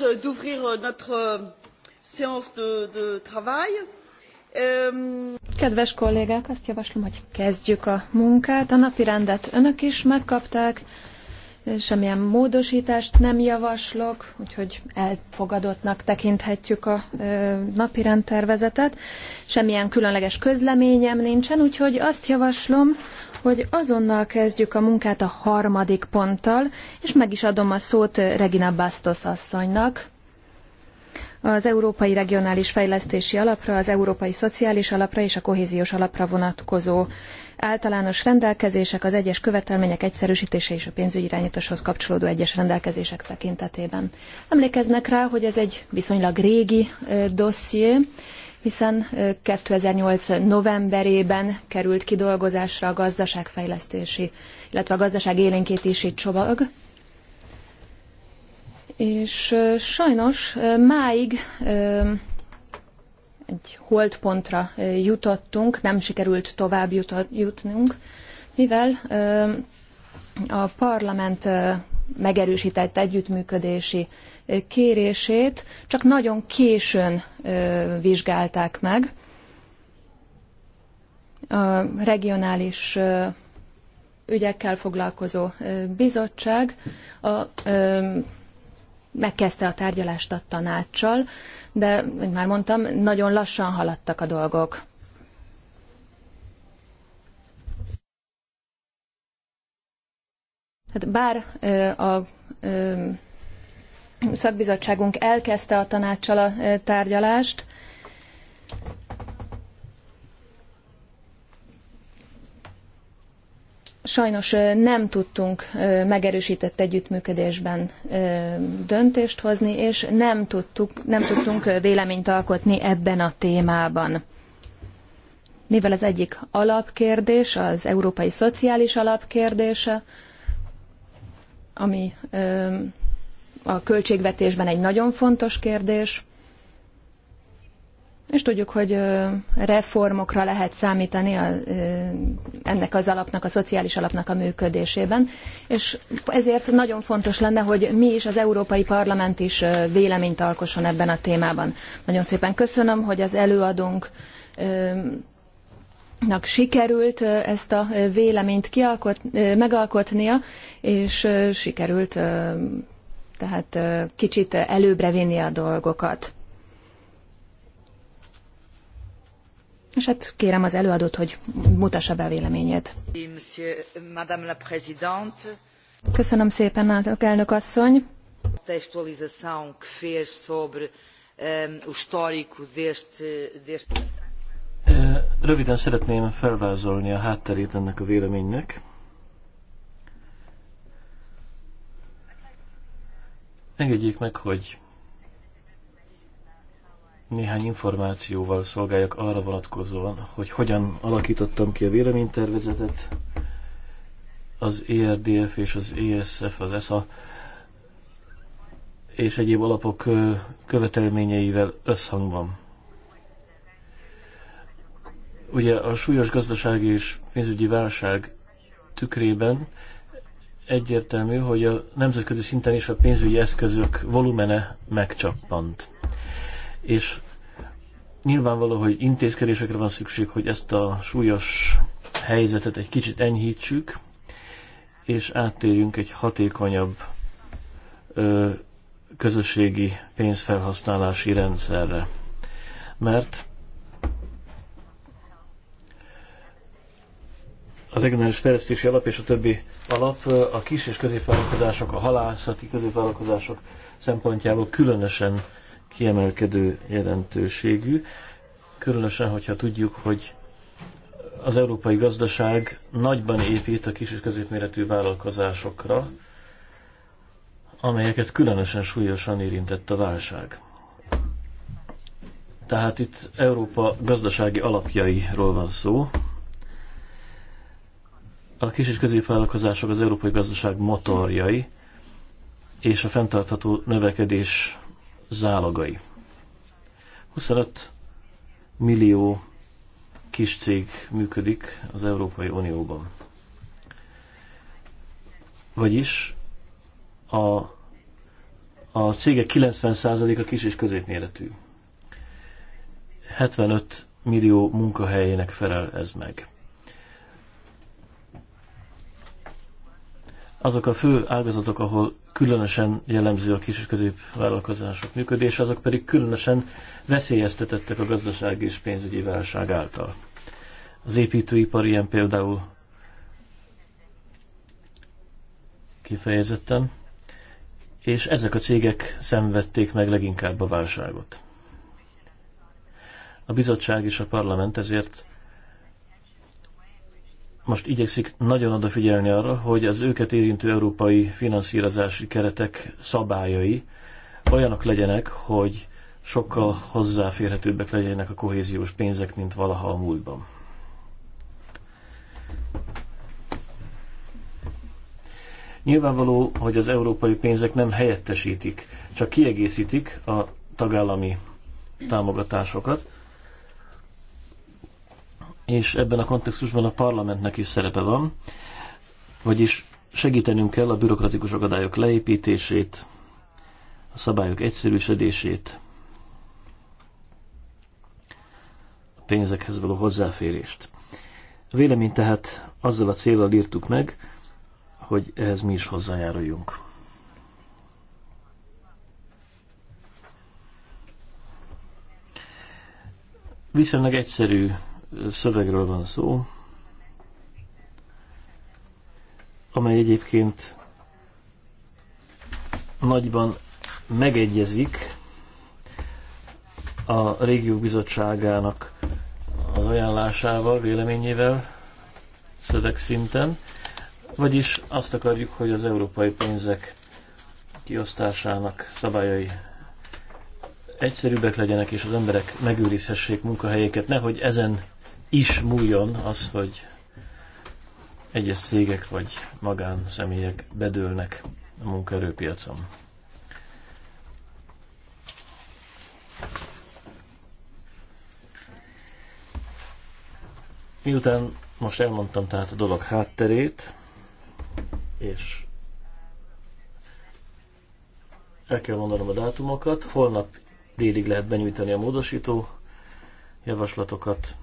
propose d'ouvrir euh, notre euh, séance de, de travail. Euh, Kedves kollégák, azt javaslom, hogy kezdjük a munkát. A napi rendet önök is megkapták. Semmilyen módosítást nem javaslok, úgyhogy elfogadottnak tekinthetjük a napi rendtervezetet. Semmilyen különleges közleményem nincsen, úgyhogy azt javaslom, hogy azonnal kezdjük a munkát a harmadik ponttal, és meg is adom a szót Regina Bastos asszonynak az Európai Regionális Fejlesztési Alapra, az Európai Szociális Alapra és a Kohéziós Alapra vonatkozó általános rendelkezések, az egyes követelmények egyszerűsítése és a pénzügyi irányításhoz kapcsolódó egyes rendelkezések tekintetében. Emlékeznek rá, hogy ez egy viszonylag régi dosszié, hiszen 2008. novemberében került kidolgozásra a gazdaságfejlesztési, illetve a gazdaság csomag, és sajnos máig egy holdpontra jutottunk, nem sikerült tovább jutnunk, mivel a parlament megerősített együttműködési kérését csak nagyon későn vizsgálták meg. A regionális ügyekkel foglalkozó bizottság a megkezdte a tárgyalást a tanácssal, de, mint már mondtam, nagyon lassan haladtak a dolgok. Hát bár a szakbizottságunk elkezdte a tanácssal a tárgyalást, Sajnos nem tudtunk megerősített együttműködésben döntést hozni, és nem, tudtuk, nem tudtunk véleményt alkotni ebben a témában. Mivel az egyik alapkérdés az európai szociális alapkérdése, ami a költségvetésben egy nagyon fontos kérdés, és tudjuk, hogy reformokra lehet számítani a, ennek az alapnak, a szociális alapnak a működésében, és ezért nagyon fontos lenne, hogy mi is, az Európai Parlament is véleményt alkosson ebben a témában. Nagyon szépen köszönöm, hogy az előadónk sikerült ezt a véleményt kialkot, megalkotnia, és sikerült tehát kicsit előbbre vinni a dolgokat. És hát kérem az előadót, hogy mutassa be a véleményét. Köszönöm szépen, az elnök asszony. Ehm, eh, röviden szeretném felvázolni a hátterét ennek a véleménynek. Engedjék meg, hogy néhány információval szolgáljak arra vonatkozóan, hogy hogyan alakítottam ki a véleménytervezetet. Az ERDF és az ESF, az ESA és egyéb alapok követelményeivel összhangban. Ugye a súlyos gazdasági és pénzügyi válság tükrében egyértelmű, hogy a nemzetközi szinten is a pénzügyi eszközök volumene megcsappant és nyilvánvaló, hogy intézkedésekre van szükség, hogy ezt a súlyos helyzetet egy kicsit enyhítsük, és áttérjünk egy hatékonyabb ö, közösségi pénzfelhasználási rendszerre. Mert a regionális fejlesztési alap és a többi alap a kis és középvállalkozások, a halászati középvállalkozások szempontjából különösen kiemelkedő jelentőségű, különösen, hogyha tudjuk, hogy az európai gazdaság nagyban épít a kis és középméretű vállalkozásokra, amelyeket különösen súlyosan érintett a válság. Tehát itt Európa gazdasági alapjairól van szó. A kis és középvállalkozások az európai gazdaság motorjai, és a fenntartható növekedés zálogai. 25 millió kis cég működik az Európai Unióban. Vagyis a, a cégek 90%-a kis és középméretű. 75 millió munkahelyének felel ez meg. Azok a fő ágazatok, ahol különösen jellemző a kis és középvállalkozások működése, azok pedig különösen veszélyeztetettek a gazdasági és pénzügyi válság által. Az építőipar ilyen például kifejezetten, és ezek a cégek szenvedték meg leginkább a válságot. A bizottság és a parlament ezért most igyekszik nagyon odafigyelni arra, hogy az őket érintő európai finanszírozási keretek szabályai olyanok legyenek, hogy sokkal hozzáférhetőbbek legyenek a kohéziós pénzek, mint valaha a múltban. Nyilvánvaló, hogy az európai pénzek nem helyettesítik, csak kiegészítik a tagállami támogatásokat, és ebben a kontextusban a parlamentnek is szerepe van, vagyis segítenünk kell a bürokratikus akadályok leépítését, a szabályok egyszerűsödését, a pénzekhez való hozzáférést. A véleményt tehát azzal a célral írtuk meg, hogy ehhez mi is hozzájáruljunk. Viszonylag egyszerű szövegről van szó, amely egyébként nagyban megegyezik a régió bizottságának az ajánlásával, véleményével, szövegszinten, vagyis azt akarjuk, hogy az európai pénzek kiosztásának szabályai egyszerűbbek legyenek, és az emberek megőrizhessék munkahelyeket, nehogy ezen is múljon az, hogy egyes szégek vagy magánszemélyek bedőlnek a munkaerőpiacon. Miután most elmondtam tehát a dolog hátterét, és el kell mondanom a dátumokat, holnap délig lehet benyújtani a módosító javaslatokat,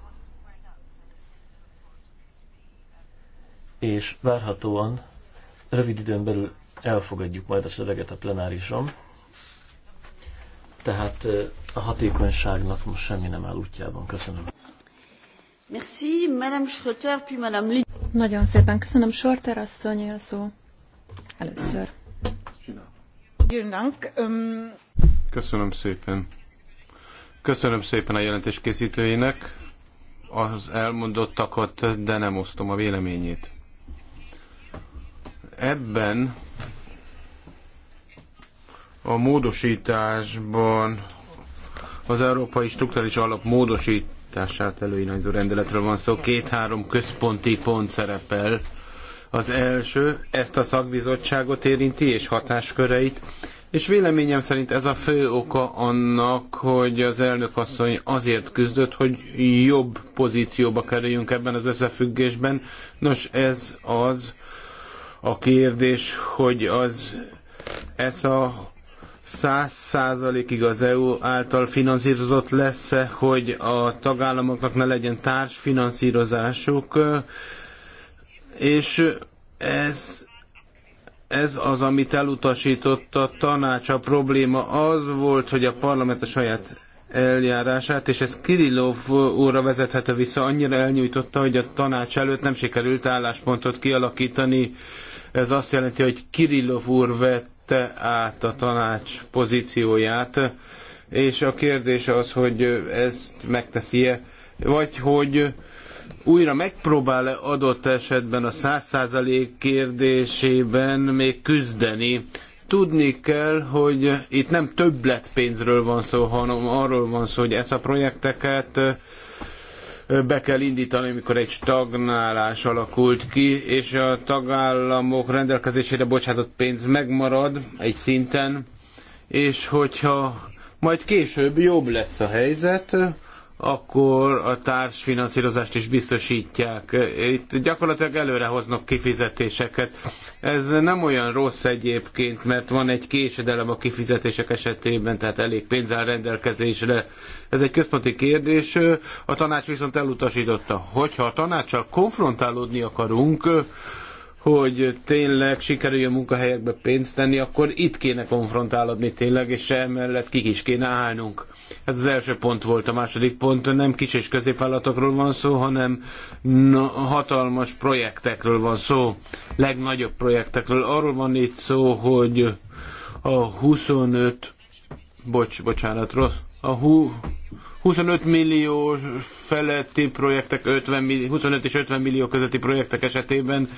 és várhatóan rövid időn belül elfogadjuk majd a szöveget a plenárison, tehát a hatékonyságnak most semmi nem áll útjában. Köszönöm. Merci, Madame Schröter, puis Madame Lee. Nagyon szépen köszönöm, Sorter asszony, a szó először. Köszönöm szépen. Köszönöm szépen a jelentés készítőinek. az elmondottakat, de nem osztom a véleményét. Ebben a módosításban az Európai Strukturális Alap módosítását előirányzó rendeletről van szó. Két-három központi pont szerepel. Az első ezt a szakbizottságot érinti és hatásköreit, és véleményem szerint ez a fő oka annak, hogy az elnök asszony azért küzdött, hogy jobb pozícióba kerüljünk ebben az összefüggésben. Nos, ez az, a kérdés, hogy az ez a száz százalékig az EU által finanszírozott lesz-e, hogy a tagállamoknak ne legyen társfinanszírozásuk, és ez ez az, amit elutasított a tanács. A probléma az volt, hogy a parlament a saját eljárását, és ez Kirillov úrra vezethető vissza, annyira elnyújtotta, hogy a tanács előtt nem sikerült álláspontot kialakítani. Ez azt jelenti, hogy Kirillov úr vette át a tanács pozícióját, és a kérdés az, hogy ezt megteszi-e, vagy hogy újra megpróbál-e adott esetben a száz százalék kérdésében még küzdeni, Tudni kell, hogy itt nem többletpénzről van szó, hanem arról van szó, hogy ezt a projekteket be kell indítani, amikor egy stagnálás alakult ki, és a tagállamok rendelkezésére bocsátott pénz megmarad egy szinten, és hogyha majd később jobb lesz a helyzet, akkor a társfinanszírozást is biztosítják. Itt gyakorlatilag előre hoznak kifizetéseket. Ez nem olyan rossz egyébként, mert van egy késedelem a kifizetések esetében, tehát elég pénz áll rendelkezésre. Ez egy központi kérdés. A tanács viszont elutasította. Hogyha a tanácssal konfrontálódni akarunk, hogy tényleg sikerüljön munkahelyekbe pénzt tenni, akkor itt kéne konfrontálódni tényleg, és emellett kik is kéne állnunk ez az első pont volt, a második pont nem kis és középvállalatokról van szó, hanem hatalmas projektekről van szó, legnagyobb projektekről. Arról van itt szó, hogy a 25, bocs, bocsánat, rossz, a, hú, 25 millió feletti projektek, 50, millió 25 és 50 millió közötti projektek esetében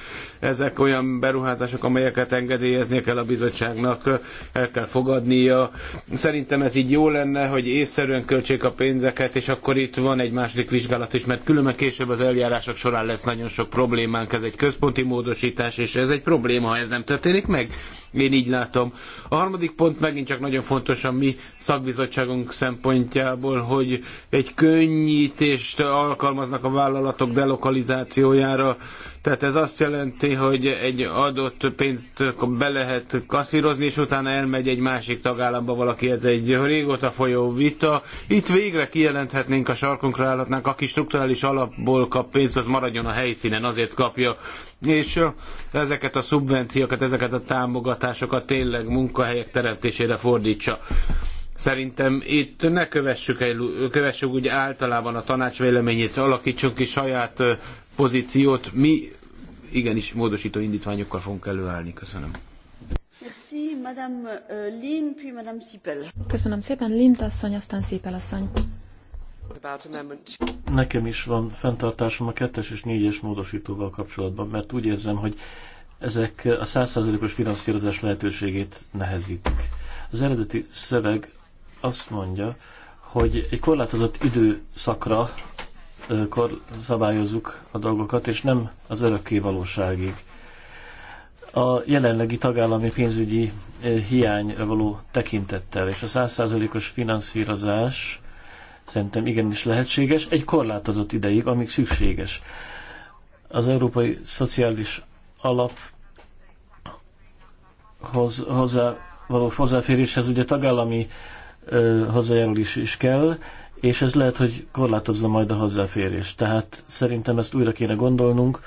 ezek olyan beruházások, amelyeket engedélyeznie kell a bizottságnak, el kell fogadnia. Szerintem ez így jó lenne, hogy észszerűen költsék a pénzeket, és akkor itt van egy második vizsgálat is, mert különben később az eljárások során lesz nagyon sok problémánk. Ez egy központi módosítás, és ez egy probléma, ha ez nem történik meg. Én így látom. A harmadik pont megint csak nagyon fontos a mi szakbizottságunk szempontjából, hogy hogy egy könnyítést alkalmaznak a vállalatok delokalizációjára. Tehát ez azt jelenti, hogy egy adott pénzt be lehet kaszírozni, és utána elmegy egy másik tagállamba valaki. Ez egy régóta folyó vita. Itt végre kijelenthetnénk a sarkunkra állatnánk, aki strukturális alapból kap pénzt, az maradjon a helyszínen, azért kapja. És ezeket a szubvenciókat, ezeket a támogatásokat tényleg munkahelyek teremtésére fordítsa. Szerintem itt ne kövessük, el, kövessük úgy általában a tanács véleményét, alakítsunk ki saját pozíciót. Mi igenis módosító indítványokkal fogunk előállni. Köszönöm. Merci, Madame euh, Lin, puis Madame Sipel. Köszönöm szépen, Lint asszony, aztán Szipel asszony. Nekem is van fenntartásom a kettes és négyes módosítóval kapcsolatban, mert úgy érzem, hogy ezek a százszázalékos finanszírozás lehetőségét nehezítik. Az eredeti szöveg azt mondja, hogy egy korlátozott időszakra kor szabályozunk a dolgokat, és nem az örökké valóságig. A jelenlegi tagállami pénzügyi hiányra való tekintettel és a százszázalékos finanszírozás szerintem igenis lehetséges, egy korlátozott ideig, amíg szükséges. Az Európai Szociális Alap hozzá, való hozzáféréshez ugye tagállami hazajárulás is kell, és ez lehet, hogy korlátozza majd a hozzáférést. Tehát szerintem ezt újra kéne gondolnunk.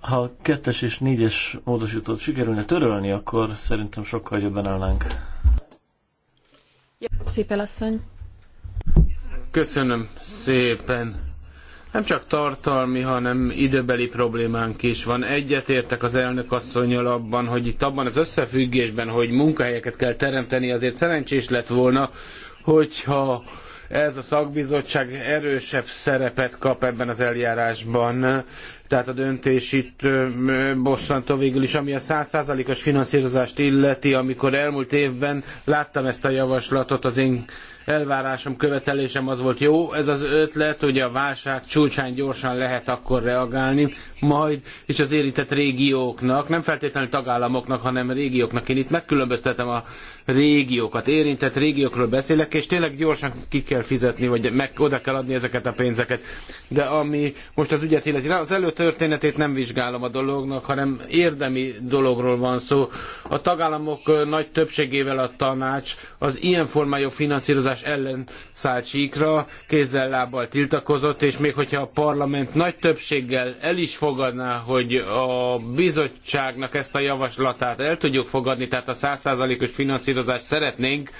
Ha kettes és négyes módosítót sikerülne törölni, akkor szerintem sokkal jobban állnánk. Szép elasszony. Köszönöm szépen nem csak tartalmi, hanem időbeli problémánk is van. Egyetértek az elnök asszonyjal abban, hogy itt abban az összefüggésben, hogy munkahelyeket kell teremteni, azért szerencsés lett volna, hogyha ez a szakbizottság erősebb szerepet kap ebben az eljárásban tehát a döntés itt bosszantó végül is, ami a 100%-os finanszírozást illeti, amikor elmúlt évben láttam ezt a javaslatot, az én elvárásom, követelésem az volt jó, ez az ötlet, hogy a válság csúcsán gyorsan lehet akkor reagálni, majd, és az érintett régióknak, nem feltétlenül tagállamoknak, hanem régióknak. Én itt megkülönböztetem a régiókat, érintett régiókról beszélek, és tényleg gyorsan ki kell fizetni, vagy meg oda kell adni ezeket a pénzeket. De ami most az ügyet illeti, az előtt történetét nem vizsgálom a dolognak, hanem érdemi dologról van szó. A tagállamok nagy többségével a tanács az ilyen formájú finanszírozás ellen szállt síkra, kézzel-lábbal tiltakozott, és még hogyha a parlament nagy többséggel el is fogadná, hogy a bizottságnak ezt a javaslatát el tudjuk fogadni, tehát a százszázalékos finanszírozást szeretnénk,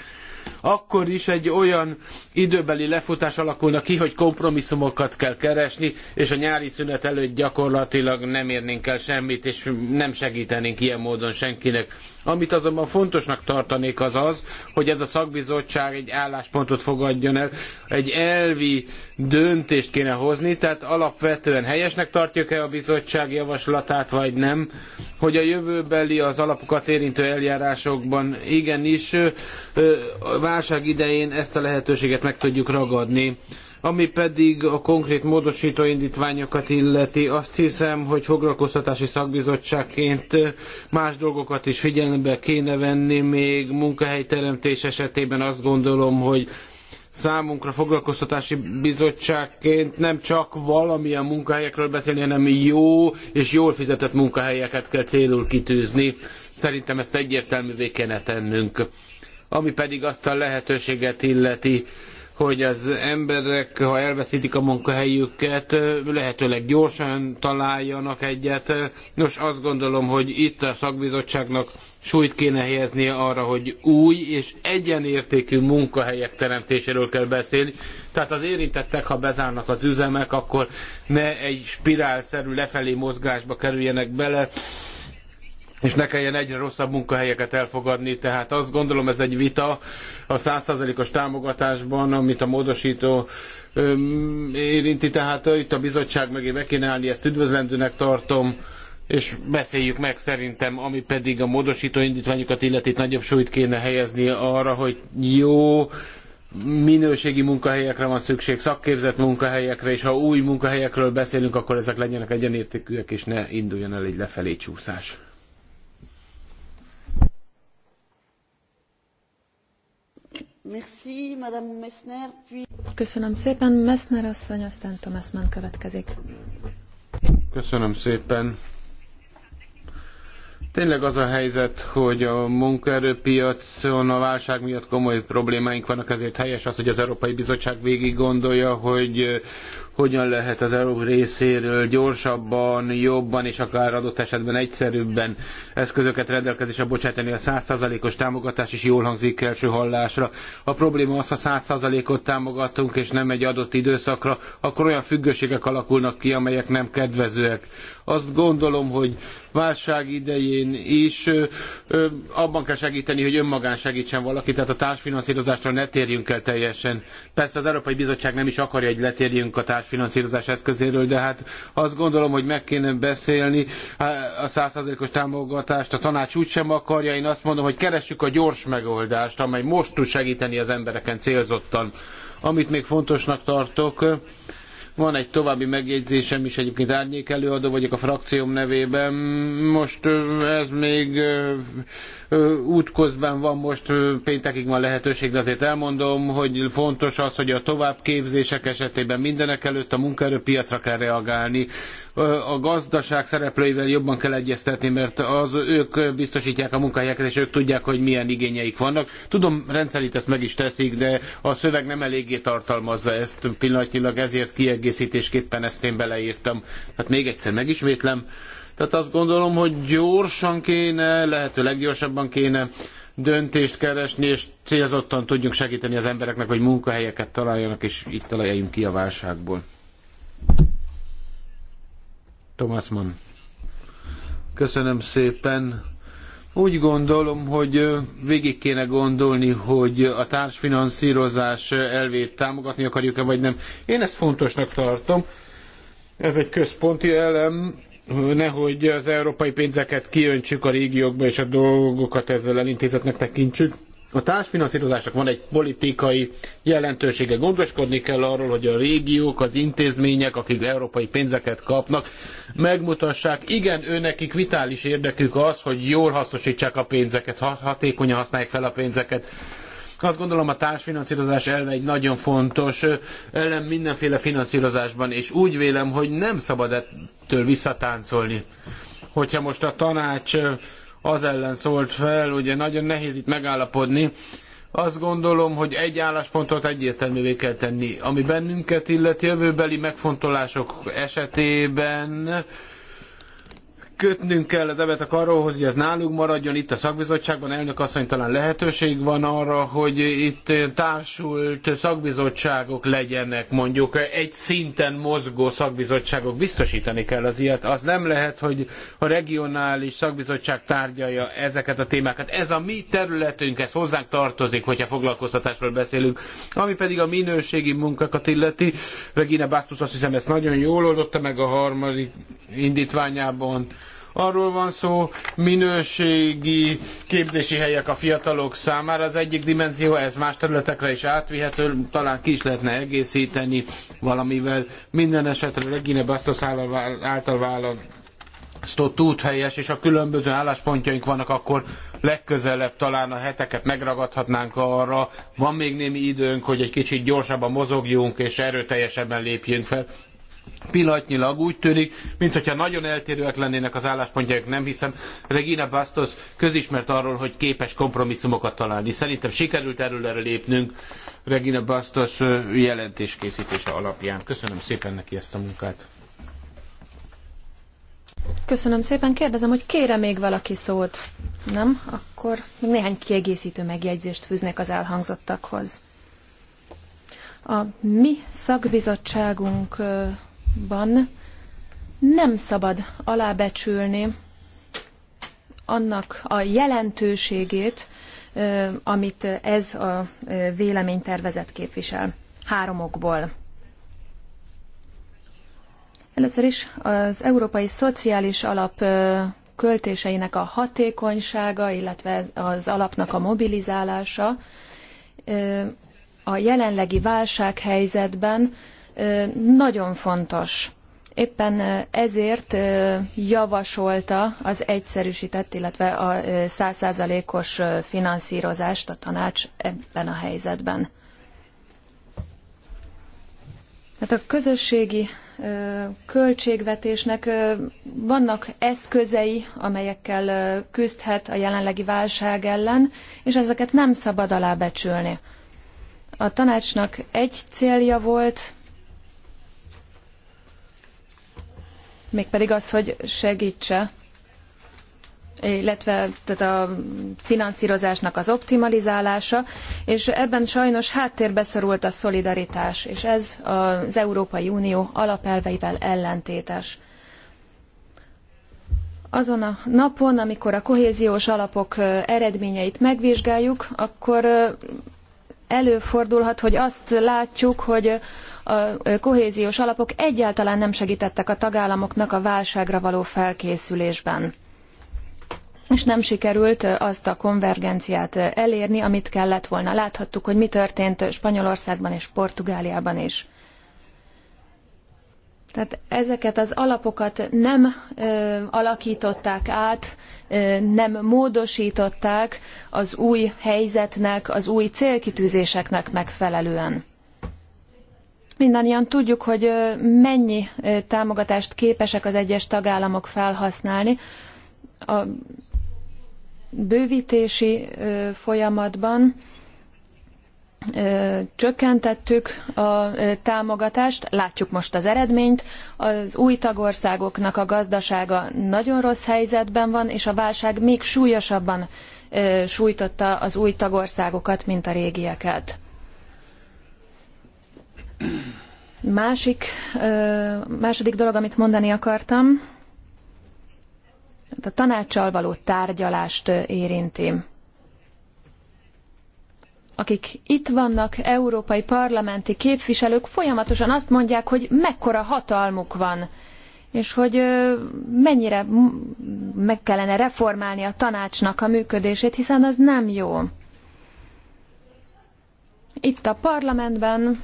akkor is egy olyan időbeli lefutás alakulna ki, hogy kompromisszumokat kell keresni, és a nyári szünet előtt gyakorlatilag nem érnénk el semmit, és nem segítenénk ilyen módon senkinek. Amit azonban fontosnak tartanék az az, hogy ez a szakbizottság egy álláspontot fogadjon el, egy elvi döntést kéne hozni, tehát alapvetően helyesnek tartjuk-e a bizottság javaslatát, vagy nem, hogy a jövőbeli az alapokat érintő eljárásokban igenis válság idején ezt a lehetőséget meg tudjuk ragadni. Ami pedig a konkrét módosító indítványokat illeti, azt hiszem, hogy foglalkoztatási szakbizottságként más dolgokat is figyelembe kéne venni, még munkahelyteremtés esetében azt gondolom, hogy számunkra foglalkoztatási bizottságként nem csak valamilyen munkahelyekről beszélni, hanem jó és jól fizetett munkahelyeket kell célul kitűzni. Szerintem ezt egyértelművé kéne tennünk. Ami pedig azt a lehetőséget illeti, hogy az emberek, ha elveszítik a munkahelyüket, lehetőleg gyorsan találjanak egyet. Nos, azt gondolom, hogy itt a szakbizottságnak súlyt kéne helyeznie arra, hogy új és egyenértékű munkahelyek teremtéséről kell beszélni. Tehát az érintettek, ha bezárnak az üzemek, akkor ne egy spirálszerű lefelé mozgásba kerüljenek bele, és ne kelljen egyre rosszabb munkahelyeket elfogadni. Tehát azt gondolom, ez egy vita a százszázalékos támogatásban, amit a módosító öm, érinti. Tehát itt a bizottság mögé be kéne állni, ezt üdvözlendőnek tartom és beszéljük meg szerintem, ami pedig a módosító indítványokat illeti, nagyobb súlyt kéne helyezni arra, hogy jó minőségi munkahelyekre van szükség, szakképzett munkahelyekre, és ha új munkahelyekről beszélünk, akkor ezek legyenek egyenértékűek, és ne induljon el egy lefelé csúszás. Köszönöm szépen, Messner asszony, aztán Thomas Mann következik. Köszönöm szépen. Tényleg az a helyzet, hogy a munkaerőpiacon a válság miatt komoly problémáink vannak, ezért helyes az, hogy az Európai Bizottság végig gondolja, hogy hogyan lehet az EU részéről gyorsabban, jobban és akár adott esetben egyszerűbben eszközöket rendelkezésre bocsátani. A 100%-os támogatás is jól hangzik első hallásra. A probléma az, ha 100%-ot támogatunk és nem egy adott időszakra, akkor olyan függőségek alakulnak ki, amelyek nem kedvezőek. Azt gondolom, hogy válság idején is abban kell segíteni, hogy önmagán segítsen valaki, tehát a társfinanszírozásra ne térjünk el teljesen. Persze az Európai Bizottság nem is akarja, hogy letérjünk a társfinanszírozás eszközéről, de hát azt gondolom, hogy meg kéne beszélni a százszázalékos támogatást, a tanács úgy sem akarja, én azt mondom, hogy keressük a gyors megoldást, amely most tud segíteni az embereken célzottan. Amit még fontosnak tartok, van egy további megjegyzésem is, egyébként árnyék előadó vagyok a frakcióm nevében. Most ez még útközben van, most péntekig van lehetőség, de azért elmondom, hogy fontos az, hogy a továbbképzések esetében mindenek előtt a munkaerőpiacra kell reagálni a gazdaság szereplőivel jobban kell egyeztetni, mert az ők biztosítják a munkahelyeket, és ők tudják, hogy milyen igényeik vannak. Tudom, rendszerint ezt meg is teszik, de a szöveg nem eléggé tartalmazza ezt pillanatnyilag, ezért kiegészítésképpen ezt én beleírtam. Hát még egyszer megismétlem. Tehát azt gondolom, hogy gyorsan kéne, lehető leggyorsabban kéne döntést keresni, és célzottan tudjunk segíteni az embereknek, hogy munkahelyeket találjanak, és itt találjunk ki a válságból. Thomas Mann. Köszönöm szépen. Úgy gondolom, hogy végig kéne gondolni, hogy a társfinanszírozás elvét támogatni akarjuk-e, vagy nem. Én ezt fontosnak tartom. Ez egy központi elem, nehogy az európai pénzeket kiöntsük a régiókba, és a dolgokat ezzel elintézetnek tekintsük a társfinanszírozásnak van egy politikai jelentősége. Gondoskodni kell arról, hogy a régiók, az intézmények, akik európai pénzeket kapnak, megmutassák, igen, őnekik vitális érdekük az, hogy jól hasznosítsák a pénzeket, hatékonyan használják fel a pénzeket. Azt gondolom a társfinanszírozás elve egy nagyon fontos elem mindenféle finanszírozásban, és úgy vélem, hogy nem szabad ettől visszatáncolni. Hogyha most a tanács az ellen szólt fel, ugye nagyon nehéz itt megállapodni. Azt gondolom, hogy egy álláspontot egyértelművé kell tenni, ami bennünket illet jövőbeli megfontolások esetében kötnünk kell az ebet a karóhoz, hogy ez nálunk maradjon itt a szakbizottságban. Elnök asszony talán lehetőség van arra, hogy itt társult szakbizottságok legyenek, mondjuk egy szinten mozgó szakbizottságok. Biztosítani kell az ilyet. Az nem lehet, hogy a regionális szakbizottság tárgyalja ezeket a témákat. Ez a mi területünk, ez hozzánk tartozik, hogyha foglalkoztatásról beszélünk. Ami pedig a minőségi munkákat illeti, Regina Bastus azt hiszem ezt nagyon jól oldotta meg a harmadik indítványában, Arról van szó, minőségi képzési helyek a fiatalok számára. Az egyik dimenzió, ez más területekre is átvihető, talán ki is lehetne egészíteni valamivel. Minden esetre Regine Bastos által vállal Stott út helyes, és a különböző álláspontjaink vannak, akkor legközelebb talán a heteket megragadhatnánk arra. Van még némi időnk, hogy egy kicsit gyorsabban mozogjunk, és erőteljesebben lépjünk fel pillanatnyilag úgy tűnik, mintha nagyon eltérőek lennének az álláspontjaik, nem hiszem. Regina Bastos közismert arról, hogy képes kompromisszumokat találni. Szerintem sikerült erőlere lépnünk Regina Bastos jelentéskészítése alapján. Köszönöm szépen neki ezt a munkát. Köszönöm szépen. Kérdezem, hogy kére még valaki szót? Nem? Akkor még néhány kiegészítő megjegyzést fűznek az elhangzottakhoz. A mi szakbizottságunk ban nem szabad alábecsülni annak a jelentőségét, amit ez a véleménytervezet képvisel. Három okból. Először is az Európai Szociális Alap költéseinek a hatékonysága, illetve az alapnak a mobilizálása a jelenlegi válsághelyzetben nagyon fontos. Éppen ezért javasolta az egyszerűsített, illetve a százszázalékos finanszírozást a tanács ebben a helyzetben. Hát a közösségi költségvetésnek vannak eszközei, amelyekkel küzdhet a jelenlegi válság ellen, és ezeket nem szabad alábecsülni. A tanácsnak egy célja volt, mégpedig az, hogy segítse, illetve tehát a finanszírozásnak az optimalizálása, és ebben sajnos háttérbe szorult a szolidaritás, és ez az Európai Unió alapelveivel ellentétes azon a napon, amikor a kohéziós alapok eredményeit megvizsgáljuk, akkor előfordulhat, hogy azt látjuk, hogy a kohéziós alapok egyáltalán nem segítettek a tagállamoknak a válságra való felkészülésben és nem sikerült azt a konvergenciát elérni, amit kellett volna. Láthattuk, hogy mi történt Spanyolországban és Portugáliában is. Tehát ezeket az alapokat nem ö, alakították át, ö, nem módosították az új helyzetnek, az új célkitűzéseknek megfelelően. Mindannyian tudjuk, hogy mennyi támogatást képesek az egyes tagállamok felhasználni. A bővítési folyamatban csökkentettük a támogatást, látjuk most az eredményt, az új tagországoknak a gazdasága nagyon rossz helyzetben van, és a válság még súlyosabban sújtotta az új tagországokat, mint a régieket. Másik, második dolog, amit mondani akartam, hát a tanácssal való tárgyalást érinti. Akik itt vannak, európai parlamenti képviselők folyamatosan azt mondják, hogy mekkora hatalmuk van, és hogy mennyire meg kellene reformálni a tanácsnak a működését, hiszen az nem jó. Itt a parlamentben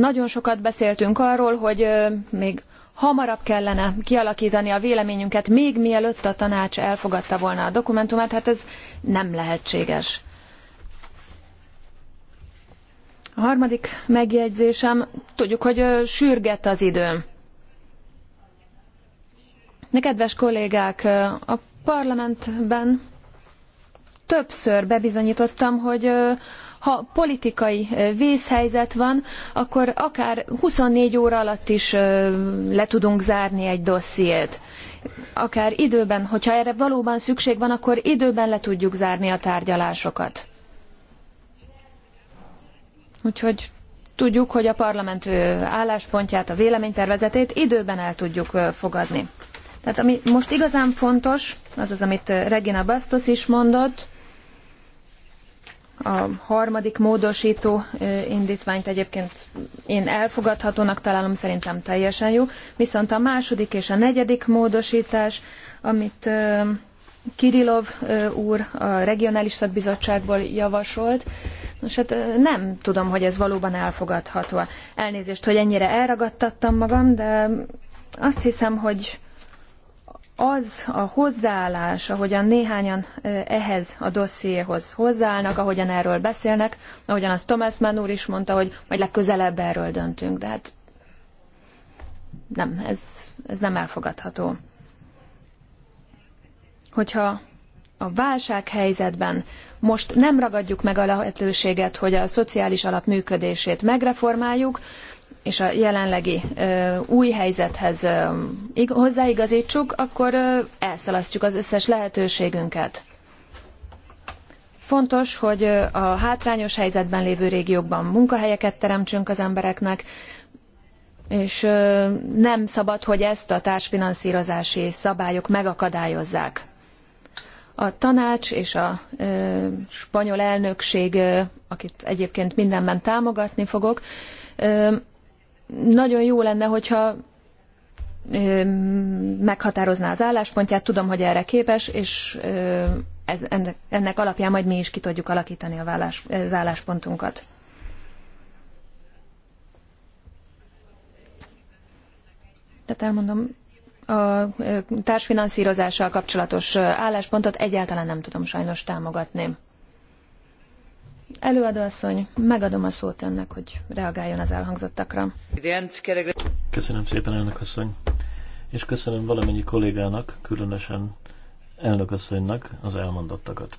nagyon sokat beszéltünk arról, hogy még hamarabb kellene kialakítani a véleményünket, még mielőtt a tanács elfogadta volna a dokumentumát, hát ez nem lehetséges. A harmadik megjegyzésem, tudjuk, hogy sürget az idő. De kedves kollégák, a parlamentben többször bebizonyítottam, hogy ha politikai vészhelyzet van, akkor akár 24 óra alatt is le tudunk zárni egy dossziét akár időben, hogyha erre valóban szükség van, akkor időben le tudjuk zárni a tárgyalásokat. Úgyhogy tudjuk, hogy a parlament álláspontját, a véleménytervezetét időben el tudjuk fogadni. Tehát ami most igazán fontos, az az, amit Regina Bastos is mondott, a harmadik módosító indítványt egyébként én elfogadhatónak találom, szerintem teljesen jó. Viszont a második és a negyedik módosítás, amit Kirilov úr a regionális szakbizottságból javasolt. Nos, hát nem tudom, hogy ez valóban elfogadható. Elnézést, hogy ennyire elragadtattam magam, de azt hiszem, hogy az a hozzáállás, ahogyan néhányan ehhez a dossziéhoz hozzáállnak, ahogyan erről beszélnek, ahogyan az Thomas Mann úr is mondta, hogy majd legközelebb erről döntünk, de hát nem, ez, ez nem elfogadható. Hogyha a válsághelyzetben most nem ragadjuk meg a lehetőséget, hogy a szociális alap működését megreformáljuk, és a jelenlegi új helyzethez hozzáigazítsuk, akkor elszalasztjuk az összes lehetőségünket. Fontos, hogy a hátrányos helyzetben lévő régiókban munkahelyeket teremtsünk az embereknek, és nem szabad, hogy ezt a társfinanszírozási szabályok megakadályozzák. A tanács és a spanyol elnökség, akit egyébként mindenben támogatni fogok, nagyon jó lenne, hogyha meghatározná az álláspontját, tudom, hogy erre képes, és ez, ennek, ennek alapján majd mi is ki tudjuk alakítani a vállás, az álláspontunkat. Tehát elmondom, a társfinanszírozással kapcsolatos álláspontot egyáltalán nem tudom sajnos támogatni előadóasszony, megadom a szót önnek, hogy reagáljon az elhangzottakra. Köszönöm szépen, elnök asszony. És köszönöm valamennyi kollégának, különösen elnök asszonynak az elmondottakat.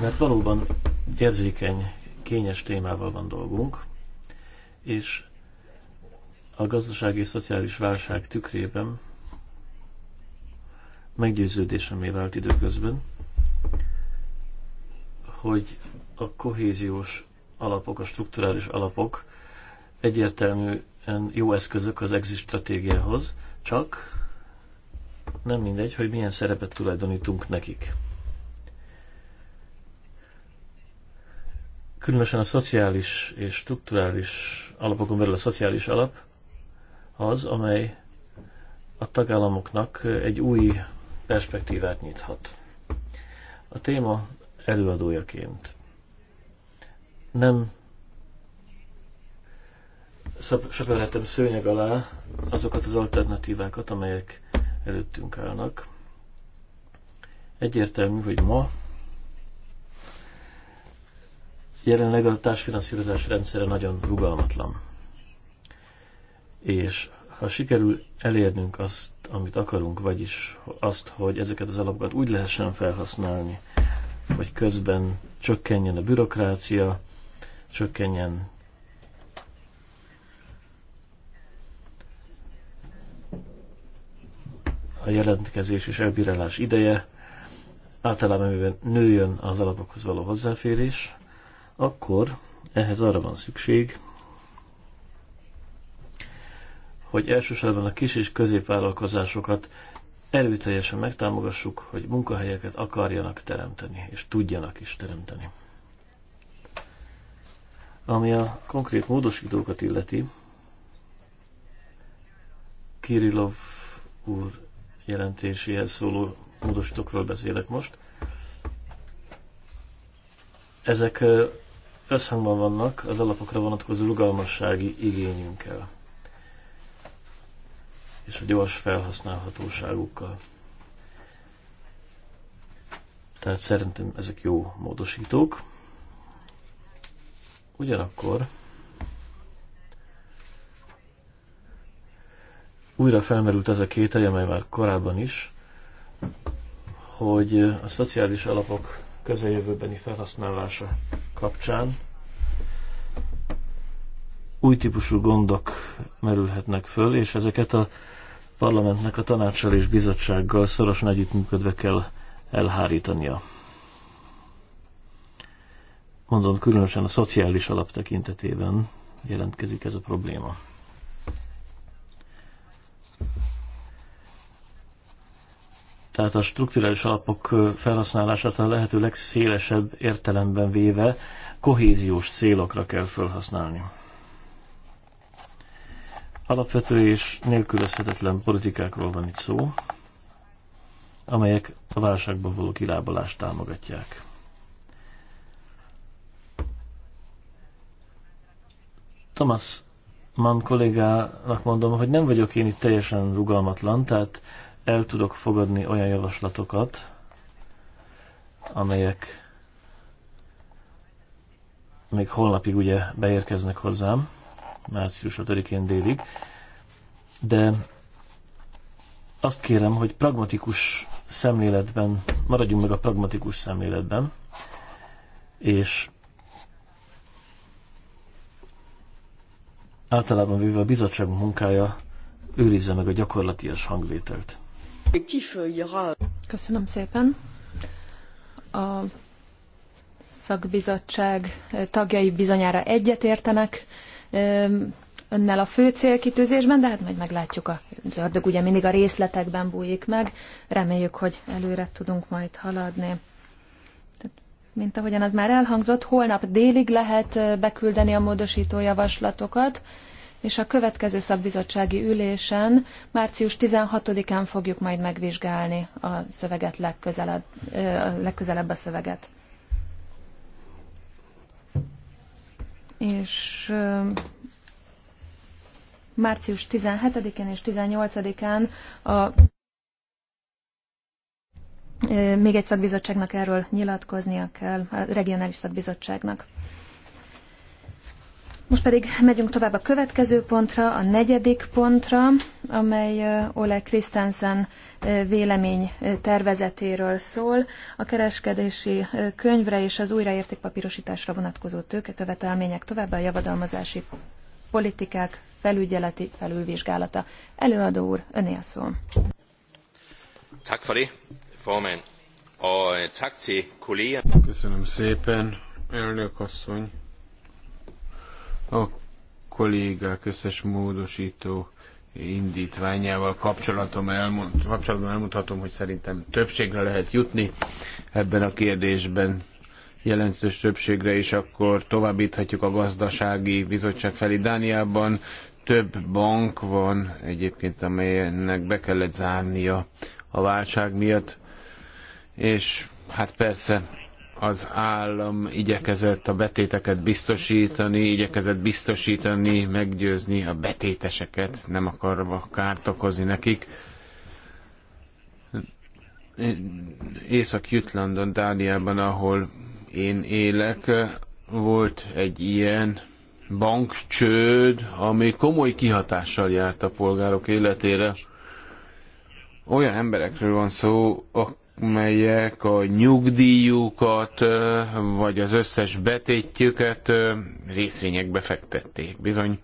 Mert valóban érzékeny, kényes témával van dolgunk, és a gazdasági és szociális válság tükrében meggyőződésem vált időközben, hogy a kohéziós alapok, a strukturális alapok egyértelműen jó eszközök az exit stratégiához, csak nem mindegy, hogy milyen szerepet tulajdonítunk nekik. Különösen a szociális és strukturális alapokon belül a szociális alap az, amely a tagállamoknak egy új perspektívát nyithat. A téma előadójaként. Nem söpörhetem szőnyeg alá azokat az alternatívákat, amelyek előttünk állnak. Egyértelmű, hogy ma jelenleg a társfinanszírozás rendszere nagyon rugalmatlan. És ha sikerül elérnünk azt, amit akarunk, vagyis azt, hogy ezeket az alapokat úgy lehessen felhasználni, hogy közben csökkenjen a bürokrácia, csökkenjen a jelentkezés és elbírálás ideje, általában mivel nőjön az alapokhoz való hozzáférés, akkor ehhez arra van szükség, hogy elsősorban a kis és középvállalkozásokat erőteljesen megtámogassuk, hogy munkahelyeket akarjanak teremteni, és tudjanak is teremteni. Ami a konkrét módosítókat illeti, Kirillov úr jelentéséhez szóló módosítókról beszélek most. Ezek összhangban vannak az alapokra vonatkozó rugalmassági igényünkkel és a gyors felhasználhatóságukkal. Tehát szerintem ezek jó módosítók. Ugyanakkor újra felmerült ez a kételje, amely már korábban is, hogy a szociális alapok közeljövőbeni felhasználása kapcsán új típusú gondok merülhetnek föl, és ezeket a parlamentnek a tanácssal és bizottsággal szorosan együttműködve kell elhárítania. Mondom, különösen a szociális alap tekintetében jelentkezik ez a probléma. Tehát a strukturális alapok felhasználását a lehető legszélesebb értelemben véve kohéziós célokra kell felhasználni. Alapvető és nélkülözhetetlen politikákról van itt szó, amelyek a válságban való kilábalást támogatják. Thomas Mann kollégának mondom, hogy nem vagyok én itt teljesen rugalmatlan, tehát el tudok fogadni olyan javaslatokat, amelyek még holnapig ugye beérkeznek hozzám március 5-én délig, de azt kérem, hogy pragmatikus szemléletben, maradjunk meg a pragmatikus szemléletben, és általában véve a bizottság munkája őrizze meg a gyakorlatias hangvételt. Köszönöm szépen. A szakbizottság tagjai bizonyára egyetértenek önnel a fő célkitűzésben, de hát majd meglátjuk, a ördög ugye mindig a részletekben bújik meg. Reméljük, hogy előre tudunk majd haladni. Tehát, mint ahogyan az már elhangzott, holnap délig lehet beküldeni a módosító javaslatokat, és a következő szakbizottsági ülésen március 16-án fogjuk majd megvizsgálni a szöveget legközelebb, legközelebb a szöveget. és március 17-én és 18-án a még egy szakbizottságnak erről nyilatkoznia kell, a regionális szakbizottságnak. Most pedig megyünk tovább a következő pontra, a negyedik pontra, amely Ole Christensen vélemény tervezetéről szól, a kereskedési könyvre és az újraértékpapírosításra vonatkozó tőkekövetelmények továbbá a javadalmazási politikák felügyeleti felülvizsgálata. Előadó úr, öné a szó. Øh, Köszönöm szépen, elnök asszony, a kollégák összes módosító indítványával kapcsolatom elmond, kapcsolatban elmondhatom, hogy szerintem többségre lehet jutni ebben a kérdésben jelentős többségre, és akkor továbbíthatjuk a gazdasági bizottság felé Dániában. Több bank van egyébként, amelynek be kellett zárnia a válság miatt, és hát persze az állam igyekezett a betéteket biztosítani, igyekezett biztosítani, meggyőzni a betéteseket, nem akarva kárt okozni nekik. észak jütlandon Dániában, ahol én élek, volt egy ilyen bankcsőd, ami komoly kihatással járt a polgárok életére. Olyan emberekről van szó, akik melyek a nyugdíjukat, vagy az összes betétjüket részvényekbe fektették bizony.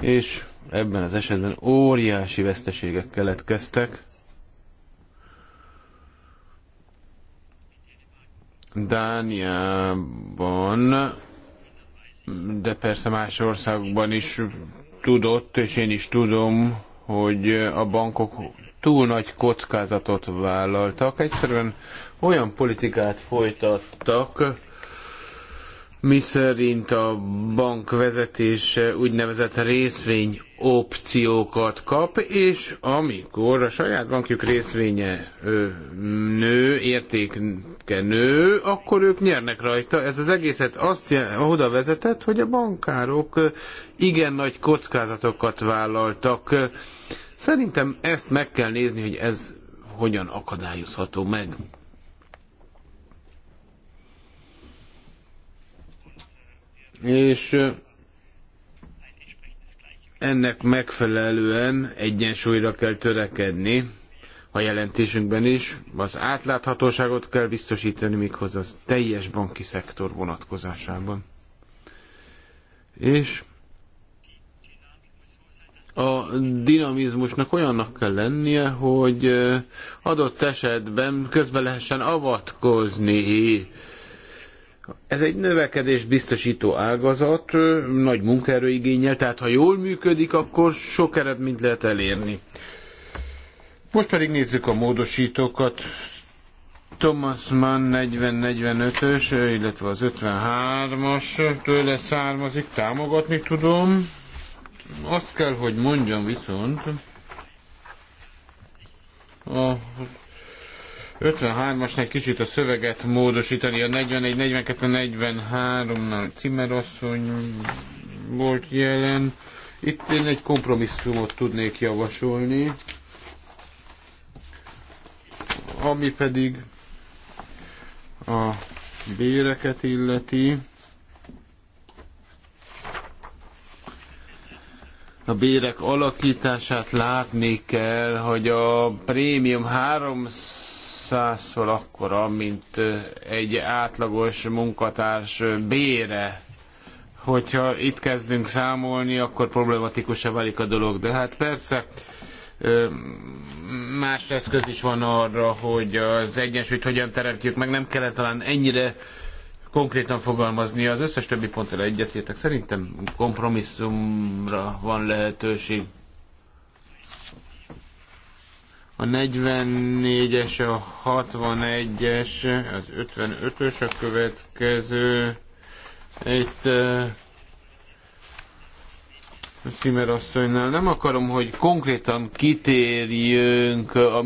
És ebben az esetben óriási veszteségek keletkeztek. Dániában, de persze más országban is tudott, és én is tudom, hogy a bankok túl nagy kockázatot vállaltak. Egyszerűen olyan politikát folytattak, miszerint a bank vezetése úgynevezett részvény opciókat kap, és amikor a saját bankjuk részvénye nő, értéke nő, akkor ők nyernek rajta. Ez az egészet azt oda vezetett, hogy a bankárok igen nagy kockázatokat vállaltak Szerintem ezt meg kell nézni, hogy ez hogyan akadályozható meg. És ennek megfelelően egyensúlyra kell törekedni a jelentésünkben is. Az átláthatóságot kell biztosítani méghozzá az teljes banki szektor vonatkozásában. És a dinamizmusnak olyannak kell lennie, hogy adott esetben közben lehessen avatkozni. Ez egy növekedés biztosító ágazat, nagy munkaerőigényel, tehát ha jól működik, akkor sok eredményt lehet elérni. Most pedig nézzük a módosítókat. Thomas Mann 40-45-ös, illetve az 53-as tőle származik, támogatni tudom azt kell, hogy mondjam viszont, a 53-asnak kicsit a szöveget módosítani, a 41, 42, 43-nál Cimerasszony volt jelen. Itt én egy kompromisszumot tudnék javasolni, ami pedig a béreket illeti. a bérek alakítását látni kell, hogy a prémium 300-szor akkora, mint eh, egy átlagos munkatárs eh, bére. Hogyha itt kezdünk számolni, akkor problematikusabb válik a dolog. De hát persze, eh, más eszköz is van arra, hogy az egyensúlyt hogyan teremtjük meg, nem kellett talán ennyire konkrétan fogalmazni. Az összes többi ponttal egyetértek. Szerintem kompromisszumra van lehetőség. A 44-es, a 61-es, az 55-ös a következő. Itt eh, Szimer asszonynál. Nem akarom, hogy konkrétan kitérjünk a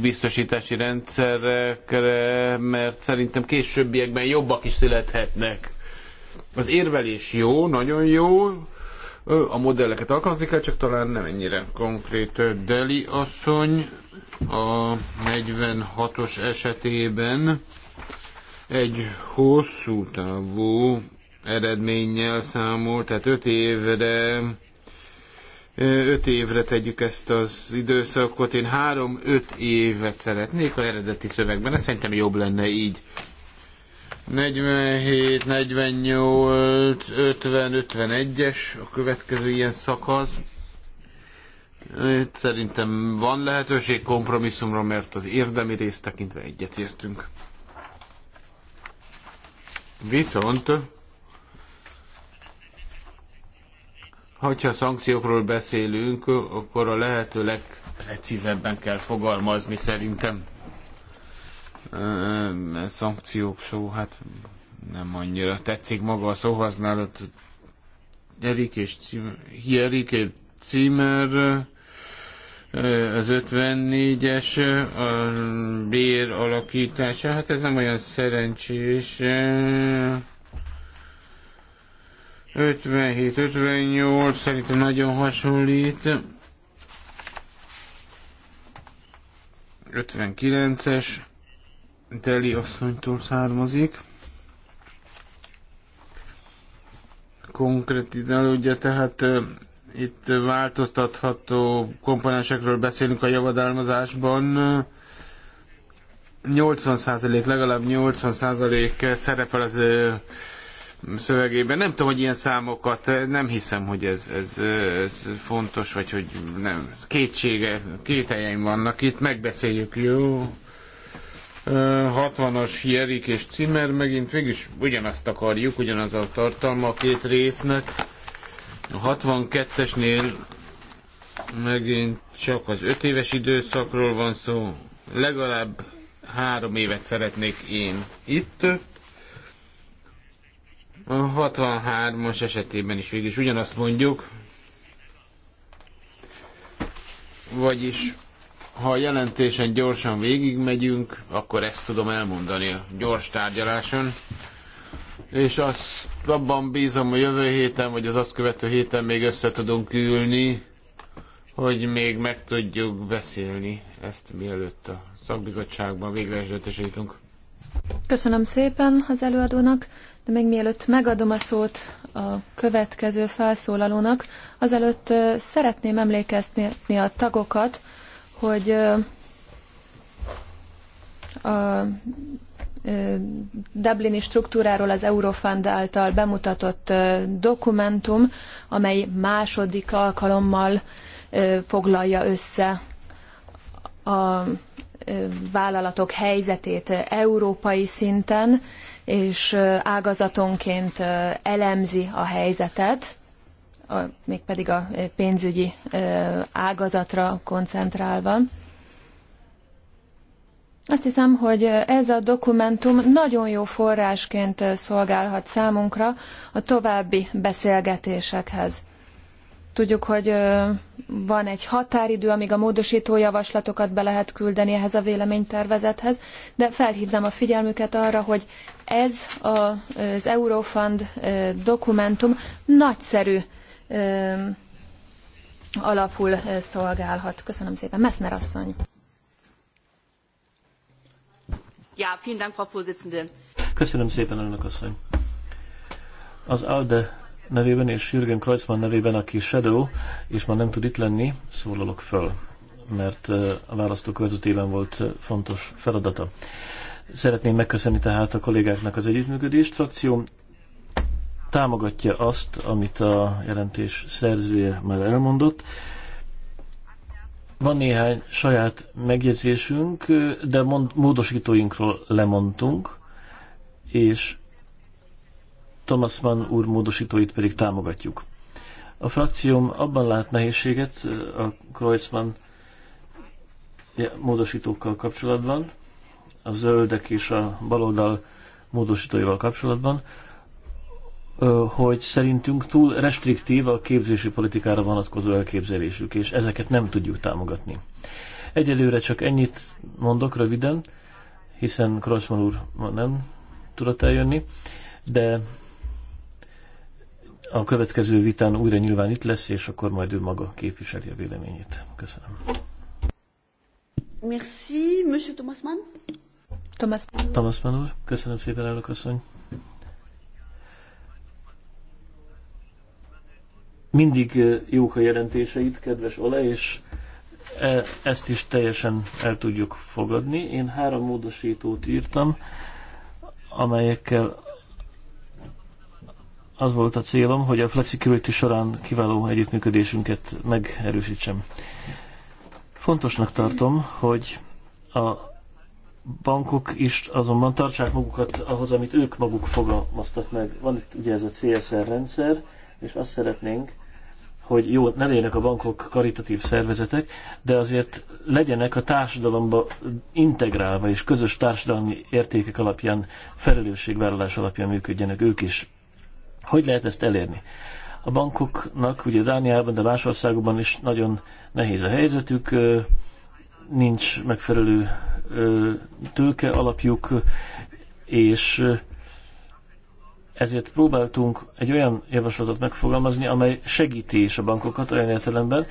biztosítási rendszerekre, mert szerintem későbbiekben jobbak is születhetnek. Az érvelés jó, nagyon jó, a modelleket alkalmazni kell, csak talán nem ennyire konkrét. Deli asszony a 46-os esetében egy hosszú távú eredménnyel számol, tehát öt évre öt évre tegyük ezt az időszakot. Én három-öt évet szeretnék a eredeti szövegben, ez szerintem jobb lenne így. 47, 48, 50, 51-es a következő ilyen szakasz. Itt szerintem van lehetőség kompromisszumra, mert az érdemi részt tekintve egyetértünk. Viszont Hogyha szankciókról beszélünk, akkor a lehető legprecízebben kell fogalmazni szerintem. Szankciók szó, hát nem annyira tetszik maga a szóhasználat. Erik és Cimer, Cimer az 54-es a bér alakítása, hát ez nem olyan szerencsés. 57-58 szerintem nagyon hasonlít. 59-es Deli asszonytól származik. ugye, tehát uh, itt változtatható komponensekről beszélünk a javadalmazásban. 80% legalább 80% szerepel az uh, szövegében. Nem tudom, hogy ilyen számokat, nem hiszem, hogy ez, ez, ez fontos, vagy hogy nem. Kétsége, kételjeim vannak itt, megbeszéljük, jó? 60-as Jerik és Cimer megint mégis ugyanazt akarjuk, ugyanaz a tartalma a két résznek. A 62-esnél megint csak az 5 éves időszakról van szó, legalább három évet szeretnék én itt a 63-as esetében is végül is ugyanazt mondjuk, vagyis ha a jelentésen gyorsan végigmegyünk, akkor ezt tudom elmondani a gyors tárgyaláson. És azt abban bízom a jövő héten, vagy az azt követő héten még össze tudunk ülni, hogy még meg tudjuk beszélni ezt mielőtt a szakbizottságban véglegesítésítünk. Köszönöm szépen az előadónak. De még mielőtt megadom a szót a következő felszólalónak, azelőtt szeretném emlékeztetni a tagokat, hogy a Dublini struktúráról az Eurofund által bemutatott dokumentum, amely második alkalommal foglalja össze a vállalatok helyzetét európai szinten, és ágazatonként elemzi a helyzetet, mégpedig a pénzügyi ágazatra koncentrálva. Azt hiszem, hogy ez a dokumentum nagyon jó forrásként szolgálhat számunkra a további beszélgetésekhez. Tudjuk, hogy van egy határidő, amíg a módosító javaslatokat be lehet küldeni ehhez a véleménytervezethez, de felhívnám a figyelmüket arra, hogy ez a, az Eurofund dokumentum nagyszerű alapul szolgálhat. Köszönöm szépen. Messner asszony. Ja, vielen Dank, Frau Vorsitzende. Köszönöm szépen, elnök asszony. Az ALDE nevében és Jürgen Kreuzmann nevében, aki Shadow, és már nem tud itt lenni, szólalok föl, mert a választókörzetében volt fontos feladata. Szeretném megköszönni tehát a kollégáknak az együttműködést. Frakcióm támogatja azt, amit a jelentés szerzője már elmondott. Van néhány saját megjegyzésünk, de módosítóinkról lemondtunk, és Thomas Mann úr módosítóit pedig támogatjuk. A frakcióm abban lát nehézséget a Kreuzmann módosítókkal kapcsolatban, a zöldek és a baloldal módosítóival kapcsolatban, hogy szerintünk túl restriktív a képzési politikára vonatkozó elképzelésük, és ezeket nem tudjuk támogatni. Egyelőre csak ennyit mondok röviden, hiszen Krosman úr ma nem tudott eljönni, de a következő vitán újra nyilván itt lesz, és akkor majd ő maga képviseli a véleményét. Köszönöm. Merci, Monsieur Thomas Mann. Thomas, Thomas Manor. Köszönöm szépen, elnök asszony. Mindig eh, jók a jelentéseit, kedves Ola, és eh, ezt is teljesen el tudjuk fogadni. Én három módosítót írtam, amelyekkel az volt a célom, hogy a flexicurity során kiváló együttműködésünket megerősítsem. Fontosnak tartom, hogy a bankok is azonban tartsák magukat ahhoz, amit ők maguk fogalmaztak meg. Van itt ugye ez a CSR rendszer, és azt szeretnénk, hogy jó, ne legyenek a bankok karitatív szervezetek, de azért legyenek a társadalomba integrálva és közös társadalmi értékek alapján, felelősségvállalás alapján működjenek ők is. Hogy lehet ezt elérni? A bankoknak ugye Dániában, de más országokban is nagyon nehéz a helyzetük, nincs megfelelő tőke alapjuk, és ezért próbáltunk egy olyan javaslatot megfogalmazni, amely segíti is a bankokat olyan értelemben,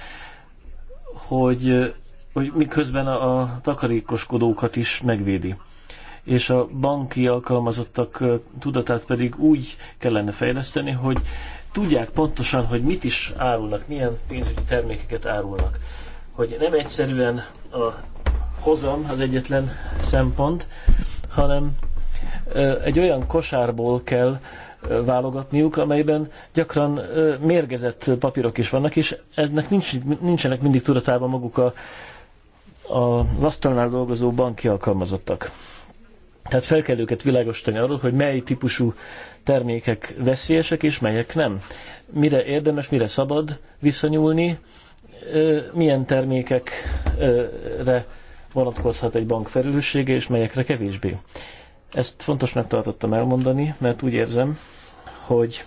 hogy, hogy miközben a takarékoskodókat is megvédi. És a banki alkalmazottak tudatát pedig úgy kellene fejleszteni, hogy tudják pontosan, hogy mit is árulnak, milyen pénzügyi termékeket árulnak. Hogy nem egyszerűen a hozam az egyetlen szempont, hanem egy olyan kosárból kell válogatniuk, amelyben gyakran mérgezett papírok is vannak, és ennek nincs, nincsenek mindig tudatában maguk a, a asztalnál dolgozó banki alkalmazottak. Tehát fel kell őket világosítani arról, hogy mely típusú termékek veszélyesek és melyek nem. Mire érdemes, mire szabad visszanyúlni, milyen termékekre vonatkozhat egy bank felelőssége, és melyekre kevésbé. Ezt fontosnak tartottam elmondani, mert úgy érzem, hogy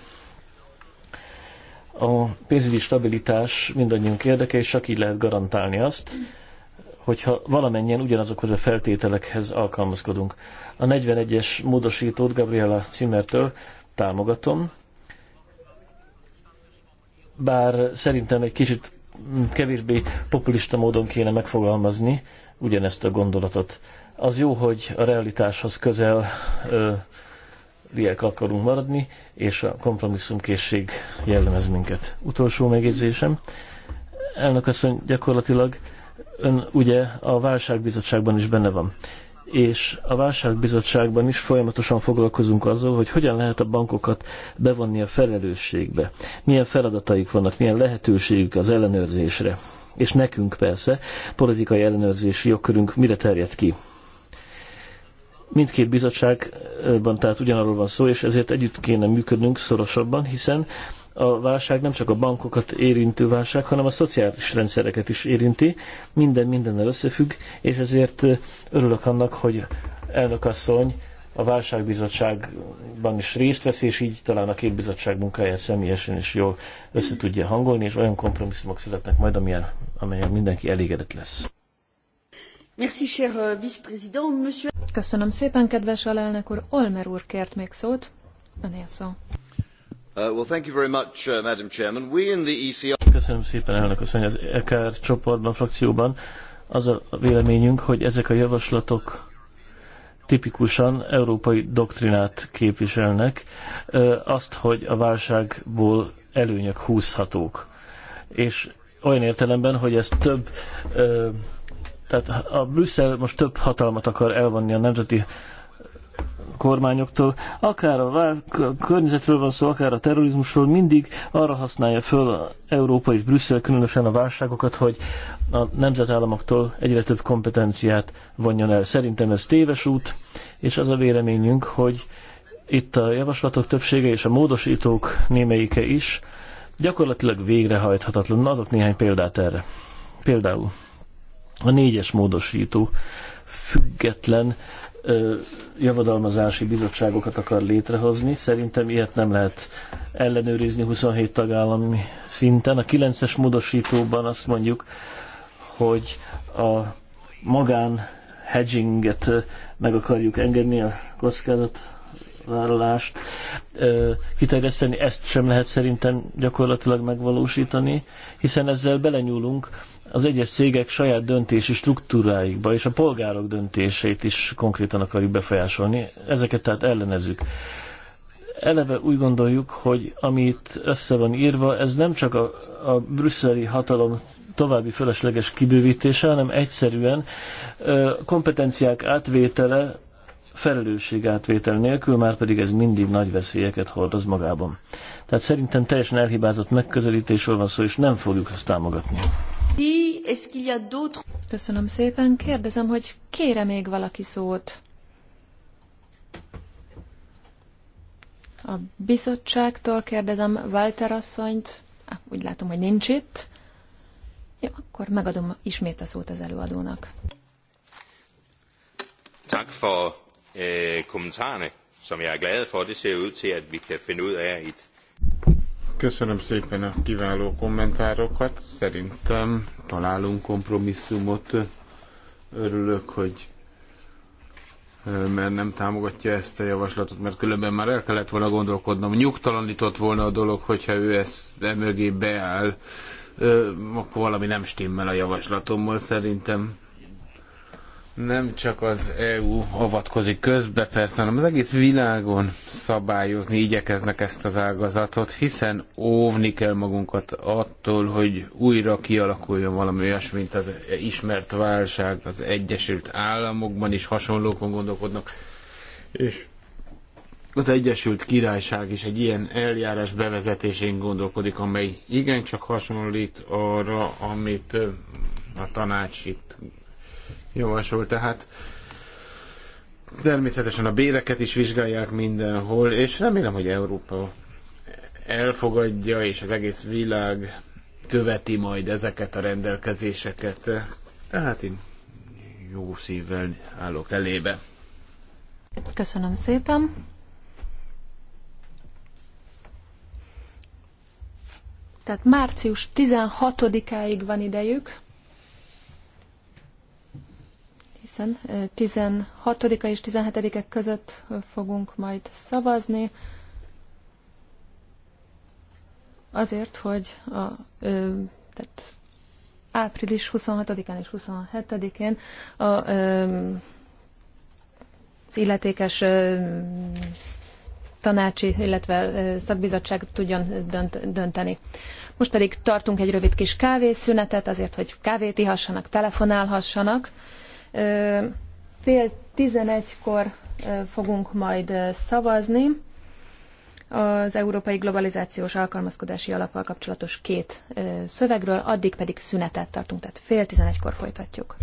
a pénzügyi stabilitás mindannyiunk érdeke, és csak így lehet garantálni azt, hogyha valamennyien ugyanazokhoz a feltételekhez alkalmazkodunk. A 41-es módosítót Gabriela Zimmertől támogatom, bár szerintem egy kicsit kevésbé populista módon kéne megfogalmazni ugyanezt a gondolatot. Az jó, hogy a realitáshoz közel ö, liek akarunk maradni, és a kompromisszumkészség jellemez minket. Utolsó megjegyzésem. Elnök asszony, gyakorlatilag ön ugye a válságbizottságban is benne van és a válságbizottságban is folyamatosan foglalkozunk azzal, hogy hogyan lehet a bankokat bevonni a felelősségbe, milyen feladataik vannak, milyen lehetőségük az ellenőrzésre, és nekünk persze politikai ellenőrzési jogkörünk mire terjed ki. Mindkét bizottságban tehát ugyanarról van szó, és ezért együtt kéne működnünk szorosabban, hiszen a válság nem csak a bankokat érintő válság, hanem a szociális rendszereket is érinti. Minden mindennel összefügg, és ezért örülök annak, hogy asszony a válságbizottságban is részt vesz, és így talán a két bizottság munkáját személyesen is jól össze tudja hangolni, és olyan kompromisszumok születnek majd, amilyen, amelyen mindenki elégedett lesz. Merci, cher euh, vice-président. Monsieur... Köszönöm szépen, kedves alelnök úr. Olmer úr kért még szót. Önél szó. Uh, uh, e Köszönöm szépen, elnök asszony, az EKR csoportban, frakcióban. Az a véleményünk, hogy ezek a javaslatok tipikusan európai doktrinát képviselnek, azt, hogy a válságból előnyök húzhatók. És olyan értelemben, hogy ez több, tehát a Brüsszel most több hatalmat akar elvonni a nemzeti kormányoktól, akár a vár, környezetről van szó, akár a terrorizmusról, mindig arra használja föl a Európa és Brüsszel különösen a válságokat, hogy a nemzetállamoktól egyre több kompetenciát vonjon el. Szerintem ez téves út, és az a véleményünk, hogy itt a javaslatok többsége és a módosítók némelyike is gyakorlatilag végrehajthatatlan. adok néhány példát erre. Például a négyes módosító független javadalmazási bizottságokat akar létrehozni. Szerintem ilyet nem lehet ellenőrizni 27 tagállami szinten. A 9-es módosítóban azt mondjuk, hogy a magán hedginget meg akarjuk engedni, a kockázatvállalást kiterjeszteni, ezt sem lehet szerintem gyakorlatilag megvalósítani, hiszen ezzel belenyúlunk az egyes cégek saját döntési struktúráikba és a polgárok döntését is konkrétan akarjuk befolyásolni. Ezeket tehát ellenezzük. Eleve úgy gondoljuk, hogy amit össze van írva, ez nem csak a, a brüsszeli hatalom további felesleges kibővítése, hanem egyszerűen kompetenciák átvétele, felelősség átvétel nélkül, már pedig ez mindig nagy veszélyeket hordoz magában. Tehát szerintem teljesen elhibázott megközelítésről van szó, és nem fogjuk ezt támogatni. Köszönöm szépen. Kérdezem, hogy kére még valaki szót? A bizottságtól kérdezem Walter asszonyt. Ah, úgy látom, hogy nincs itt. Jó, ja, akkor megadom ismét a szót az előadónak. Tak for eh, kommentarerne, som jeg er glad for. Det ser ud til, at vi kan finde ud af et Köszönöm szépen a kiváló kommentárokat. Szerintem találunk kompromisszumot. Örülök, hogy mert nem támogatja ezt a javaslatot, mert különben már el kellett volna gondolkodnom. Nyugtalanított volna a dolog, hogyha ő ezt emögé beáll, akkor valami nem stimmel a javaslatommal szerintem nem csak az EU avatkozik közbe, persze, hanem az egész világon szabályozni igyekeznek ezt az ágazatot, hiszen óvni kell magunkat attól, hogy újra kialakuljon valami olyasmi, mint az ismert válság, az Egyesült Államokban is hasonlókon gondolkodnak, és az Egyesült Királyság is egy ilyen eljárás bevezetésén gondolkodik, amely igencsak hasonlít arra, amit a tanács itt javasol. Tehát természetesen a béreket is vizsgálják mindenhol, és remélem, hogy Európa elfogadja, és az egész világ követi majd ezeket a rendelkezéseket. Tehát én jó szívvel állok elébe. Köszönöm szépen. Tehát március 16-áig van idejük. hiszen 16-a és 17-ek között fogunk majd szavazni, azért, hogy a, ö, tehát április 26-án és 27-én a, az illetékes ö, tanácsi, illetve ö, szakbizottság tudjon dönt, dönteni. Most pedig tartunk egy rövid kis kávészünetet, azért, hogy kávét ihassanak, telefonálhassanak. Fél tizenegykor fogunk majd szavazni az Európai Globalizációs Alkalmazkodási Alappal kapcsolatos két szövegről, addig pedig szünetet tartunk, tehát fél tizenegykor folytatjuk.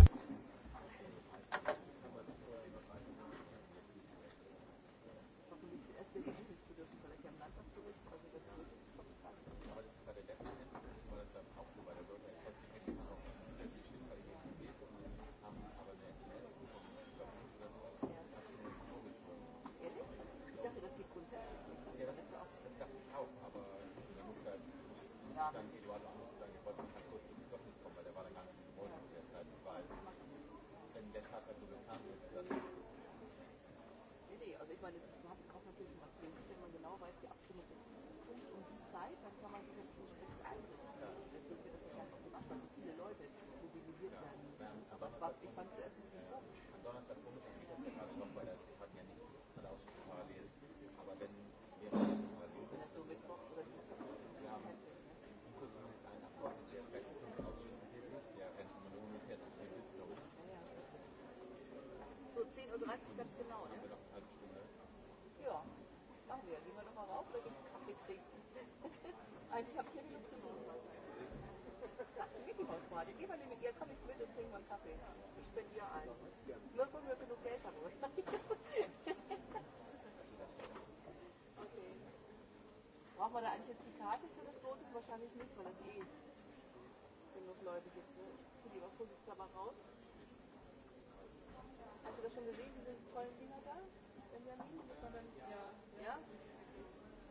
Weil eigentlich jetzt die Karte für das Voting wahrscheinlich nicht, weil es eh genug Leute gibt. Ne? Ich die Überprüfung jetzt da mal raus. Hast du das schon gesehen, diese tollen Dinger da? Benjamin? Das war dann, ja. Ja?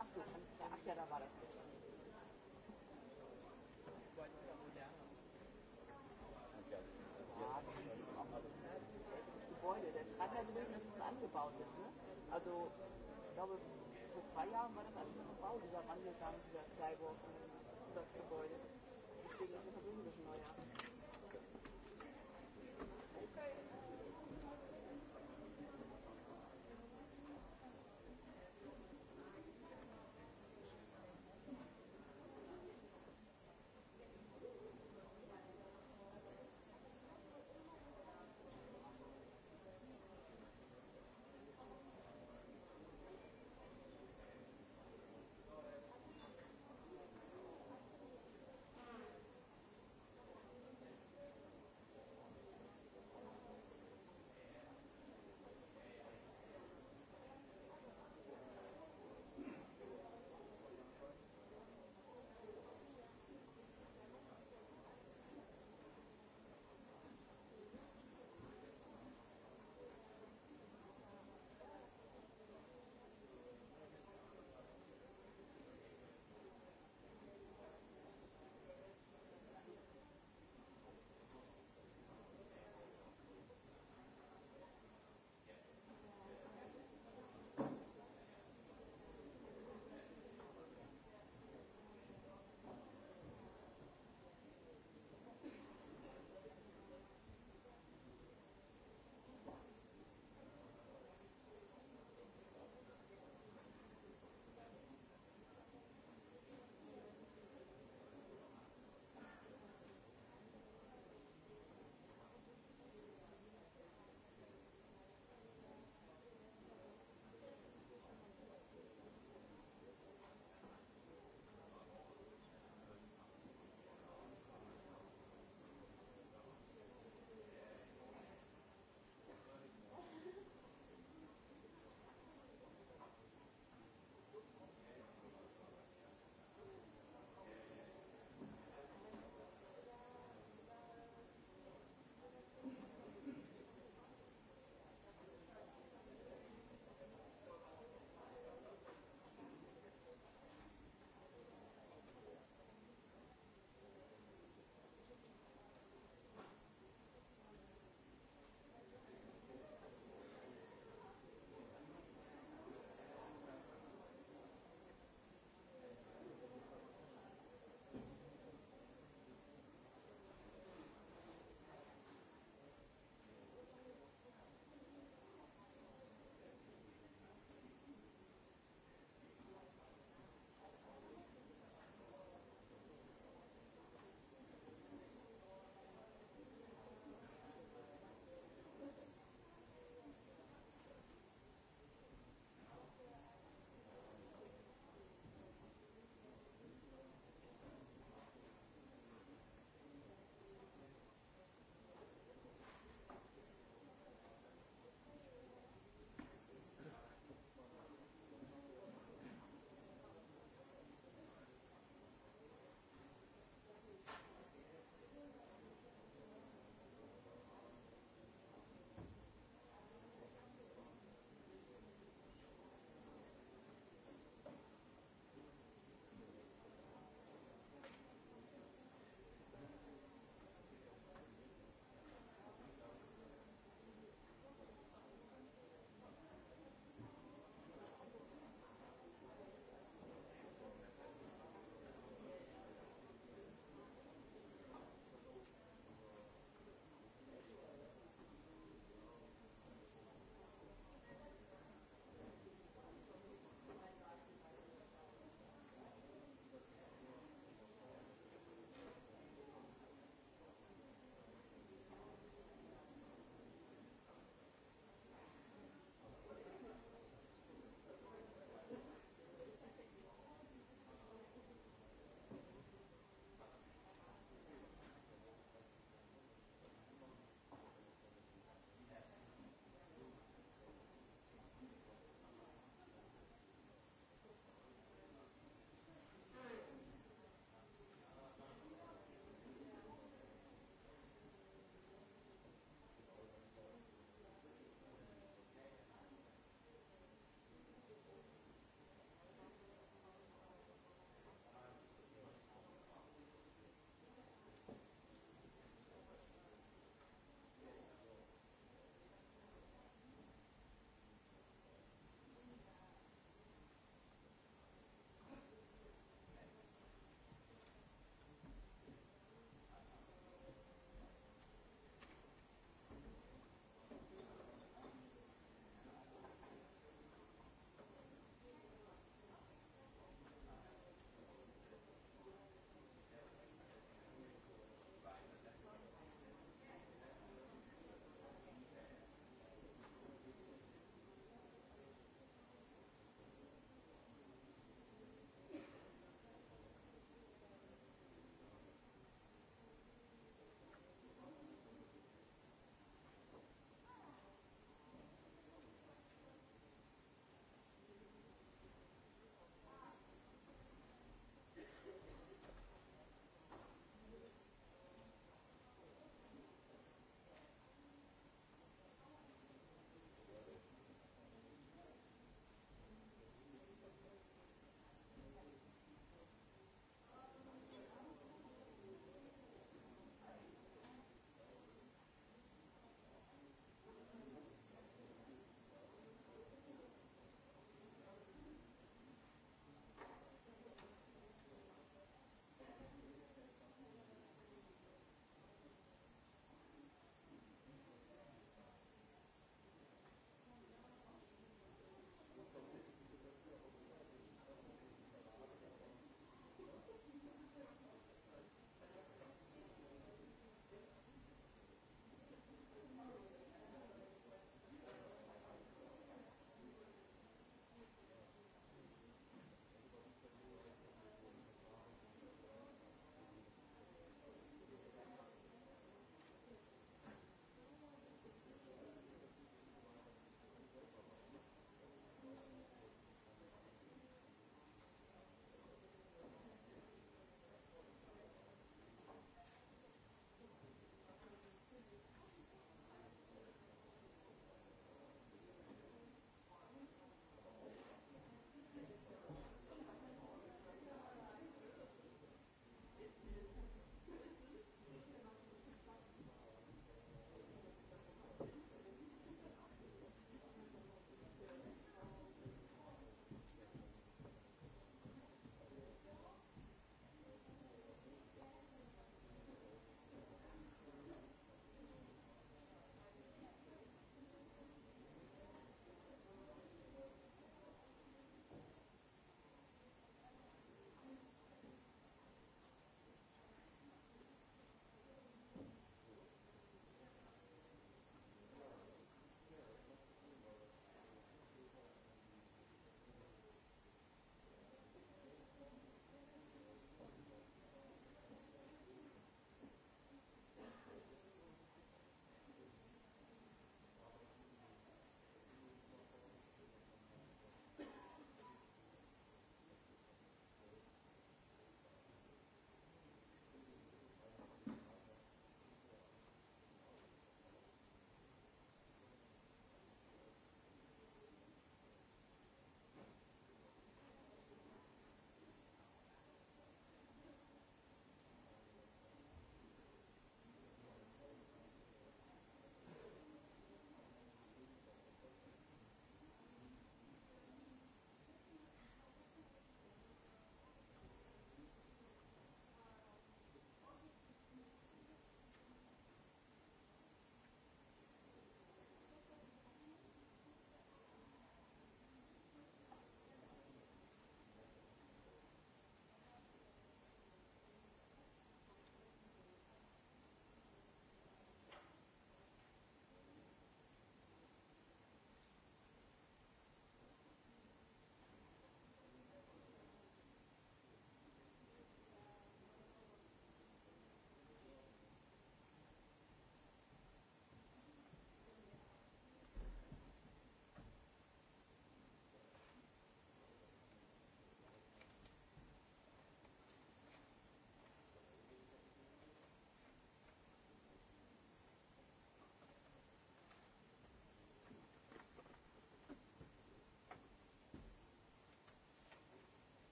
Ach so, alles klar. Ach ja, da war das nicht. Das Gebäude, der Trantler-Gedöns, das ist ein angebautes, ne? Also, ich glaube, vor zwei Jahren war das alles noch im Bau, dieser Wandel kam, dieser Skywalk und das Gebäude. Deswegen ist das natürlich ein bisschen neuer.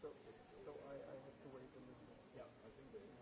So, so I, I have to wait a little bit. Yeah, I think they.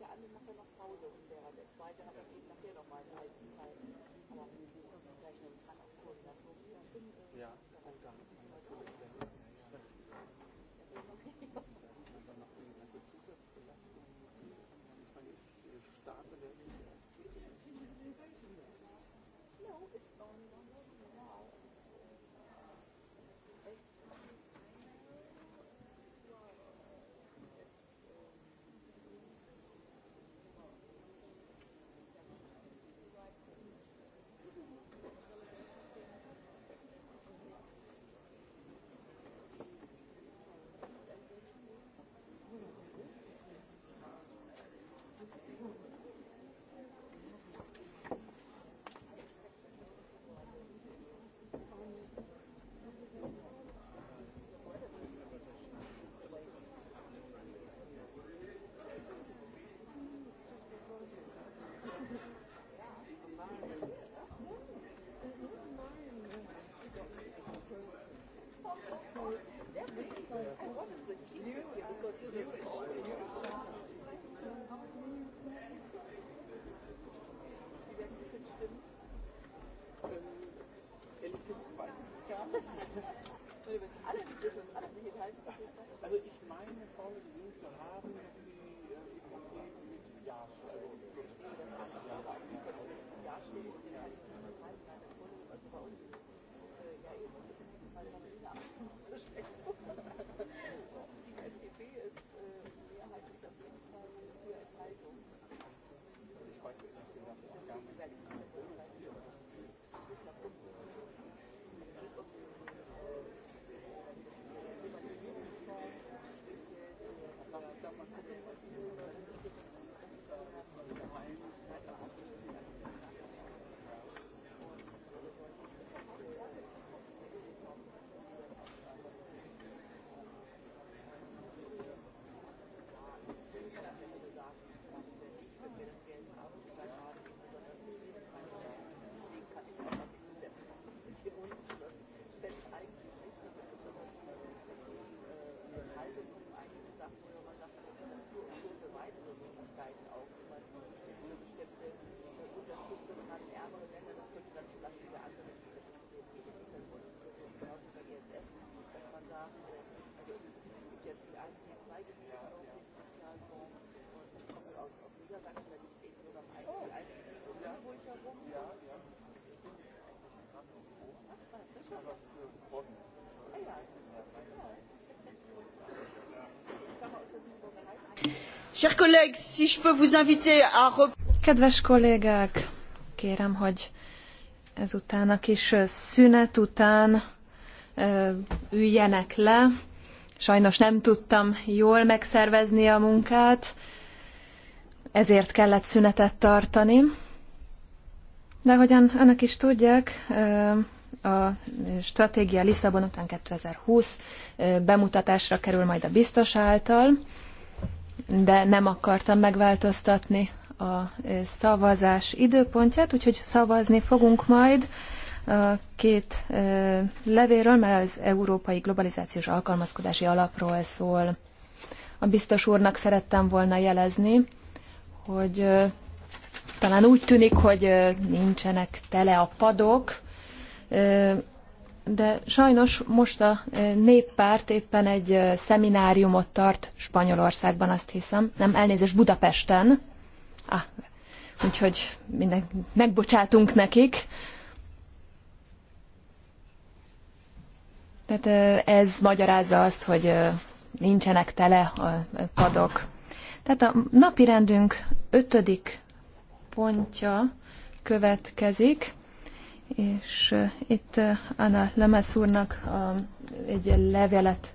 der andere macht ja noch Pause und der, der zweite aber geht nachher noch mal drei Zeiten. Aber wir müssen doch gleich noch dran auf Koordinator hier finden. Ja, dann kann ich das mal tun. Dann noch die ganze Zusatzbelastung. Ich meine, Staaten werden Chers collègues, si je peux vous inviter à... Kedves kollégák, kérem, hogy ezután a kis szünet után üljenek le. Sajnos nem tudtam jól megszervezni a munkát, ezért kellett szünetet tartani. De ahogyan önök is tudják, a stratégia Lisszabon után 2020 bemutatásra kerül majd a biztos által, de nem akartam megváltoztatni a szavazás időpontját, úgyhogy szavazni fogunk majd a két levéről, mert az Európai Globalizációs Alkalmazkodási Alapról szól. A biztos úrnak szerettem volna jelezni, hogy talán úgy tűnik, hogy nincsenek tele a padok, de sajnos most a néppárt éppen egy szemináriumot tart Spanyolországban, azt hiszem. Nem, elnézést, Budapesten. Ah, úgyhogy minden, megbocsátunk nekik. Tehát ez magyarázza azt, hogy nincsenek tele a padok. Tehát a napi rendünk ötödik pontja következik, és itt Anna Lemesz úrnak egy levelet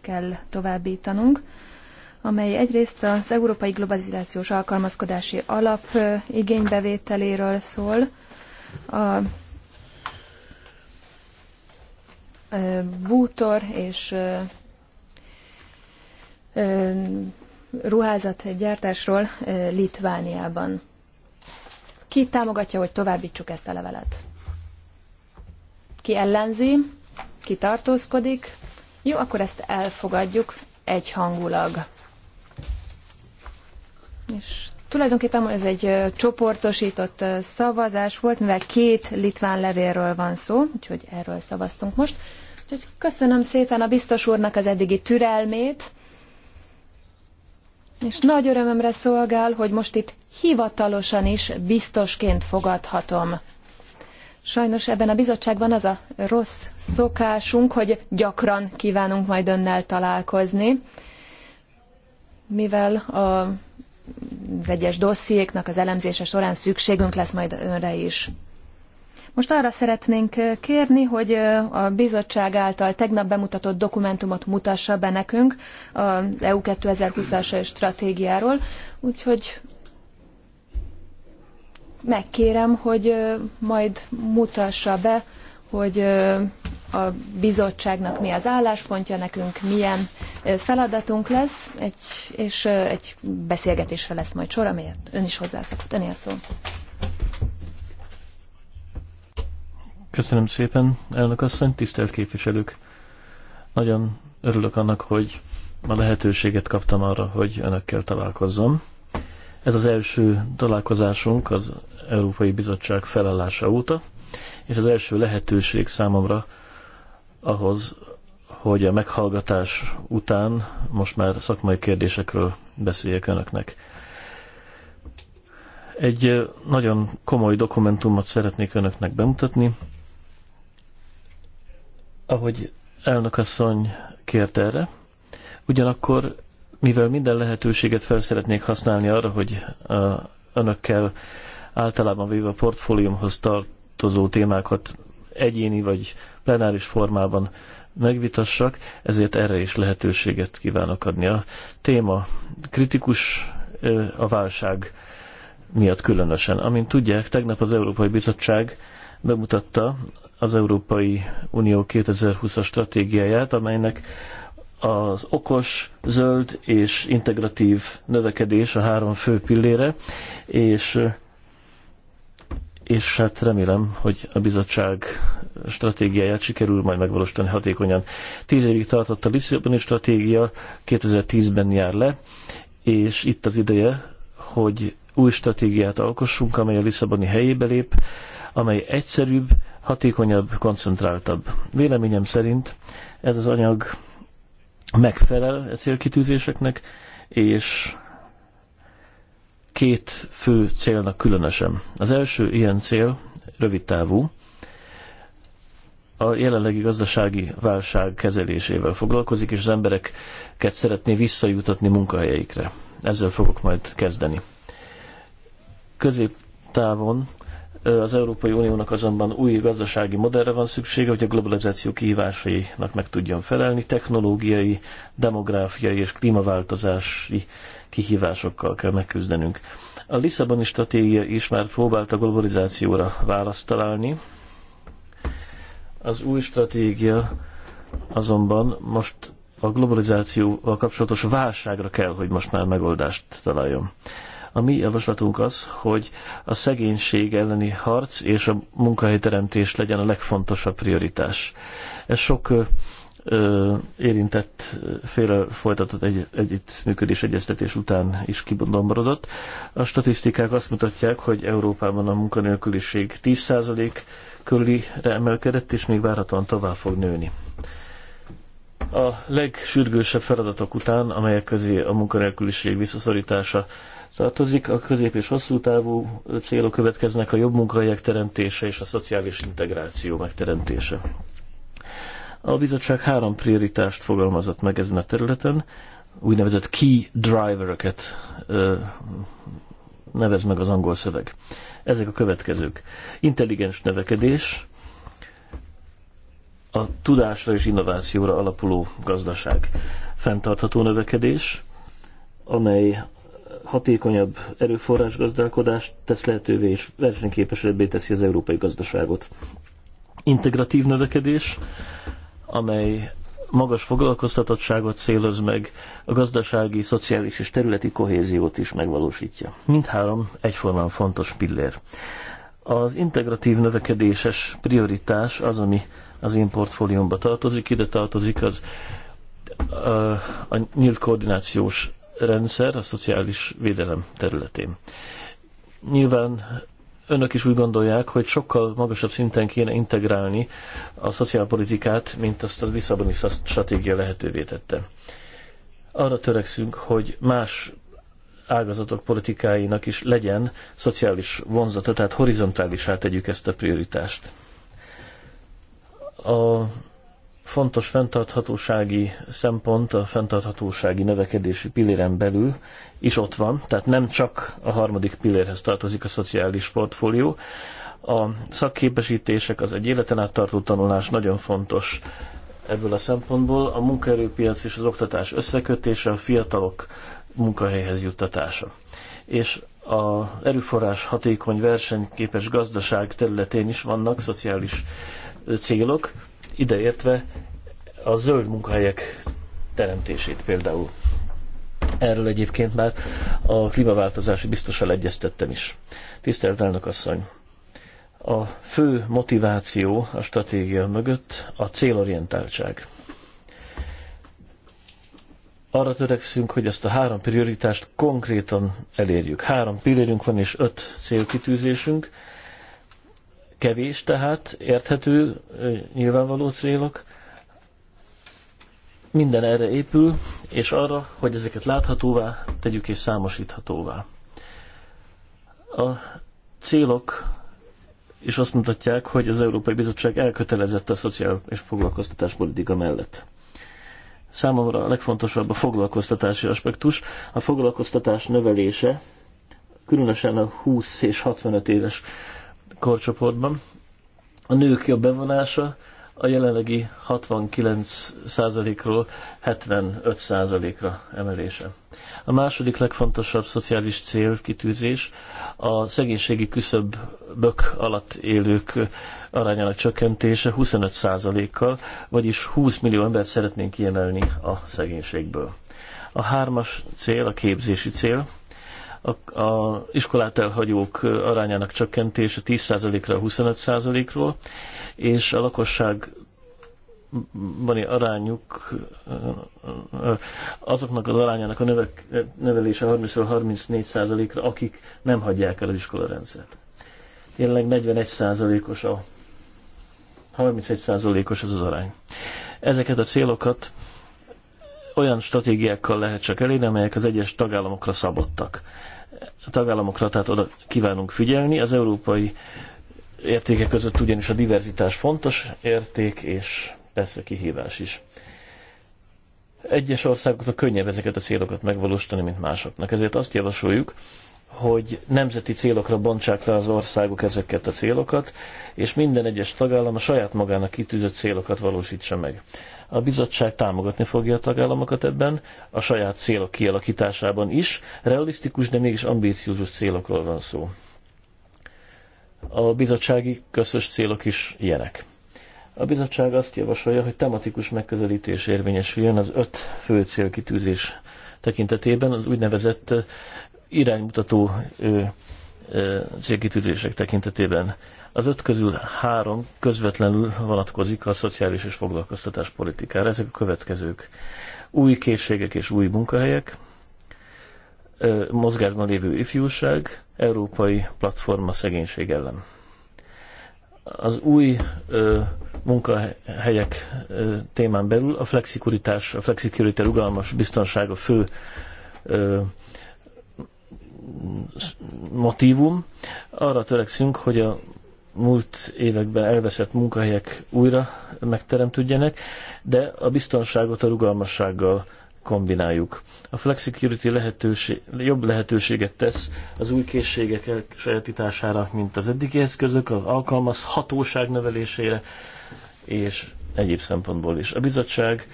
kell továbbítanunk, amely egyrészt az Európai Globalizációs Alkalmazkodási Alap igénybevételéről szól, a Bútor és ruházatgyártásról Litvániában. Ki támogatja, hogy továbbítsuk ezt a levelet? Ki ellenzi? Ki tartózkodik? Jó, akkor ezt elfogadjuk egyhangulag. És tulajdonképpen ez egy csoportosított szavazás volt, mivel két litván levélről van szó, úgyhogy erről szavaztunk most. Úgyhogy köszönöm szépen a biztos úrnak az eddigi türelmét és nagy örömömre szolgál, hogy most itt hivatalosan is biztosként fogadhatom. Sajnos ebben a bizottságban az a rossz szokásunk, hogy gyakran kívánunk majd önnel találkozni, mivel a, az egyes dossziéknak az elemzése során szükségünk lesz majd önre is. Most arra szeretnénk kérni, hogy a bizottság által tegnap bemutatott dokumentumot mutassa be nekünk az EU 2020-as stratégiáról, úgyhogy megkérem, hogy majd mutassa be, hogy a bizottságnak mi az álláspontja, nekünk milyen feladatunk lesz, egy, és egy beszélgetésre lesz majd sor, amelyet ön is hozzászokott. Önél szó. Köszönöm szépen, elnök asszony, tisztelt képviselők! Nagyon örülök annak, hogy ma lehetőséget kaptam arra, hogy önökkel találkozzam. Ez az első találkozásunk az Európai Bizottság felállása óta, és az első lehetőség számomra ahhoz, hogy a meghallgatás után most már szakmai kérdésekről beszéljek önöknek. Egy nagyon komoly dokumentumot szeretnék önöknek bemutatni, ahogy elnökasszony kért erre. Ugyanakkor, mivel minden lehetőséget fel szeretnék használni arra, hogy a, önökkel általában véve a portfóliumhoz tartozó témákat egyéni vagy plenáris formában megvitassak, ezért erre is lehetőséget kívánok adni. A téma kritikus a válság miatt különösen. Amint tudják, tegnap az Európai Bizottság bemutatta az Európai Unió 2020-as stratégiáját, amelynek az okos, zöld és integratív növekedés a három fő pillére, és, és hát remélem, hogy a bizottság stratégiáját sikerül majd megvalósítani hatékonyan. Tíz évig tartott a Lisszaboni stratégia, 2010-ben jár le, és itt az ideje, hogy új stratégiát alkossunk, amely a Lisszaboni helyébe lép, amely egyszerűbb, hatékonyabb, koncentráltabb. Véleményem szerint ez az anyag megfelel a e célkitűzéseknek, és két fő célnak különösen. Az első ilyen cél rövid távú, a jelenlegi gazdasági válság kezelésével foglalkozik, és az embereket szeretné visszajutatni munkahelyeikre. Ezzel fogok majd kezdeni. Középtávon az Európai Uniónak azonban új gazdasági modellre van szüksége, hogy a globalizáció kihívásainak meg tudjon felelni. Technológiai, demográfiai és klímaváltozási kihívásokkal kell megküzdenünk. A Lisszaboni stratégia is már próbált a globalizációra választ találni. Az új stratégia azonban most a globalizációval kapcsolatos válságra kell, hogy most már megoldást találjon. A mi javaslatunk az, hogy a szegénység elleni harc és a munkahelyteremtés legyen a legfontosabb prioritás. Ez sok ö, érintett félre folytatott egy, együttműködés egyeztetés után is kibondombrodott. A statisztikák azt mutatják, hogy Európában a munkanélküliség 10% körülire emelkedett, és még várhatóan tovább fog nőni. A legsürgősebb feladatok után, amelyek közé a munkanélküliség visszaszorítása tartozik. A közép- és hosszú távú célok következnek a jobb munkahelyek teremtése és a szociális integráció megteremtése. A bizottság három prioritást fogalmazott meg ezen a területen, úgynevezett key driver driver-öket nevez meg az angol szöveg. Ezek a következők. Intelligens növekedés, a tudásra és innovációra alapuló gazdaság, fenntartható növekedés, amely hatékonyabb erőforrás gazdálkodást tesz lehetővé és versenyképesebbé teszi az európai gazdaságot. Integratív növekedés, amely magas foglalkoztatottságot céloz meg, a gazdasági, szociális és területi kohéziót is megvalósítja. Mindhárom egyformán fontos pillér. Az integratív növekedéses prioritás az, ami az én portfóliómba tartozik, ide tartozik az a, a nyílt koordinációs rendszer a szociális védelem területén. Nyilván önök is úgy gondolják, hogy sokkal magasabb szinten kéne integrálni a szociálpolitikát, mint azt a Lisszaboni stratégia lehetővé tette. Arra törekszünk, hogy más ágazatok politikáinak is legyen szociális vonzata, tehát horizontálisá tegyük ezt a prioritást. A fontos fenntarthatósági szempont a fenntarthatósági növekedési pilléren belül is ott van, tehát nem csak a harmadik pillérhez tartozik a szociális portfólió. A szakképesítések, az egy életen át tartó tanulás nagyon fontos ebből a szempontból. A munkaerőpiac és az oktatás összekötése, a fiatalok munkahelyhez juttatása. És a erőforrás hatékony versenyképes gazdaság területén is vannak szociális célok, ideértve a zöld munkahelyek teremtését például. Erről egyébként már a klímaváltozási biztossal egyeztettem is. Tisztelt elnök asszony! A fő motiváció a stratégia mögött a célorientáltság. Arra törekszünk, hogy ezt a három prioritást konkrétan elérjük. Három pillérünk van és öt célkitűzésünk kevés tehát, érthető, nyilvánvaló célok. Minden erre épül, és arra, hogy ezeket láthatóvá tegyük és számosíthatóvá. A célok és azt mutatják, hogy az Európai Bizottság elkötelezett a szociál és politika mellett. Számomra a legfontosabb a foglalkoztatási aspektus, a foglalkoztatás növelése, különösen a 20 és 65 éves korcsoportban. A nők jobb bevonása a jelenlegi 69%-ról 75%-ra emelése. A második legfontosabb szociális célkitűzés a szegénységi küszöbök alatt élők arányának csökkentése 25%-kal, vagyis 20 millió embert szeretnénk kiemelni a szegénységből. A hármas cél, a képzési cél, a, a iskolát elhagyók arányának csökkentése 10%-ra 25%-ról, és a lakosság bani arányuk, azoknak az arányának a növek, növelése 30-34%-ra, akik nem hagyják el az iskolarendszert. Jelenleg 41%-os a 31%-os ez az arány. Ezeket a célokat olyan stratégiákkal lehet csak elérni, amelyek az egyes tagállamokra szabottak tagállamokra, tehát oda kívánunk figyelni. Az európai értékek között ugyanis a diverzitás fontos érték, és persze kihívás is. Egyes országoknak könnyebb ezeket a célokat megvalósítani, mint másoknak. Ezért azt javasoljuk, hogy nemzeti célokra bontsák le az országok ezeket a célokat, és minden egyes tagállam a saját magának kitűzött célokat valósítsa meg. A bizottság támogatni fogja a tagállamokat ebben, a saját célok kialakításában is. Realisztikus, de mégis ambíciózus célokról van szó. A bizottsági közös célok is ilyenek. A bizottság azt javasolja, hogy tematikus megközelítés érvényesüljön az öt fő célkitűzés tekintetében, az úgynevezett iránymutató célkitűzések tekintetében. Az öt közül három közvetlenül vonatkozik a szociális és foglalkoztatás politikára. Ezek a következők. Új készségek és új munkahelyek, mozgásban lévő ifjúság, európai platforma szegénység ellen. Az új ö, munkahelyek ö, témán belül a flexikuritás, a flexikürite rugalmas biztonság a fő ö, motívum. Arra törekszünk, hogy a múlt években elveszett munkahelyek újra megteremtődjenek, de a biztonságot a rugalmassággal kombináljuk. A flexicurity lehetőség, jobb lehetőséget tesz az új készségek sajátítására, mint az eddigi eszközök, az alkalmaz hatóság növelésére, és egyéb szempontból is. A bizottság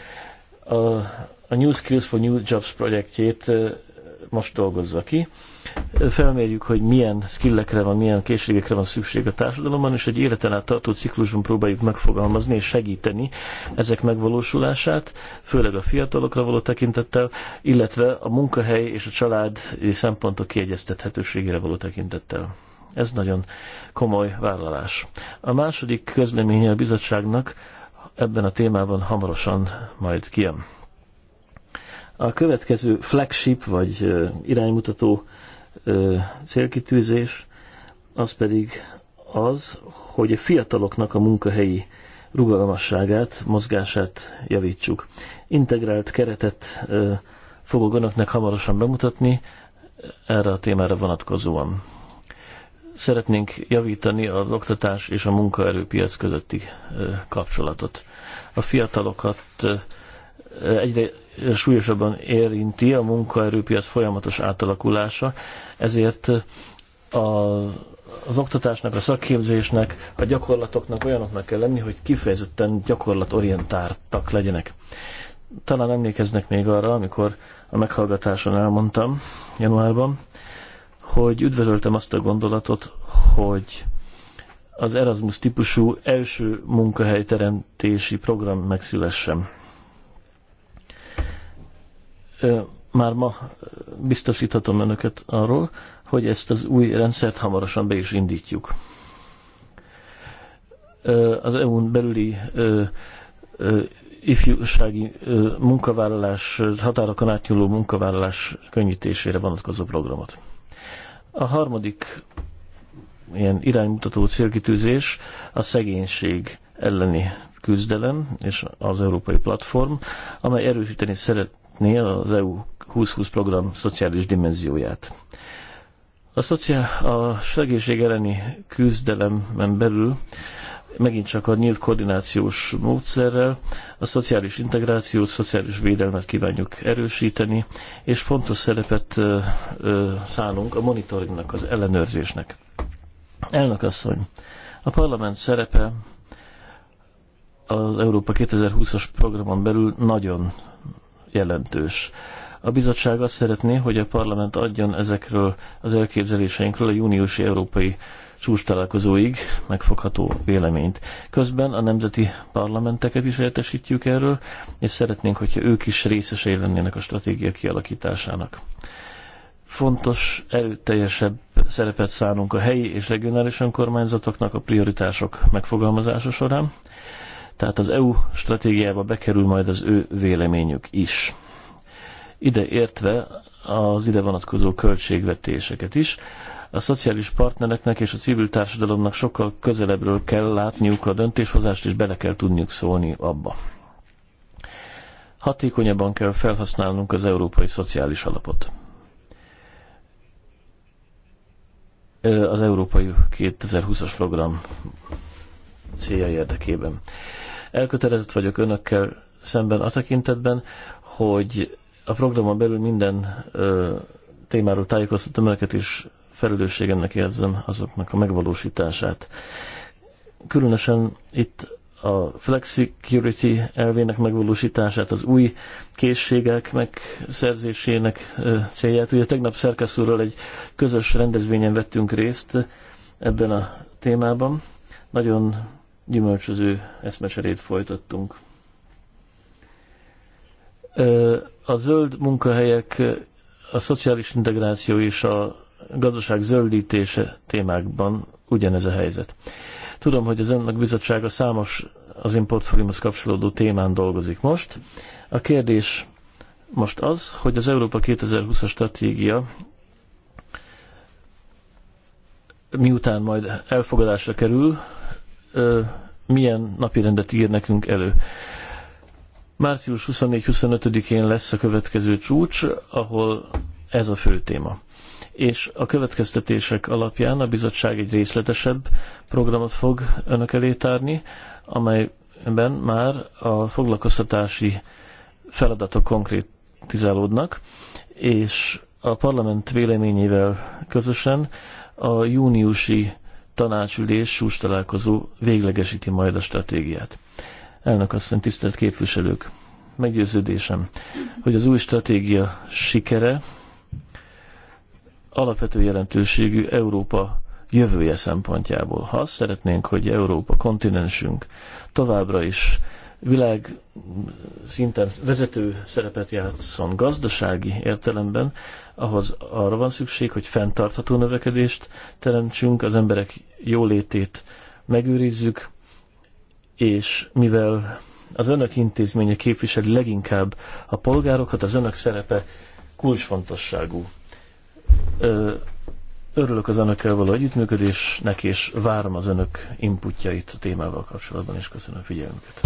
a, a New Skills for New Jobs projektjét most dolgozza ki, felmérjük, hogy milyen skillekre van, milyen készségekre van szükség a társadalomban, és egy életen át tartó ciklusban próbáljuk megfogalmazni és segíteni ezek megvalósulását, főleg a fiatalokra való tekintettel, illetve a munkahely és a család szempontok kiegyeztethetőségére való tekintettel. Ez nagyon komoly vállalás. A második közleménye a bizottságnak ebben a témában hamarosan majd kijön. A következő flagship vagy iránymutató ö, célkitűzés, az pedig az, hogy a fiataloknak a munkahelyi rugalmasságát, mozgását javítsuk. Integrált keretet ö, fogok önöknek hamarosan bemutatni erre a témára vonatkozóan. Szeretnénk javítani az oktatás és a munkaerőpiac közötti kapcsolatot. A fiatalokat egyre súlyosabban érinti a munkaerőpiac folyamatos átalakulása, ezért a, az oktatásnak, a szakképzésnek, a gyakorlatoknak olyanoknak kell lenni, hogy kifejezetten gyakorlatorientáltak legyenek. Talán emlékeznek még arra, amikor a meghallgatáson elmondtam januárban, hogy üdvözöltem azt a gondolatot, hogy az Erasmus típusú első munkahelyteremtési program megszülessen már ma biztosíthatom önöket arról, hogy ezt az új rendszert hamarosan be is indítjuk. Az EU-n belüli ifjúsági munkavállalás, határokon átnyúló munkavállalás könnyítésére vonatkozó programot. A harmadik ilyen iránymutató célkitűzés a szegénység elleni küzdelem és az európai platform, amely erősíteni szeret, támogatni az EU 2020 program szociális dimenzióját. A, szociál, a segítség elleni küzdelemben belül megint csak a nyílt koordinációs módszerrel a szociális integrációt, szociális védelmet kívánjuk erősíteni, és fontos szerepet szállunk a monitoringnak, az ellenőrzésnek. Elnök asszony, a parlament szerepe az Európa 2020-as programon belül nagyon jelentős. A bizottság azt szeretné, hogy a parlament adjon ezekről az elképzeléseinkről a júniusi európai csúcs találkozóig megfogható véleményt. Közben a nemzeti parlamenteket is értesítjük erről, és szeretnénk, hogyha ők is részesei lennének a stratégia kialakításának. Fontos, erőteljesebb szerepet szánunk a helyi és regionális önkormányzatoknak a prioritások megfogalmazása során tehát az EU stratégiába bekerül majd az ő véleményük is. Ide értve az ide vonatkozó költségvetéseket is, a szociális partnereknek és a civil társadalomnak sokkal közelebbről kell látniuk a döntéshozást, és bele kell tudniuk szólni abba. Hatékonyabban kell felhasználnunk az Európai Szociális Alapot. Az Európai 2020-as program célja érdekében. Elkötelezett vagyok önökkel szemben a tekintetben, hogy a programon belül minden ö, témáról tájékoztatom önöket, és felelősségemnek érzem azoknak a megvalósítását. Különösen itt a flexicurity elvének megvalósítását, az új készségek megszerzésének célját. Ugye tegnap szerkeszúrral egy közös rendezvényen vettünk részt ebben a témában. Nagyon gyümölcsöző eszmecserét folytattunk. A zöld munkahelyek, a szociális integráció és a gazdaság zöldítése témákban ugyanez a helyzet. Tudom, hogy az Önnek bizottsága számos az én portfóliumhoz kapcsolódó témán dolgozik most. A kérdés most az, hogy az Európa 2020-as stratégia miután majd elfogadásra kerül, ö, milyen napirendet ír nekünk elő. Március 24-25-én lesz a következő csúcs, ahol ez a fő téma. És a következtetések alapján a bizottság egy részletesebb programot fog önök elé tárni, amelyben már a foglalkoztatási feladatok konkrétizálódnak, és a parlament véleményével közösen a júniusi tanácsülés, sús találkozó véglegesíti majd a stratégiát. Elnök asszony, tisztelt képviselők! Meggyőződésem, hogy az új stratégia sikere alapvető jelentőségű Európa jövője szempontjából. Ha azt szeretnénk, hogy Európa kontinensünk továbbra is világ szinten vezető szerepet játszon gazdasági értelemben, ahhoz arra van szükség, hogy fenntartható növekedést teremtsünk, az emberek jólétét megőrizzük, és mivel az önök intézménye képviseli leginkább a polgárokat, az önök szerepe kulcsfontosságú. Örülök az önökkel való együttműködésnek, és várom az önök inputjait a témával kapcsolatban, és köszönöm a figyelmüket.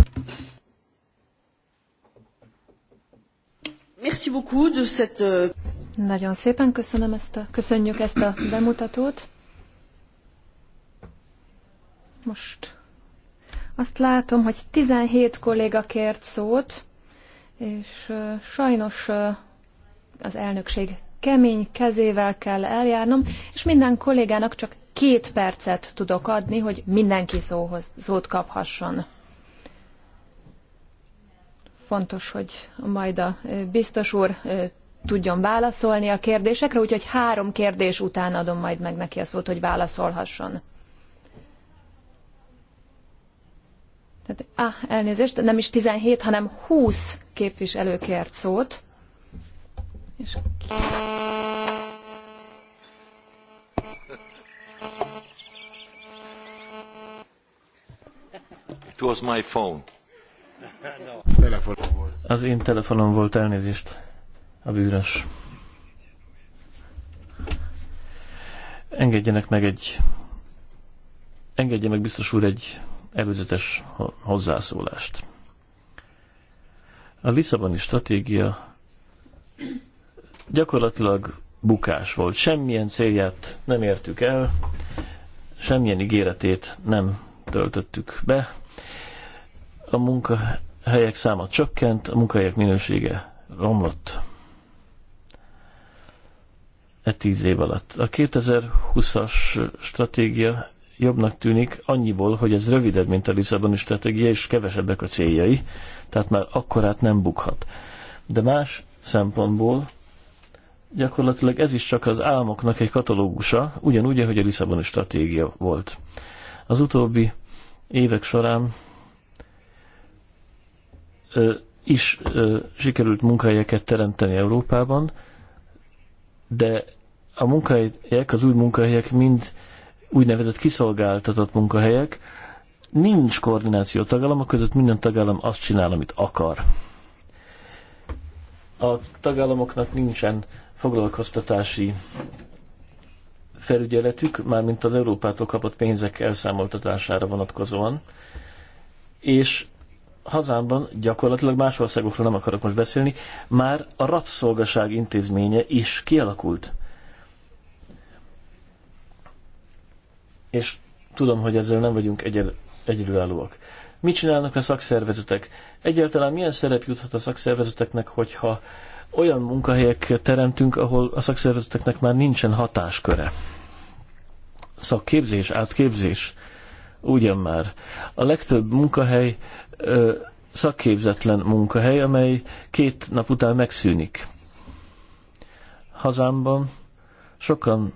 Merci beaucoup de cette... Euh, Nagyon szépen köszönöm ezt a, köszönjük ezt a bemutatót. Most azt látom, hogy 17 kolléga kért szót, és sajnos az elnökség kemény kezével kell eljárnom, és minden kollégának csak két percet tudok adni, hogy mindenki szóhoz, szót kaphasson fontos, hogy majd a biztos úr tudjon válaszolni a kérdésekre, úgyhogy három kérdés után adom majd meg neki a szót, hogy válaszolhasson. Tehát, á, elnézést, nem is 17, hanem 20 képviselő kért szót. És... It was my phone. Az én telefonom volt elnézést. A bűnös. Engedjenek meg egy... Engedje meg biztos úr egy előzetes hozzászólást. A Lisszaboni stratégia gyakorlatilag bukás volt. Semmilyen célját nem értük el, semmilyen ígéretét nem töltöttük be, a munkahelyek száma csökkent, a munkahelyek minősége romlott. E tíz év alatt. A 2020-as stratégia jobbnak tűnik annyiból, hogy ez rövidebb, mint a Lisszaboni stratégia, és kevesebbek a céljai, tehát már akkorát nem bukhat. De más szempontból gyakorlatilag ez is csak az álmoknak egy katalógusa, ugyanúgy, ahogy a Lisszaboni stratégia volt. Az utóbbi évek során is sikerült munkahelyeket teremteni Európában, de a munkahelyek, az új munkahelyek mind úgynevezett kiszolgáltatott munkahelyek, nincs koordináció tagállamok között, minden tagállam azt csinál, amit akar. A tagállamoknak nincsen foglalkoztatási felügyeletük, mármint az Európától kapott pénzek elszámoltatására vonatkozóan, és hazámban gyakorlatilag más országokról nem akarok most beszélni, már a rabszolgaság intézménye is kialakult. És tudom, hogy ezzel nem vagyunk egyel, egyedülállóak. Mit csinálnak a szakszervezetek? Egyáltalán milyen szerep juthat a szakszervezeteknek, hogyha olyan munkahelyek teremtünk, ahol a szakszervezeteknek már nincsen hatásköre? Szakképzés, átképzés? Ugyan már. A legtöbb munkahely ö, szakképzetlen munkahely, amely két nap után megszűnik. Hazámban sokan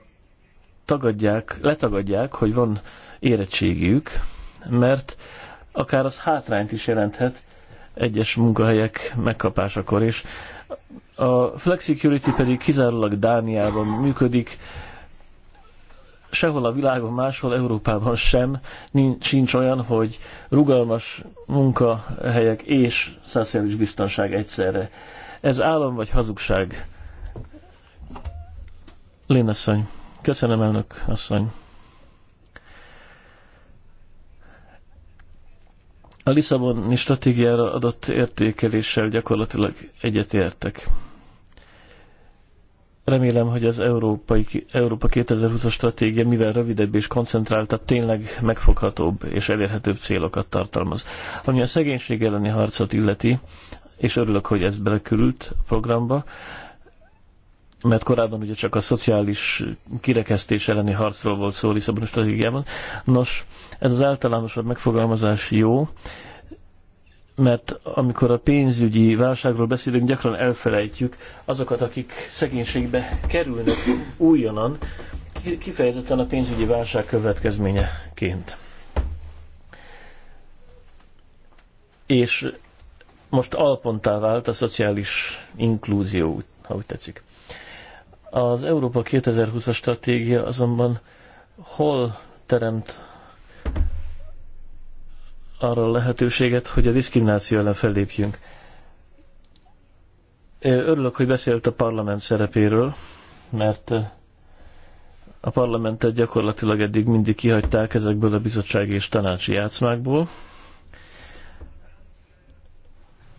tagadják, letagadják, hogy van érettségiük, mert akár az hátrányt is jelenthet egyes munkahelyek megkapásakor, és a Flexicurity pedig kizárólag Dániában működik, sehol a világon, máshol Európában sem nincs, sincs olyan, hogy rugalmas munkahelyek és szociális biztonság egyszerre. Ez állam vagy hazugság? asszony, Köszönöm, elnök asszony. A Lisszaboni stratégiára adott értékeléssel gyakorlatilag egyetértek. Remélem, hogy az Európai, Európa 2020-as stratégia mivel rövidebb és koncentráltabb, tényleg megfoghatóbb és elérhetőbb célokat tartalmaz. Ami a szegénység elleni harcot illeti, és örülök, hogy ez belekülült a programba, mert korábban ugye csak a szociális kirekesztés elleni harcról volt szó Lisszabon stratégiában. Nos, ez az általánosabb megfogalmazás jó, mert amikor a pénzügyi válságról beszélünk, gyakran elfelejtjük azokat, akik szegénységbe kerülnek újonnan, kifejezetten a pénzügyi válság következményeként. És most alpontá vált a szociális inklúzió, ha úgy tetszik. Az Európa 2020-as stratégia azonban hol teremt arra a lehetőséget, hogy a diszkrimináció ellen fellépjünk. Örülök, hogy beszélt a parlament szerepéről, mert a parlamentet gyakorlatilag eddig mindig kihagyták ezekből a bizottsági és tanácsi játszmákból.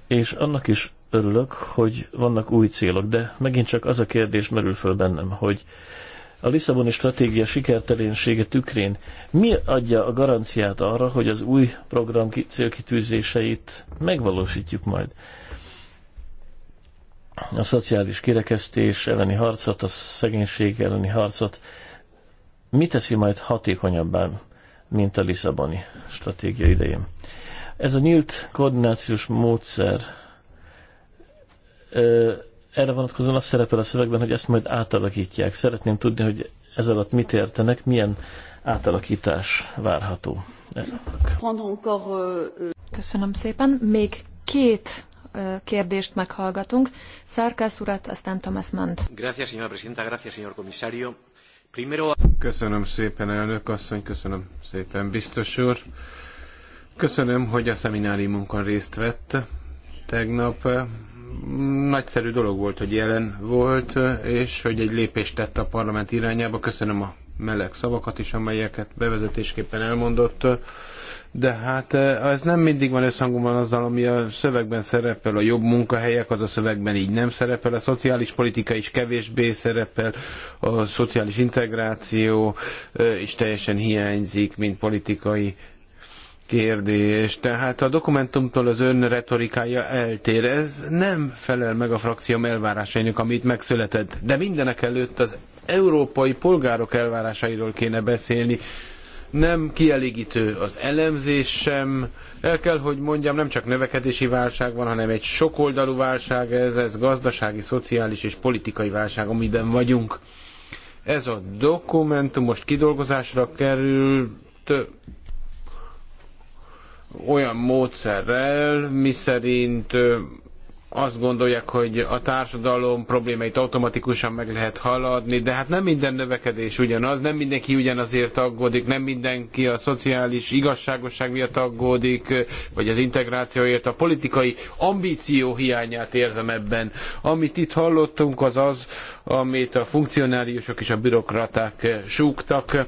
És annak is örülök, hogy vannak új célok, de megint csak az a kérdés merül föl bennem, hogy a Lisszaboni stratégia sikertelensége tükrén mi adja a garanciát arra, hogy az új program célkitűzéseit megvalósítjuk majd? A szociális kirekesztés elleni harcot, a szegénység elleni harcot mi teszi majd hatékonyabbá, mint a Lisszaboni stratégia idején? Ez a nyílt koordinációs módszer erre vonatkozóan azt szerepel a szövegben, hogy ezt majd átalakítják. Szeretném tudni, hogy ez alatt mit értenek, milyen átalakítás várható. Köszönöm szépen. Még két kérdést meghallgatunk. Szárkász urat, aztán Thomas Mand. Köszönöm szépen, elnök asszony, köszönöm szépen, biztos úr. Köszönöm, hogy a szemináriumunkon részt vett tegnap nagyszerű dolog volt, hogy jelen volt, és hogy egy lépést tett a parlament irányába. Köszönöm a meleg szavakat is, amelyeket bevezetésképpen elmondott. De hát ez eh, nem mindig van összhangban azzal, ami a szövegben szerepel, a jobb munkahelyek, az a szövegben így nem szerepel, a szociális politika is kevésbé szerepel, a szociális integráció eh, is teljesen hiányzik, mint politikai kérdés. Tehát a dokumentumtól az ön retorikája eltér. Ez nem felel meg a frakcióm elvárásainak, amit megszületett. De mindenek előtt az európai polgárok elvárásairól kéne beszélni. Nem kielégítő az elemzés sem. El kell, hogy mondjam, nem csak növekedési válság van, hanem egy sokoldalú válság ez, ez gazdasági, szociális és politikai válság, amiben vagyunk. Ez a dokumentum most kidolgozásra került, olyan módszerrel, miszerint azt gondolják, hogy a társadalom problémáit automatikusan meg lehet haladni, de hát nem minden növekedés ugyanaz, nem mindenki ugyanazért aggódik, nem mindenki a szociális igazságosság miatt aggódik, vagy az integrációért, a politikai ambíció hiányát érzem ebben. Amit itt hallottunk, az az, amit a funkcionáriusok és a bürokraták súgtak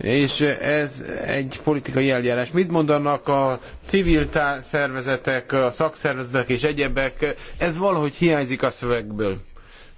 és ez egy politikai eljárás. Mit mondanak a civil szervezetek, a szakszervezetek és egyebek? Ez valahogy hiányzik a szövegből.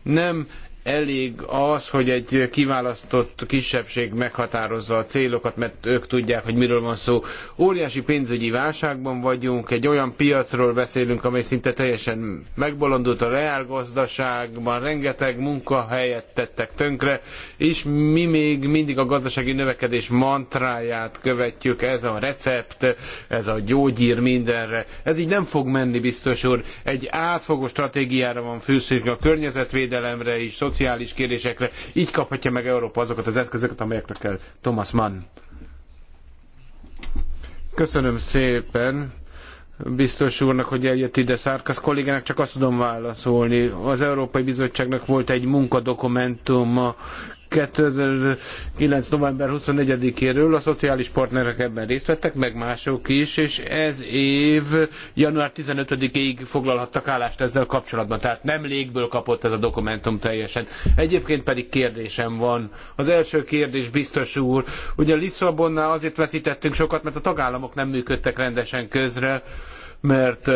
Nem elég az, hogy egy kiválasztott kisebbség meghatározza a célokat, mert ők tudják, hogy miről van szó. Óriási pénzügyi válságban vagyunk, egy olyan piacról beszélünk, amely szinte teljesen megbolondult a reálgazdaságban, rengeteg munkahelyet tettek tönkre, és mi még mindig a gazdasági növekedés mantráját követjük, ez a recept, ez a gyógyír mindenre. Ez így nem fog menni, biztos úr. Egy átfogó stratégiára van fűszünk a környezetvédelemre is, szociális kérdésekre. Így kaphatja meg Európa azokat az eszközöket, amelyekre kell. Thomas Mann. Köszönöm szépen biztos úrnak, hogy eljött ide Szárkasz kollégának, csak azt tudom válaszolni. Az Európai Bizottságnak volt egy munkadokumentuma 2009. november 24-éről a szociális partnerek ebben részt vettek, meg mások is, és ez év január 15-ig foglalhattak állást ezzel kapcsolatban. Tehát nem légből kapott ez a dokumentum teljesen. Egyébként pedig kérdésem van. Az első kérdés biztos úr, ugye Lisszabonnál azért veszítettünk sokat, mert a tagállamok nem működtek rendesen közre, mert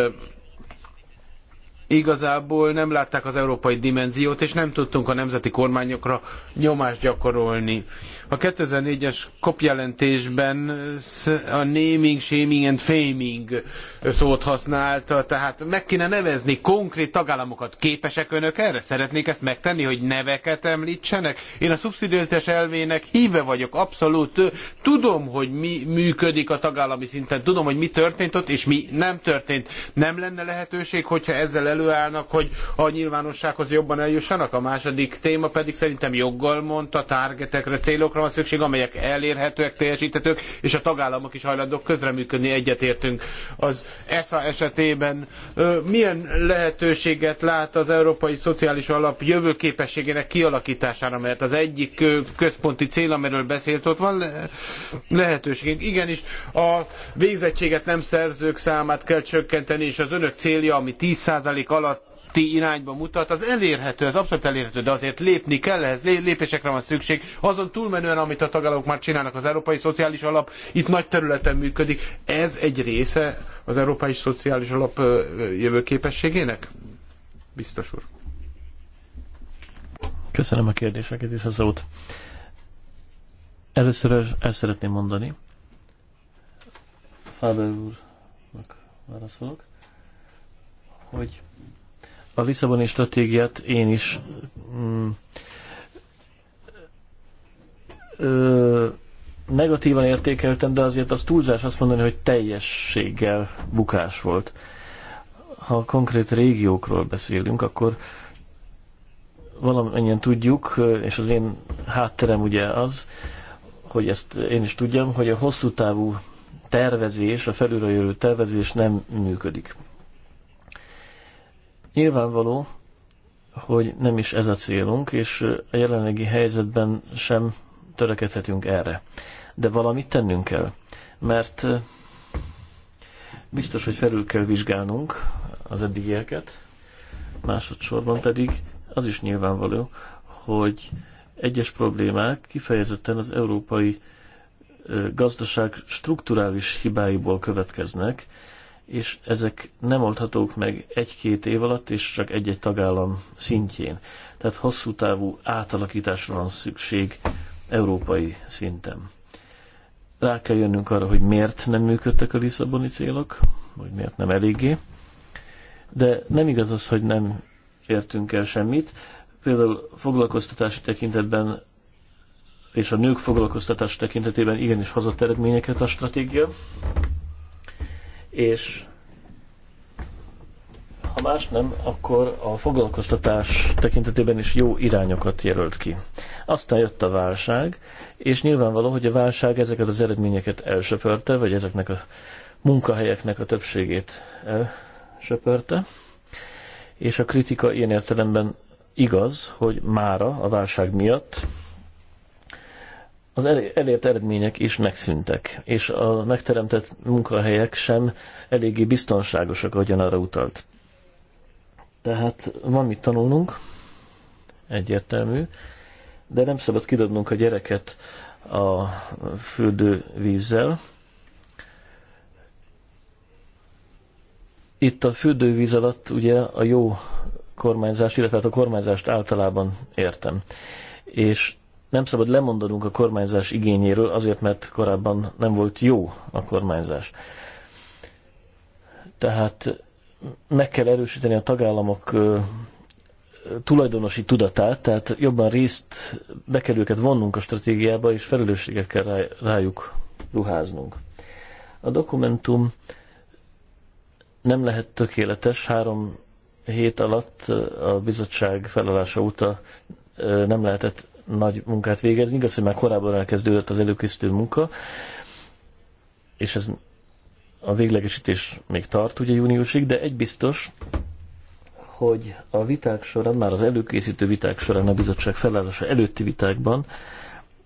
igazából nem látták az európai dimenziót, és nem tudtunk a nemzeti kormányokra nyomást gyakorolni. A 2004-es kopjelentésben a naming, shaming and faming szót használta, tehát meg kéne nevezni konkrét tagállamokat. Képesek önök erre? Szeretnék ezt megtenni, hogy neveket említsenek? Én a szubszidiaritás elvének híve vagyok, abszolút. Tudom, hogy mi működik a tagállami szinten, tudom, hogy mi történt ott, és mi nem történt. Nem lenne lehetőség, hogyha ezzel elő előállnak, hogy a nyilvánossághoz jobban eljussanak. A második téma pedig szerintem joggal mondta, targetekre, célokra van szükség, amelyek elérhetőek, teljesíthetők, és a tagállamok is hajlandók közreműködni, egyetértünk. Az ESA esetében milyen lehetőséget lát az Európai Szociális Alap jövőképességének kialakítására, mert az egyik központi cél, amiről beszélt, ott van lehetőségünk. Igenis, a végzettséget nem szerzők számát kell csökkenteni, és az önök célja, ami 10% alatti irányba mutat, az elérhető, az abszolút elérhető, de azért lépni kell ehhez, lépésekre van szükség. Azon túlmenően, amit a tagállamok már csinálnak, az Európai Szociális Alap itt nagy területen működik. Ez egy része az Európai Szociális Alap jövőképességének? Biztos úr. Köszönöm a kérdéseket és az szót. Először el szeretném mondani, Fábel úrnak válaszolok, hogy a Lisszaboni stratégiát én is mm, ö, negatívan értékeltem, de azért az túlzás azt mondani, hogy teljességgel bukás volt. Ha a konkrét régiókról beszélünk, akkor valamennyien tudjuk, és az én hátterem ugye az, hogy ezt én is tudjam, hogy a hosszú távú tervezés, a felülről jövő tervezés nem működik. Nyilvánvaló, hogy nem is ez a célunk, és a jelenlegi helyzetben sem törekedhetünk erre. De valamit tennünk kell, mert biztos, hogy felül kell vizsgálnunk az eddigieket, másodszorban pedig az is nyilvánvaló, hogy egyes problémák kifejezetten az európai gazdaság strukturális hibáiból következnek, és ezek nem oldhatók meg egy-két év alatt, és csak egy-egy tagállam szintjén. Tehát hosszú távú átalakításra van szükség európai szinten. Rá kell jönnünk arra, hogy miért nem működtek a Lisszaboni célok, vagy miért nem eléggé. De nem igaz az, hogy nem értünk el semmit. Például foglalkoztatási tekintetben és a nők foglalkoztatás tekintetében igenis hozott eredményeket a stratégia és ha más nem, akkor a foglalkoztatás tekintetében is jó irányokat jelölt ki. Aztán jött a válság, és nyilvánvaló, hogy a válság ezeket az eredményeket elsöpörte, vagy ezeknek a munkahelyeknek a többségét elsöpörte, és a kritika ilyen értelemben igaz, hogy mára a válság miatt az elért eredmények is megszűntek, és a megteremtett munkahelyek sem eléggé biztonságosak, ahogyan arra utalt. Tehát van mit tanulnunk, egyértelmű, de nem szabad kidobnunk a gyereket a vízzel. Itt a fürdővíz alatt ugye a jó kormányzást, illetve hát a kormányzást általában értem. És nem szabad lemondanunk a kormányzás igényéről, azért, mert korábban nem volt jó a kormányzás. Tehát meg kell erősíteni a tagállamok tulajdonosi tudatát, tehát jobban részt be kell őket vonnunk a stratégiába, és felelősséget kell rájuk ruháznunk. A dokumentum nem lehet tökéletes, három hét alatt a bizottság felelása óta nem lehetett nagy munkát végezni, igaz, hogy már korábban elkezdődött az előkészítő munka, és ez a véglegesítés még tart ugye júniusig, de egy biztos, hogy a viták során, már az előkészítő viták során, a bizottság felállása előtti vitákban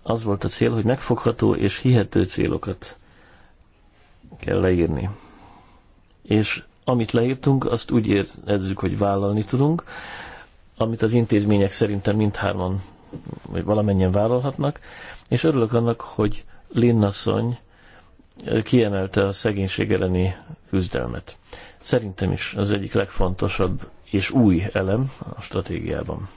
az volt a cél, hogy megfogható és hihető célokat kell leírni. És amit leírtunk, azt úgy érezzük, hogy vállalni tudunk, amit az intézmények szerintem mindhárman vagy valamennyien vállalhatnak, és örülök annak, hogy Linnasszony kiemelte a szegénység elleni küzdelmet. Szerintem is az egyik legfontosabb és új elem a stratégiában.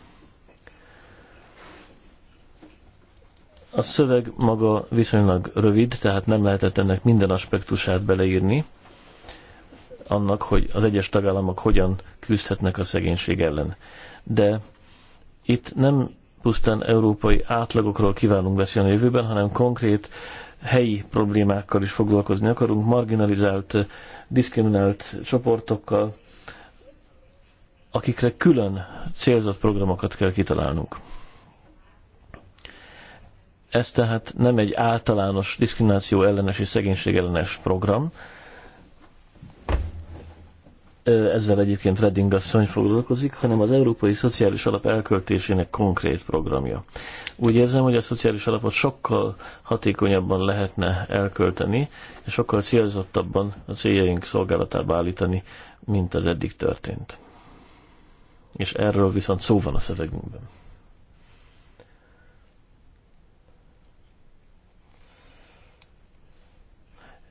A szöveg maga viszonylag rövid, tehát nem lehetett ennek minden aspektusát beleírni, annak, hogy az egyes tagállamok hogyan küzdhetnek a szegénység ellen. De itt nem pusztán európai átlagokról kívánunk beszélni a jövőben, hanem konkrét helyi problémákkal is foglalkozni akarunk, marginalizált, diszkriminált csoportokkal, akikre külön célzott programokat kell kitalálnunk. Ez tehát nem egy általános diszkrimináció ellenes és szegénység ellenes program, ezzel egyébként Redding asszony foglalkozik, hanem az Európai Szociális Alap elköltésének konkrét programja. Úgy érzem, hogy a szociális alapot sokkal hatékonyabban lehetne elkölteni, és sokkal célzottabban a céljaink szolgálatába állítani, mint az eddig történt. És erről viszont szó van a szövegünkben.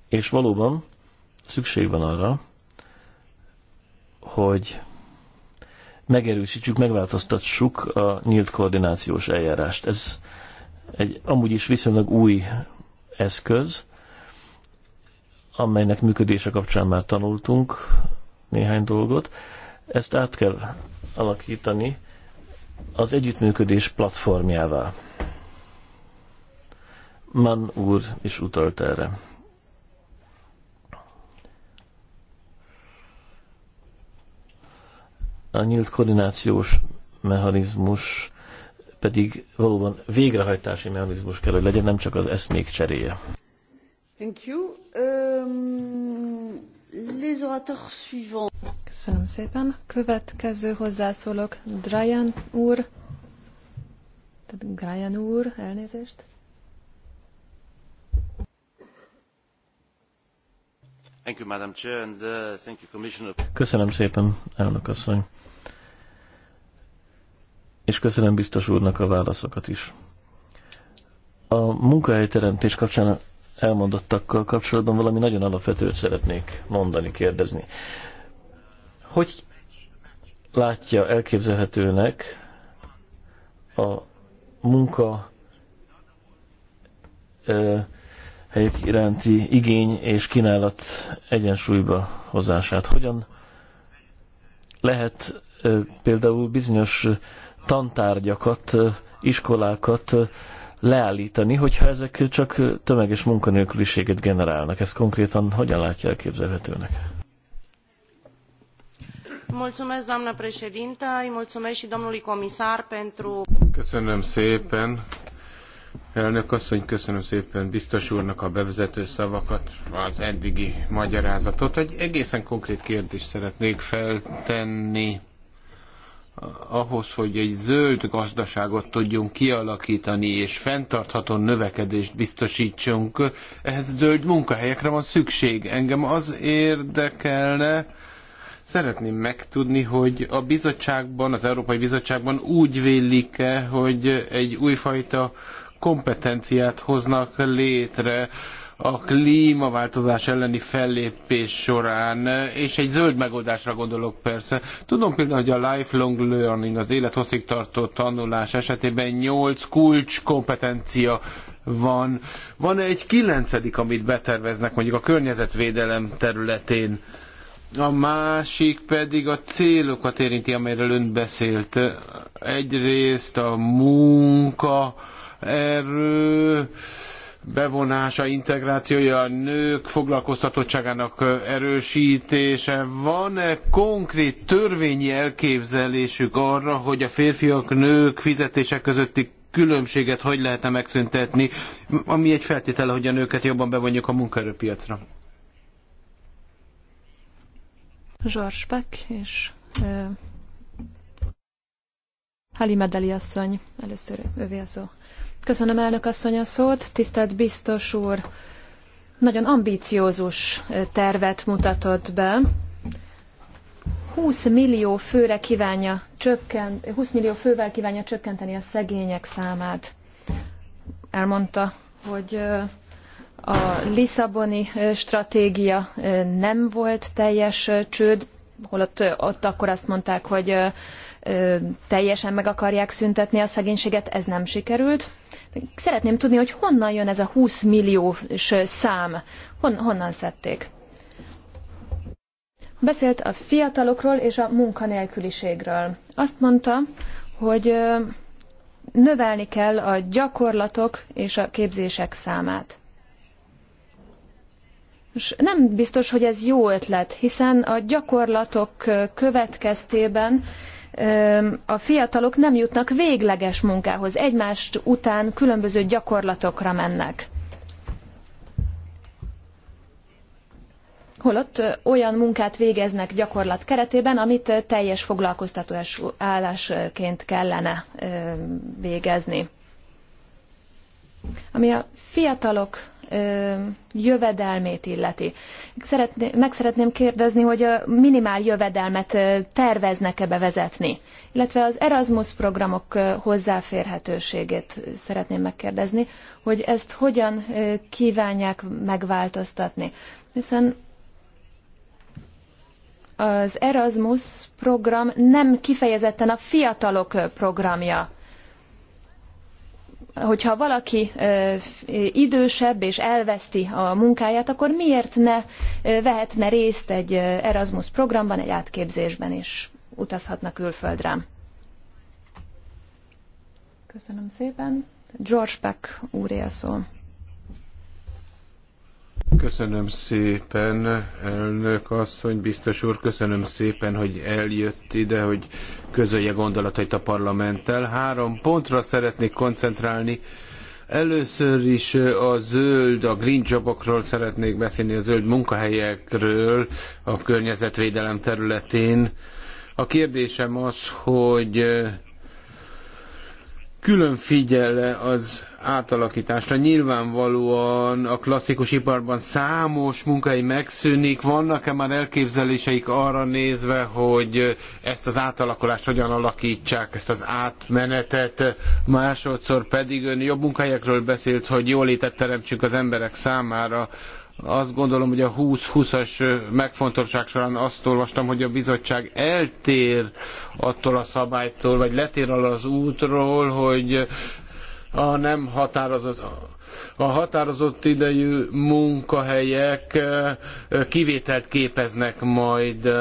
És valóban szükség van arra, hogy megerősítsük, megváltoztassuk a nyílt koordinációs eljárást. Ez egy amúgy is viszonylag új eszköz, amelynek működése kapcsán már tanultunk néhány dolgot. Ezt át kell alakítani az együttműködés platformjává. Mann úr is utalt erre. a nyílt koordinációs mechanizmus pedig valóban végrehajtási mechanizmus kell, hogy legyen, nem csak az eszmék cseréje. Thank you. Um, les orateurs suivants. Köszönöm szépen. Következő hozzászólok, Drian úr. Drian úr, elnézést. Uh, köszönöm szépen, elnök asszony. És köszönöm biztos úrnak a válaszokat is. A munkahelyteremtés kapcsán elmondottakkal kapcsolatban valami nagyon alapvetőt szeretnék mondani, kérdezni. Hogy látja elképzelhetőnek a munka ö, helyek iránti igény és kínálat egyensúlyba hozását. Hogyan lehet például bizonyos tantárgyakat, iskolákat leállítani, hogyha ezek csak tömeges munkanélküliséget generálnak. Ezt konkrétan hogyan látja elképzelhetőnek? Mulțumesc, doamnă președintă, îi mulțumesc și domnului comisar pentru... Köszönöm szépen, Elnök asszony, köszönöm szépen biztos úrnak a bevezető szavakat, az eddigi magyarázatot. Egy egészen konkrét kérdést szeretnék feltenni ahhoz, hogy egy zöld gazdaságot tudjunk kialakítani, és fenntartható növekedést biztosítsunk, ehhez zöld munkahelyekre van szükség. Engem az érdekelne, szeretném megtudni, hogy a bizottságban, az Európai Bizottságban úgy vélik-e, hogy egy újfajta kompetenciát hoznak létre a klímaváltozás elleni fellépés során, és egy zöld megoldásra gondolok persze. Tudom például, hogy a lifelong learning, az élethosszig tartó tanulás esetében 8 kulcs kompetencia van. Van -e egy kilencedik, amit beterveznek mondjuk a környezetvédelem területén. A másik pedig a célokat érinti, amelyről ön beszélt. Egyrészt a munka, erő bevonása, integrációja, a nők foglalkoztatottságának erősítése. Van-e konkrét törvényi elképzelésük arra, hogy a férfiak, nők fizetése közötti különbséget hogy lehetne megszüntetni, ami egy feltétele, hogy a nőket jobban bevonjuk a munkaerőpiacra? Zsors Beck és uh, Halimedeli asszony, először övé a szó. Köszönöm elnök asszony a szót, tisztelt biztos úr. Nagyon ambíciózus tervet mutatott be. 20 millió főre kívánja csökkent, 20 millió fővel kívánja csökkenteni a szegények számát. Elmondta, hogy a Lisszaboni stratégia nem volt teljes csőd, holott ott akkor azt mondták, hogy teljesen meg akarják szüntetni a szegénységet, ez nem sikerült. Szeretném tudni, hogy honnan jön ez a 20 milliós szám, Hon, honnan szedték. Beszélt a fiatalokról és a munkanélküliségről. Azt mondta, hogy növelni kell a gyakorlatok és a képzések számát. És nem biztos, hogy ez jó ötlet, hiszen a gyakorlatok következtében a fiatalok nem jutnak végleges munkához, egymást után különböző gyakorlatokra mennek. Holott olyan munkát végeznek gyakorlat keretében, amit teljes foglalkoztatás állásként kellene végezni. Ami a fiatalok ö, jövedelmét illeti. Szeretné, meg szeretném kérdezni, hogy a minimál jövedelmet terveznek-e bevezetni? Illetve az Erasmus programok hozzáférhetőségét szeretném megkérdezni, hogy ezt hogyan kívánják megváltoztatni. Hiszen az Erasmus program nem kifejezetten a fiatalok programja hogyha valaki idősebb és elveszti a munkáját, akkor miért ne vehetne részt egy Erasmus programban, egy átképzésben, és utazhatna külföldre? Köszönöm szépen. George Peck úr szó. Köszönöm szépen, elnök asszony, biztos úr, köszönöm szépen, hogy eljött ide, hogy közölje gondolatait a parlamenttel. Három pontra szeretnék koncentrálni. Először is a zöld, a green jobokról szeretnék beszélni, a zöld munkahelyekről a környezetvédelem területén. A kérdésem az, hogy külön figyele az átalakításra. Nyilvánvalóan a klasszikus iparban számos munkai megszűnik. Vannak-e már elképzeléseik arra nézve, hogy ezt az átalakulást hogyan alakítsák, ezt az átmenetet? Másodszor pedig ön jobb munkahelyekről beszélt, hogy jólétet teremtsünk az emberek számára. Azt gondolom, hogy a 20-20-as megfontoltság során azt olvastam, hogy a bizottság eltér attól a szabálytól, vagy letér arra az útról, hogy a nem határozott a határozott idejű munkahelyek kivételt képeznek majd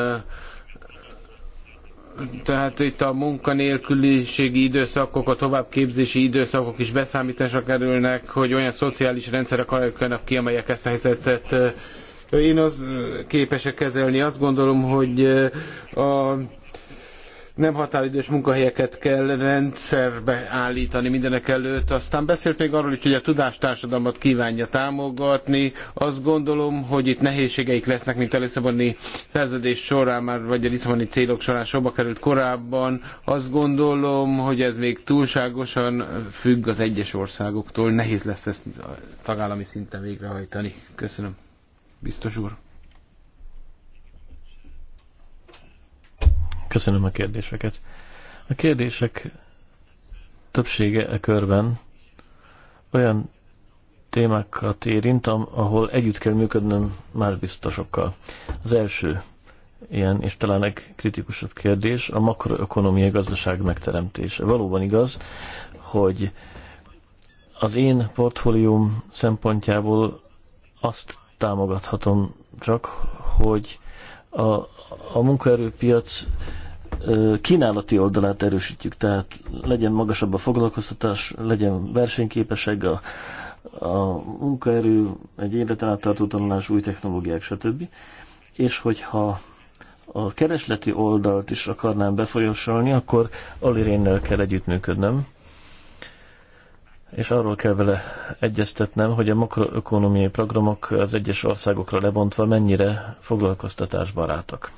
tehát itt a munkanélküliségi időszakok, a továbbképzési időszakok is beszámításra kerülnek, hogy olyan szociális rendszerek alakulnak ki, amelyek ezt a helyzetet én az képesek kezelni. Azt gondolom, hogy a nem határidős munkahelyeket kell rendszerbe állítani mindenek előtt. Aztán beszélt még arról is, hogy a tudástársadalmat kívánja támogatni. Azt gondolom, hogy itt nehézségeik lesznek, mint a Lisszaboni szerződés során már, vagy a Lisszaboni célok során sorba került korábban. Azt gondolom, hogy ez még túlságosan függ az egyes országoktól. Nehéz lesz ezt tagállami szinten végrehajtani. Köszönöm. Biztos úr. Köszönöm a kérdéseket. A kérdések többsége a e körben olyan témákat érintem, ahol együtt kell működnöm más biztosokkal. Az első ilyen, és talán egy kritikusabb kérdés, a makroökonomiai gazdaság megteremtése. Valóban igaz, hogy az én portfólium szempontjából azt támogathatom csak, hogy a, a munkaerőpiac kínálati oldalát erősítjük, tehát legyen magasabb a foglalkoztatás, legyen versenyképesek a, a munkaerő, egy életen áttartó tanulás, új technológiák, stb. És hogyha a keresleti oldalt is akarnám befolyásolni, akkor Alirénnel kell együttműködnöm, és arról kell vele egyeztetnem, hogy a makroökonomiai programok az egyes országokra lebontva mennyire foglalkoztatásbarátak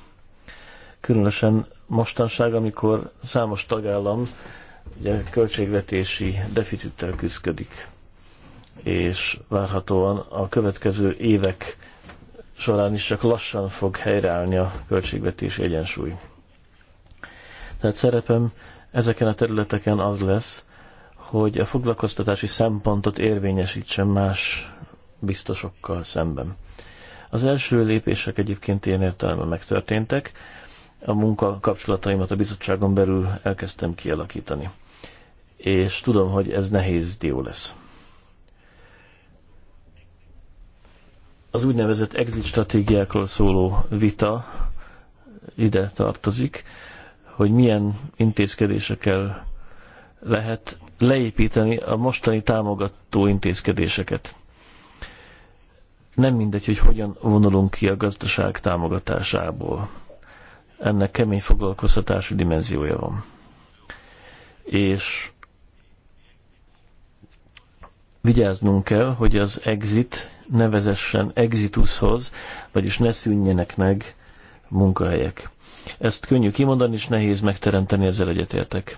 különösen mostanság, amikor számos tagállam ugye, költségvetési deficittel küzdik, és várhatóan a következő évek során is csak lassan fog helyreállni a költségvetési egyensúly. Tehát szerepem ezeken a területeken az lesz, hogy a foglalkoztatási szempontot érvényesítsem más biztosokkal szemben. Az első lépések egyébként én értelemben megtörténtek, a munka kapcsolataimat a bizottságon belül elkezdtem kialakítani. És tudom, hogy ez nehéz dió lesz. Az úgynevezett exit stratégiákról szóló vita ide tartozik, hogy milyen intézkedésekkel lehet leépíteni a mostani támogató intézkedéseket. Nem mindegy, hogy hogyan vonulunk ki a gazdaság támogatásából ennek kemény foglalkoztatási dimenziója van. És vigyáznunk kell, hogy az exit nevezessen exitushoz, vagyis ne szűnjenek meg munkahelyek. Ezt könnyű kimondani, és nehéz megteremteni, ezzel egyetértek.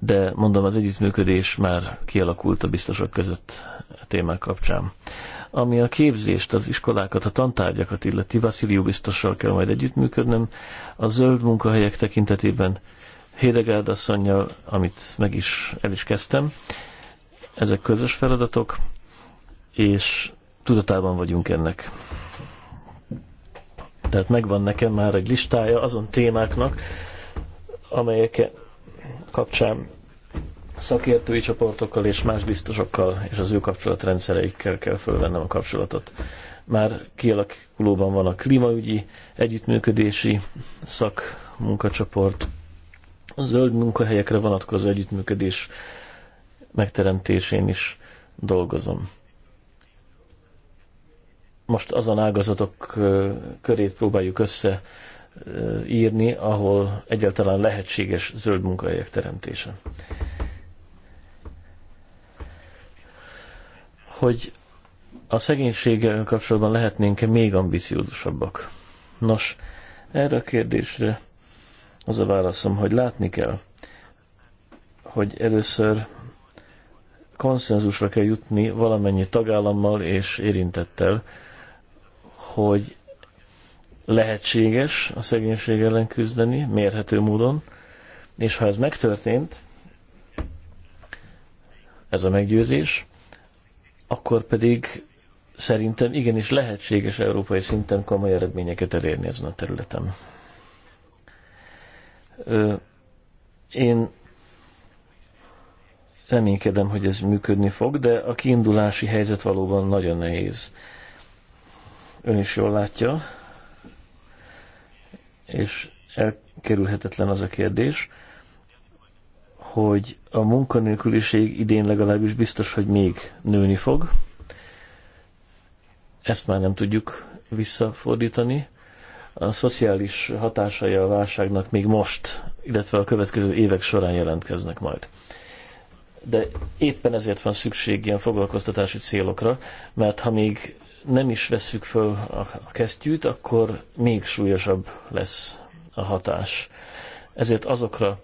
De mondom, az együttműködés már kialakult a biztosok között a témák kapcsán. Ami a képzést, az iskolákat, a tantárgyakat illeti, Vasilió biztossal kell majd együttműködnöm, a zöld munkahelyek tekintetében Hédegárd asszonynal, amit meg is el is kezdtem, ezek közös feladatok, és tudatában vagyunk ennek. Tehát megvan nekem már egy listája azon témáknak, amelyek kapcsán szakértői csoportokkal és más biztosokkal és az ő kapcsolatrendszereikkel kell fölvennem a kapcsolatot. Már kialakulóban van a klímaügyi együttműködési szakmunkacsoport, a zöld munkahelyekre vonatkozó együttműködés megteremtésén is dolgozom. Most azon ágazatok körét próbáljuk össze írni, ahol egyáltalán lehetséges zöld munkahelyek teremtése. hogy a szegénységgel kapcsolatban lehetnénk-e még ambiciózusabbak. Nos, erre a kérdésre az a válaszom, hogy látni kell, hogy először konszenzusra kell jutni valamennyi tagállammal és érintettel, hogy lehetséges a szegénység ellen küzdeni, mérhető módon, és ha ez megtörtént, ez a meggyőzés, akkor pedig szerintem igenis lehetséges európai szinten komoly eredményeket elérni ezen a területen. Én reménykedem, hogy ez működni fog, de a kiindulási helyzet valóban nagyon nehéz. Ön is jól látja, és elkerülhetetlen az a kérdés, hogy a munkanélküliség idén legalábbis biztos, hogy még nőni fog. Ezt már nem tudjuk visszafordítani. A szociális hatásai a válságnak még most, illetve a következő évek során jelentkeznek majd. De éppen ezért van szükség ilyen foglalkoztatási célokra, mert ha még nem is vesszük föl a kesztyűt, akkor még súlyosabb lesz a hatás. Ezért azokra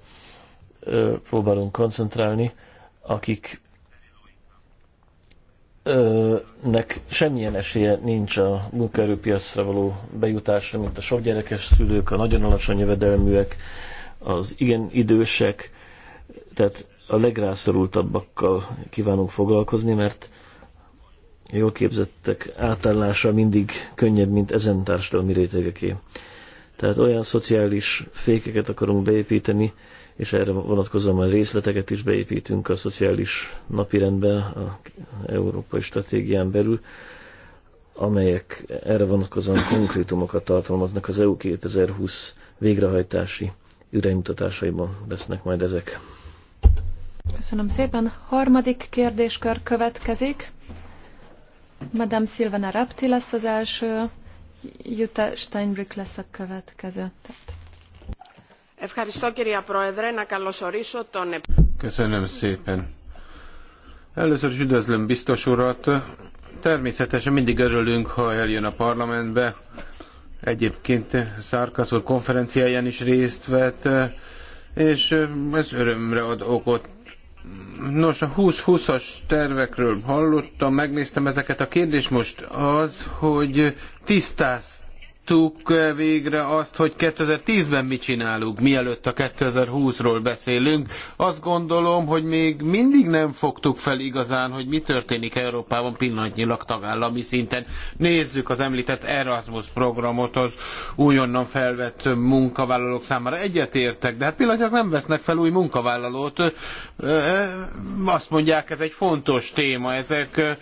próbálunk koncentrálni, akik nek semmilyen esélye nincs a munkaerőpiacra való bejutásra, mint a sok gyerekes szülők, a nagyon alacsony jövedelműek, az igen idősek, tehát a legrászorultabbakkal kívánunk foglalkozni, mert jól képzettek átállása mindig könnyebb, mint ezen társadalmi rétegeké. Tehát olyan szociális fékeket akarunk beépíteni, és erre vonatkozóan majd részleteket is beépítünk a szociális napirendbe, a európai stratégián belül, amelyek erre vonatkozóan konkrétumokat tartalmaznak az EU 2020 végrehajtási iránymutatásaiban lesznek majd ezek. Köszönöm szépen. Harmadik kérdéskör következik. Madame Silvana Rapti lesz az első, Jutta Steinbrück lesz a következő. Tehát Ευχαριστώ κυρία Πρόεδρε, να καλωσορίσω τον... Köszönöm szépen. Először is üdvözlöm biztos urat. Természetesen mindig örülünk, ha eljön a parlamentbe. Egyébként Szárkasz úr konferenciáján is részt vett, és ez örömre ad okot. Nos, a 20-20-as tervekről hallottam, megnéztem ezeket a kérdés most az, hogy tisztáz láttuk eh, végre azt, hogy 2010-ben mit csinálunk, mielőtt a 2020-ról beszélünk. Azt gondolom, hogy még mindig nem fogtuk fel igazán, hogy mi történik Európában pillanatnyilag tagállami szinten. Nézzük az említett Erasmus programot az újonnan felvett munkavállalók számára. Egyetértek, de hát pillanatnyilag nem vesznek fel új munkavállalót. Eh, eh, azt mondják, ez egy fontos téma. Ezek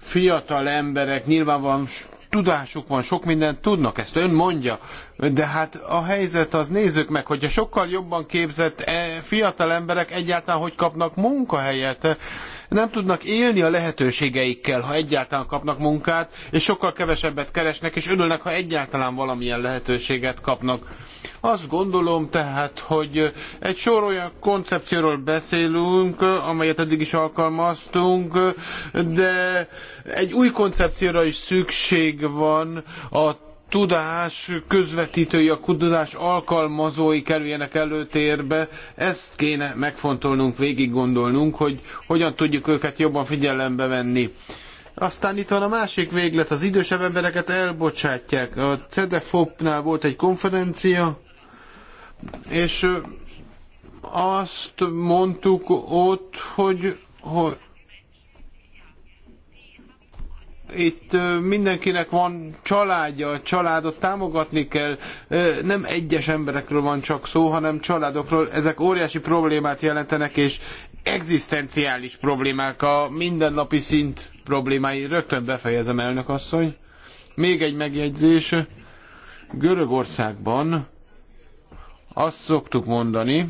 fiatal emberek, nyilvánvalóan tudásuk van, sok mindent tudnak, ezt ön mondja, de hát a helyzet az, nézzük meg, hogyha sokkal jobban képzett eh, fiatal emberek egyáltalán hogy kapnak munkahelyet, nem tudnak élni a lehetőségeikkel, ha egyáltalán kapnak munkát, és sokkal kevesebbet keresnek, és örülnek, ha egyáltalán valamilyen lehetőséget kapnak. Azt gondolom tehát, hogy egy sor olyan koncepcióról beszélünk, amelyet eddig is alkalmaztunk, de egy új koncepcióra is szükség van a tudás közvetítői, a tudás alkalmazói kerüljenek előtérbe. Ezt kéne megfontolnunk, végiggondolnunk, hogy hogyan tudjuk őket jobban figyelembe venni. Aztán itt van a másik véglet, az idősebb embereket elbocsátják. A CEDEFOP-nál volt egy konferencia, és azt mondtuk ott, hogy, hogy itt mindenkinek van családja, családot támogatni kell. Nem egyes emberekről van csak szó, hanem családokról. Ezek óriási problémát jelentenek, és egzisztenciális problémák, a mindennapi szint problémái. Rögtön befejezem, elnök asszony. Még egy megjegyzés. Görögországban azt szoktuk mondani,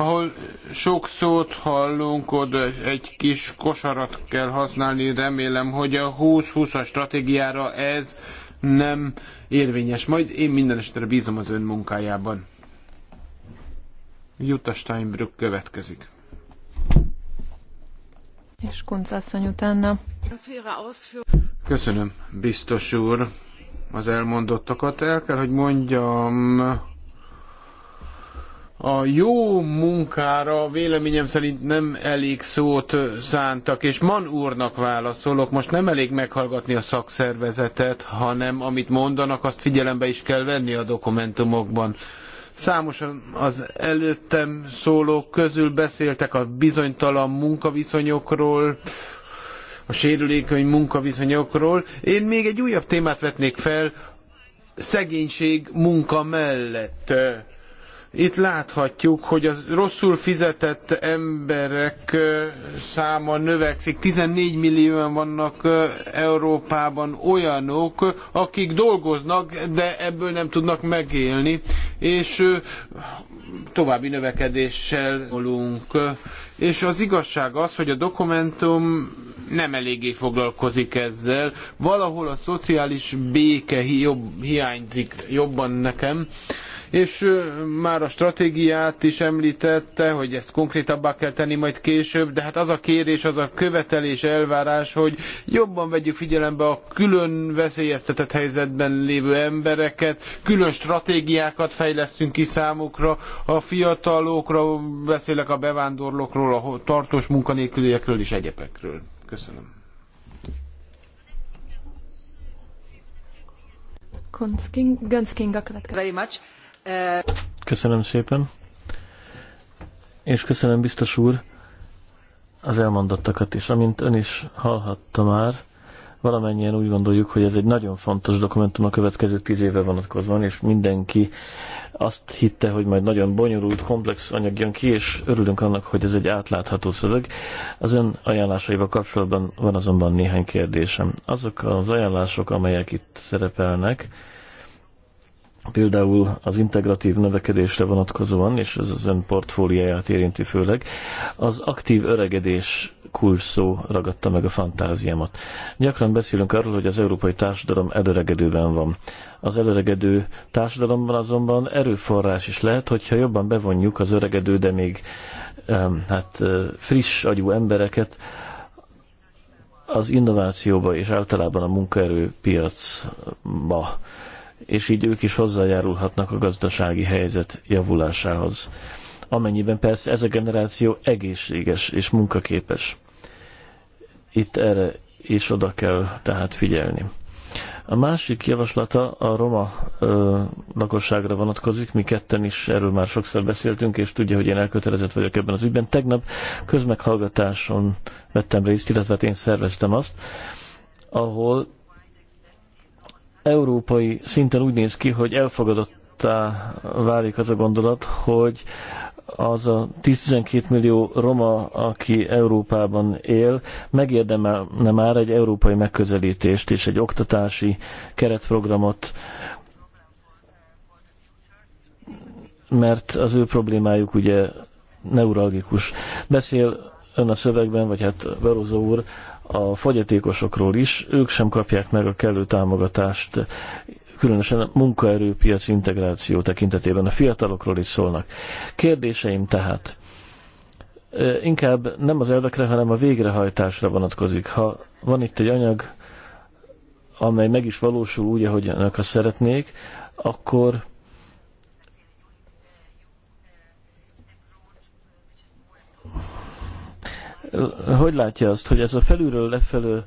ahol sok szót hallunk, oda egy kis kosarat kell használni, remélem, hogy a 20-20-as stratégiára ez nem érvényes. Majd én minden esetre bízom az ön munkájában. Jutta Steinbrück következik. És Kunc asszony utána. Köszönöm, biztos úr, az elmondottakat. El kell, hogy mondjam, a jó munkára véleményem szerint nem elég szót szántak, és Man úrnak válaszolok, most nem elég meghallgatni a szakszervezetet, hanem amit mondanak, azt figyelembe is kell venni a dokumentumokban. Számosan az előttem szólók közül beszéltek a bizonytalan munkaviszonyokról, a sérülékeny munkaviszonyokról. Én még egy újabb témát vetnék fel, szegénység munka mellett itt láthatjuk, hogy a rosszul fizetett emberek száma növekszik. 14 millióan vannak Európában olyanok, akik dolgoznak, de ebből nem tudnak megélni, és további növekedéssel volunk. És az igazság az, hogy a dokumentum nem eléggé foglalkozik ezzel. Valahol a szociális béke jobb, hiányzik jobban nekem és már a stratégiát is említette, hogy ezt konkrétabbá kell tenni majd később, de hát az a kérés, az a követelés, elvárás, hogy jobban vegyük figyelembe a külön veszélyeztetett helyzetben lévő embereket, külön stratégiákat fejlesztünk ki számukra, a fiatalokra, beszélek a bevándorlókról, a tartós munkanélküliekről és egyebekről. Köszönöm. Göncking, Göncking a következő. Very much. Köszönöm szépen, és köszönöm biztos úr az elmondottakat is. Amint ön is hallhatta már, valamennyien úgy gondoljuk, hogy ez egy nagyon fontos dokumentum a következő tíz évre vonatkozóan, és mindenki azt hitte, hogy majd nagyon bonyolult, komplex anyag jön ki, és örülünk annak, hogy ez egy átlátható szöveg. Az ön ajánlásaival kapcsolatban van azonban néhány kérdésem. Azok az ajánlások, amelyek itt szerepelnek, például az integratív növekedésre vonatkozóan, és ez az ön portfóliáját érinti főleg, az aktív öregedés kulcs ragadta meg a fantáziámat. Gyakran beszélünk arról, hogy az európai társadalom előregedőben van. Az előregedő társadalomban azonban erőforrás is lehet, hogyha jobban bevonjuk az öregedő, de még hát, friss agyú embereket az innovációba és általában a munkaerőpiacba és így ők is hozzájárulhatnak a gazdasági helyzet javulásához. Amennyiben persze ez a generáció egészséges és munkaképes. Itt erre is oda kell tehát figyelni. A másik javaslata a roma ö, lakosságra vonatkozik, mi ketten is erről már sokszor beszéltünk, és tudja, hogy én elkötelezett vagyok ebben az ügyben. Tegnap közmeghallgatáson vettem részt, illetve hát én szerveztem azt, ahol európai szinten úgy néz ki, hogy elfogadottá válik az a gondolat, hogy az a 10-12 millió roma, aki Európában él, megérdemelne már egy európai megközelítést és egy oktatási keretprogramot, mert az ő problémájuk ugye neuralgikus. Beszél ön a szövegben, vagy hát Verozó úr a fogyatékosokról is, ők sem kapják meg a kellő támogatást, különösen a munkaerőpiac integráció tekintetében a fiatalokról is szólnak. Kérdéseim tehát inkább nem az elvekre, hanem a végrehajtásra vonatkozik. Ha van itt egy anyag, amely meg is valósul úgy, ahogy önök azt szeretnék, akkor hogy látja azt, hogy ez a felülről lefelő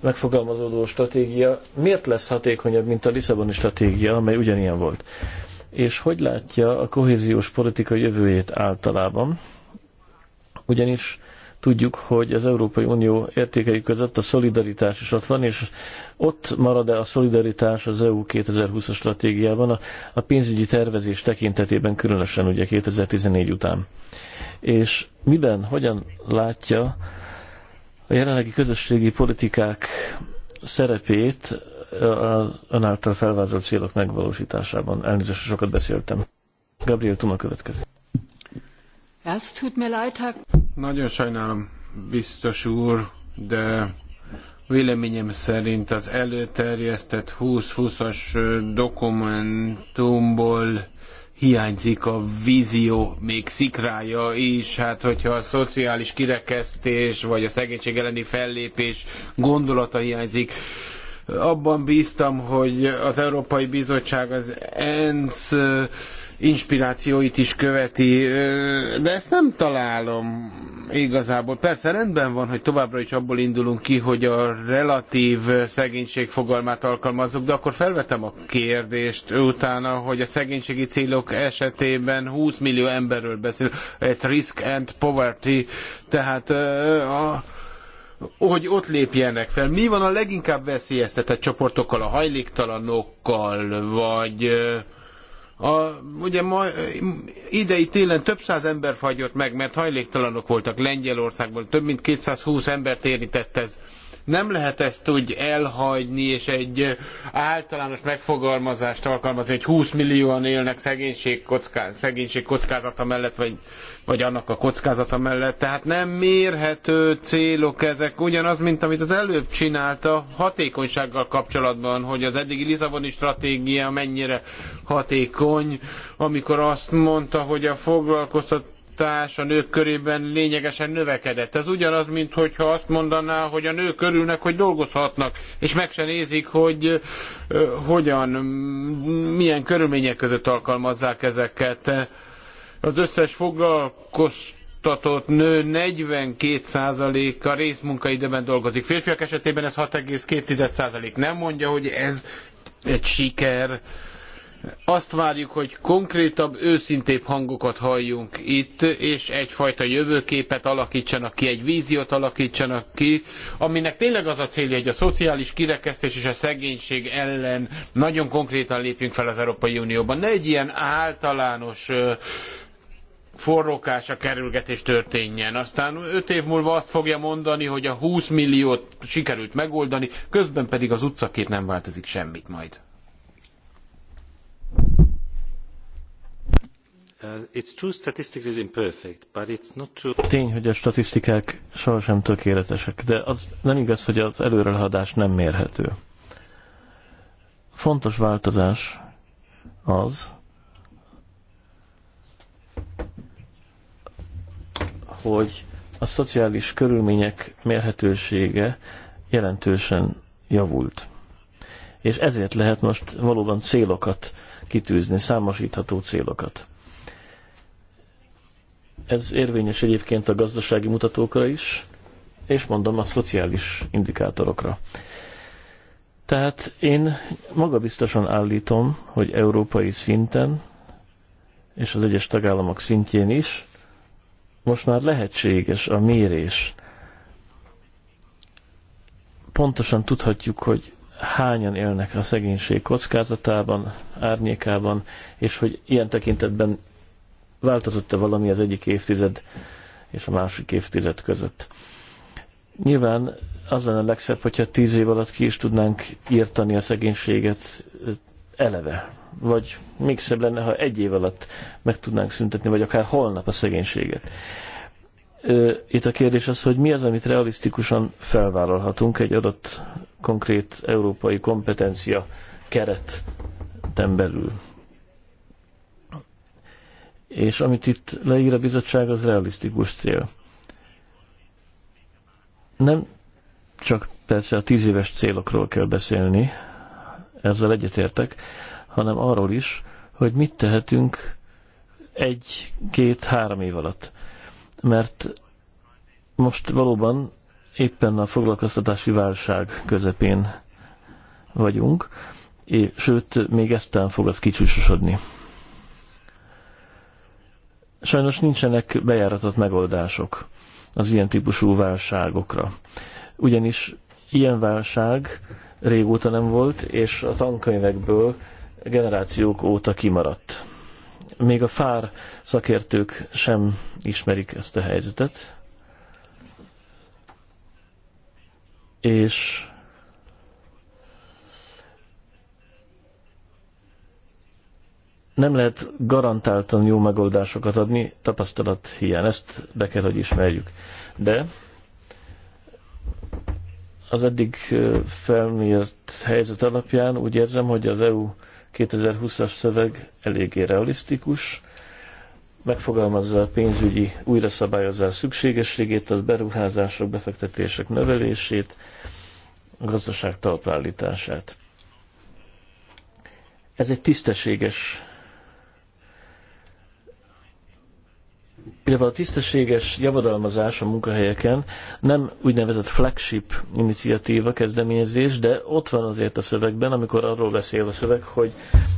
megfogalmazódó stratégia miért lesz hatékonyabb, mint a Lisszaboni stratégia, amely ugyanilyen volt? És hogy látja a kohéziós politika jövőjét általában? Ugyanis tudjuk, hogy az Európai Unió értékei között a szolidaritás is ott van, és ott marad-e a szolidaritás az EU 2020-as stratégiában, a, a pénzügyi tervezés tekintetében különösen ugye 2014 után és miben, hogyan látja a jelenlegi közösségi politikák szerepét az ön által felvázolt célok megvalósításában. Elnézést, sokat beszéltem. Gabriel Tuma következik. Nagyon sajnálom, biztos úr, de véleményem szerint az előterjesztett 20-20-as dokumentumból hiányzik a vízió, még szikrája is, hát hogyha a szociális kirekesztés vagy a szegénység elleni fellépés gondolata hiányzik, abban bíztam, hogy az Európai Bizottság az ENSZ inspirációit is követi, de ezt nem találom igazából. Persze rendben van, hogy továbbra is abból indulunk ki, hogy a relatív szegénység fogalmát alkalmazzuk, de akkor felvetem a kérdést utána, hogy a szegénységi célok esetében 20 millió emberről beszél, egy risk and poverty, tehát a hogy ott lépjenek fel. Mi van a leginkább veszélyeztetett csoportokkal, a hajléktalanokkal, vagy a, ugye ma, idei télen több száz ember fagyott meg, mert hajléktalanok voltak Lengyelországban, több mint 220 embert érintett ez nem lehet ezt úgy elhagyni, és egy általános megfogalmazást alkalmazni, hogy 20 millióan élnek szegénység, kocká, szegénység kockázata mellett, vagy, vagy annak a kockázata mellett. Tehát nem mérhető célok ezek, ugyanaz, mint amit az előbb csinálta hatékonysággal kapcsolatban, hogy az eddigi Lisszaboni stratégia mennyire hatékony, amikor azt mondta, hogy a foglalkoztat fogyasztás a nők körében lényegesen növekedett. Ez ugyanaz, mint hogyha azt mondaná, hogy a nők örülnek, hogy dolgozhatnak, és meg se nézik, hogy hogyan, milyen körülmények között alkalmazzák ezeket. Az összes foglalkoztatott nő 42%-a részmunkaidőben dolgozik. Férfiak esetében ez 6,2%. Nem mondja, hogy ez egy siker, azt várjuk, hogy konkrétabb, őszintébb hangokat halljunk itt, és egyfajta jövőképet alakítsanak ki, egy víziót alakítsanak ki, aminek tényleg az a célja, hogy a szociális kirekesztés és a szegénység ellen nagyon konkrétan lépjünk fel az Európai Unióban. Ne egy ilyen általános forrókás a kerülgetés történjen. Aztán öt év múlva azt fogja mondani, hogy a 20 milliót sikerült megoldani, közben pedig az utcakép nem változik semmit majd. Tény, hogy a statisztikák sohasem tökéletesek, de az nem igaz, hogy az előrehaladás nem mérhető. Fontos változás az, hogy a szociális körülmények mérhetősége jelentősen javult. És ezért lehet most valóban célokat kitűzni, számosítható célokat ez érvényes egyébként a gazdasági mutatókra is, és mondom a szociális indikátorokra. Tehát én magabiztosan állítom, hogy európai szinten és az egyes tagállamok szintjén is most már lehetséges a mérés. Pontosan tudhatjuk, hogy hányan élnek a szegénység kockázatában, árnyékában, és hogy ilyen tekintetben Változott-e valami az egyik évtized és a másik évtized között? Nyilván az lenne a legszebb, hogyha tíz év alatt ki is tudnánk írtani a szegénységet eleve. Vagy még szebb lenne, ha egy év alatt meg tudnánk szüntetni, vagy akár holnap a szegénységet itt a kérdés az, hogy mi az, amit realisztikusan felvállalhatunk egy adott konkrét európai kompetencia keret belül és amit itt leír a bizottság, az realisztikus cél. Nem csak persze a tíz éves célokról kell beszélni, ezzel egyetértek, hanem arról is, hogy mit tehetünk egy, két, három év alatt. Mert most valóban éppen a foglalkoztatási válság közepén vagyunk, és sőt, még eztán fog az kicsúsosodni sajnos nincsenek bejáratott megoldások az ilyen típusú válságokra. Ugyanis ilyen válság régóta nem volt, és a tankönyvekből generációk óta kimaradt. Még a fár szakértők sem ismerik ezt a helyzetet, és nem lehet garantáltan jó megoldásokat adni, tapasztalat hiány, ezt be kell, hogy ismerjük. De az eddig felmért helyzet alapján úgy érzem, hogy az EU 2020-as szöveg eléggé realisztikus, megfogalmazza a pénzügyi újraszabályozás szükségességét, az beruházások, befektetések növelését, a gazdaság talpra Ez egy tisztességes illetve a tisztességes javadalmazás a munkahelyeken nem úgynevezett flagship iniciatíva, kezdeményezés, de ott van azért a szövegben, amikor arról beszél a szöveg, hogy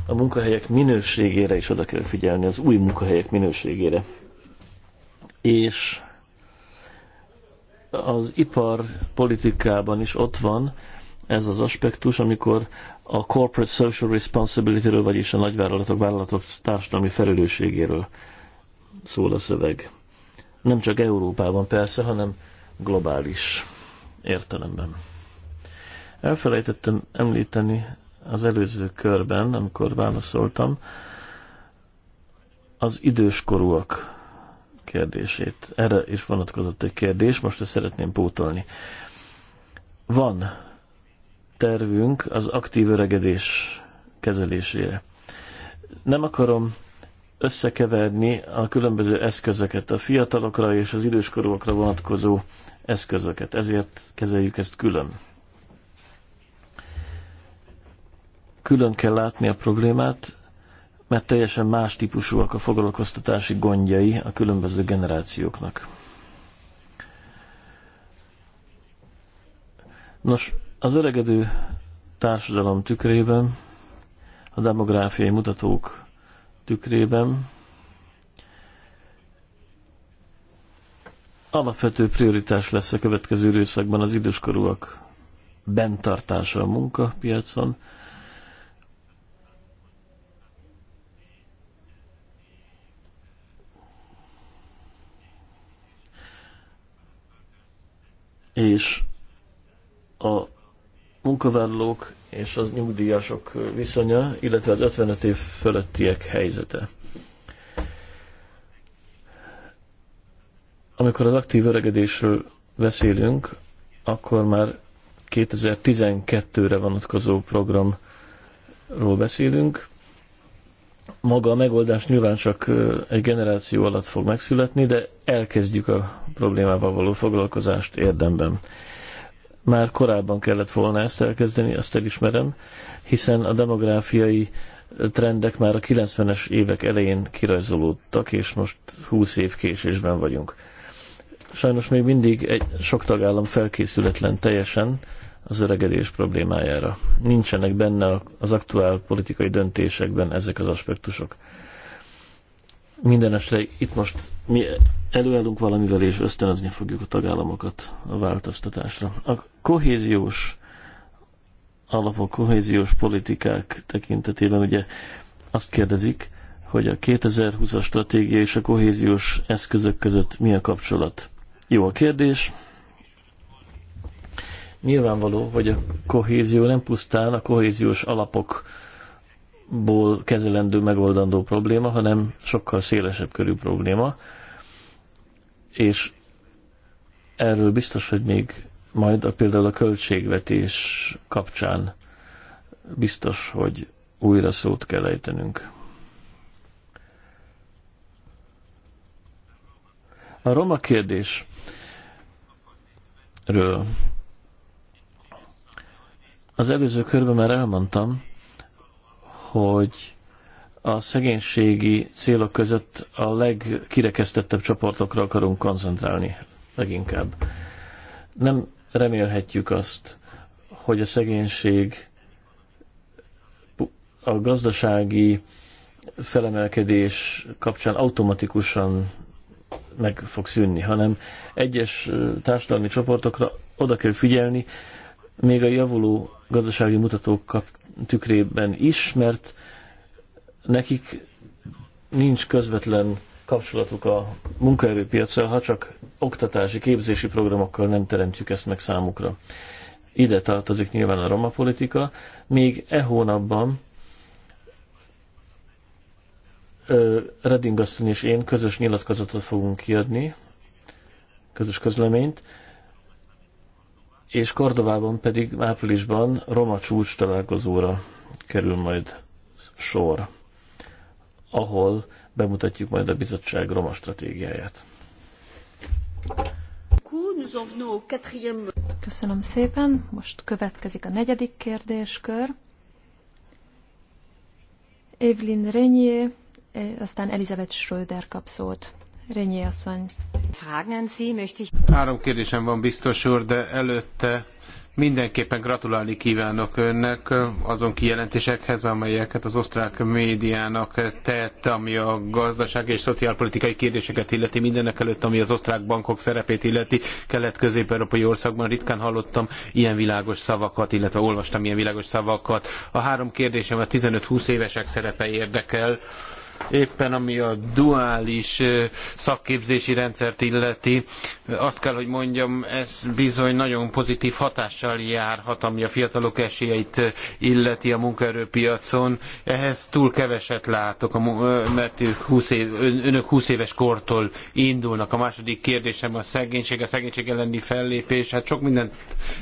a munkahelyek minőségére is oda kell figyelni, az új munkahelyek minőségére. És az iparpolitikában is ott van ez az aspektus, amikor a corporate social responsibility-ről, vagyis a nagyvállalatok, vállalatok társadalmi felelősségéről szól a szöveg. Nem csak Európában persze, hanem globális értelemben. Elfelejtettem említeni az előző körben, amikor válaszoltam, az időskorúak kérdését. Erre is vonatkozott egy kérdés, most ezt szeretném pótolni. Van tervünk az aktív öregedés kezelésére. Nem akarom összekeverni a különböző eszközöket, a fiatalokra és az időskorúakra vonatkozó eszközöket. Ezért kezeljük ezt külön. Külön kell látni a problémát, mert teljesen más típusúak a foglalkoztatási gondjai a különböző generációknak. Nos, az öregedő társadalom tükrében a demográfiai mutatók tükrében alapvető prioritás lesz a következő időszakban az időskorúak bentartása a munkapiacon. És a munkavállalók és az nyugdíjasok viszonya, illetve az 55 év fölöttiek helyzete. Amikor az aktív öregedésről beszélünk, akkor már 2012-re vonatkozó programról beszélünk. Maga a megoldás nyilván csak egy generáció alatt fog megszületni, de elkezdjük a problémával való foglalkozást érdemben. Már korábban kellett volna ezt elkezdeni, azt elismerem, hiszen a demográfiai trendek már a 90-es évek elején kirajzolódtak, és most 20 év késésben vagyunk. Sajnos még mindig egy, sok tagállam felkészületlen teljesen az öregedés problémájára. Nincsenek benne az aktuál politikai döntésekben ezek az aspektusok. Minden itt most mi előállunk valamivel, és ösztönözni fogjuk a tagállamokat a változtatásra kohéziós alapok, kohéziós politikák tekintetében ugye azt kérdezik, hogy a 2020-as stratégia és a kohéziós eszközök között mi a kapcsolat. Jó a kérdés. Nyilvánvaló, hogy a kohézió nem pusztán a kohéziós alapokból kezelendő, megoldandó probléma, hanem sokkal szélesebb körű probléma. És erről biztos, hogy még majd a, például a költségvetés kapcsán biztos, hogy újra szót kell ejtenünk. A roma kérdésről az előző körben már elmondtam, hogy a szegénységi célok között a legkirekesztettebb csoportokra akarunk koncentrálni leginkább. Nem remélhetjük azt, hogy a szegénység a gazdasági felemelkedés kapcsán automatikusan meg fog szűnni, hanem egyes társadalmi csoportokra oda kell figyelni, még a javuló gazdasági mutatók tükrében is, mert nekik nincs közvetlen kapcsolatuk a munkaerőpiacsal, ha csak oktatási, képzési programokkal nem teremtjük ezt meg számukra. Ide tartozik nyilván a roma politika. Még e hónapban Redding asszony és én közös nyilatkozatot fogunk kiadni, közös közleményt, és Kordovában pedig áprilisban Roma csúcs találkozóra kerül majd sor, ahol bemutatjuk majd a bizottság roma stratégiáját. Köszönöm szépen. Most következik a negyedik kérdéskör. Evelyn Renier, eh, aztán Elizabeth Schröder kap szót. Renier asszony. Három kérdésem van biztos úr, de előtte Mindenképpen gratulálni kívánok önnek azon kijelentésekhez, amelyeket az osztrák médiának tett, ami a gazdaság és szociálpolitikai kérdéseket illeti, mindenekelőtt, ami az osztrák bankok szerepét illeti. Kelet-közép-európai országban ritkán hallottam ilyen világos szavakat, illetve olvastam ilyen világos szavakat. A három kérdésem a 15-20 évesek szerepe érdekel éppen ami a duális szakképzési rendszert illeti, azt kell, hogy mondjam, ez bizony nagyon pozitív hatással járhat, ami a fiatalok esélyeit illeti a munkaerőpiacon. Ehhez túl keveset látok, mert 20 év, önök 20 éves kortól indulnak. A második kérdésem a szegénység, a szegénység elleni fellépés. Hát sok mindent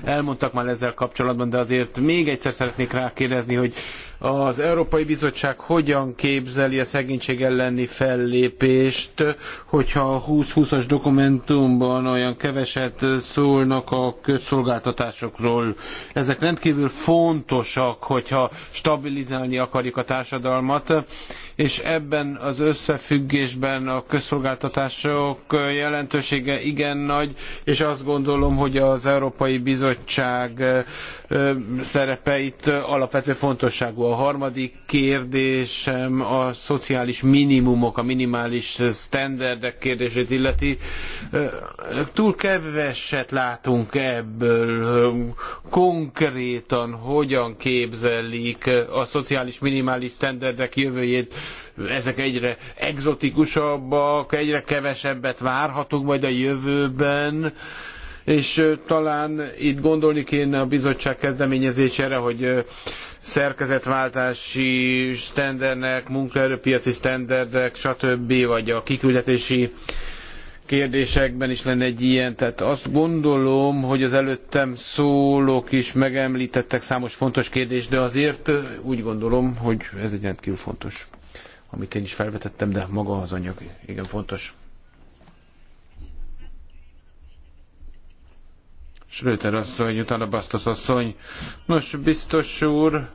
elmondtak már ezzel kapcsolatban, de azért még egyszer szeretnék rákérdezni, hogy az Európai Bizottság hogyan képzeli a szegénység elleni fellépést, hogyha a 2020-as dokumentumban olyan keveset szólnak a közszolgáltatásokról. Ezek rendkívül fontosak, hogyha stabilizálni akarjuk a társadalmat, és ebben az összefüggésben a közszolgáltatások jelentősége igen nagy, és azt gondolom, hogy az Európai Bizottság szerepe itt alapvető fontosságú a harmadik kérdésem a szociális minimumok, a minimális standardek kérdését illeti. Túl keveset látunk ebből. Konkrétan hogyan képzelik a szociális minimális standardek jövőjét? Ezek egyre exotikusabbak, egyre kevesebbet várhatunk majd a jövőben és talán itt gondolni kéne a bizottság kezdeményezésére, hogy szerkezetváltási sztendernek, munkaerőpiaci sztenderdek, stb. vagy a kiküldetési kérdésekben is lenne egy ilyen. Tehát azt gondolom, hogy az előttem szólók is megemlítettek számos fontos kérdést, de azért úgy gondolom, hogy ez egy rendkívül fontos, amit én is felvetettem, de maga az anyag igen fontos. Schröter asszony, utána Bastos asszony. Nos, biztos úr,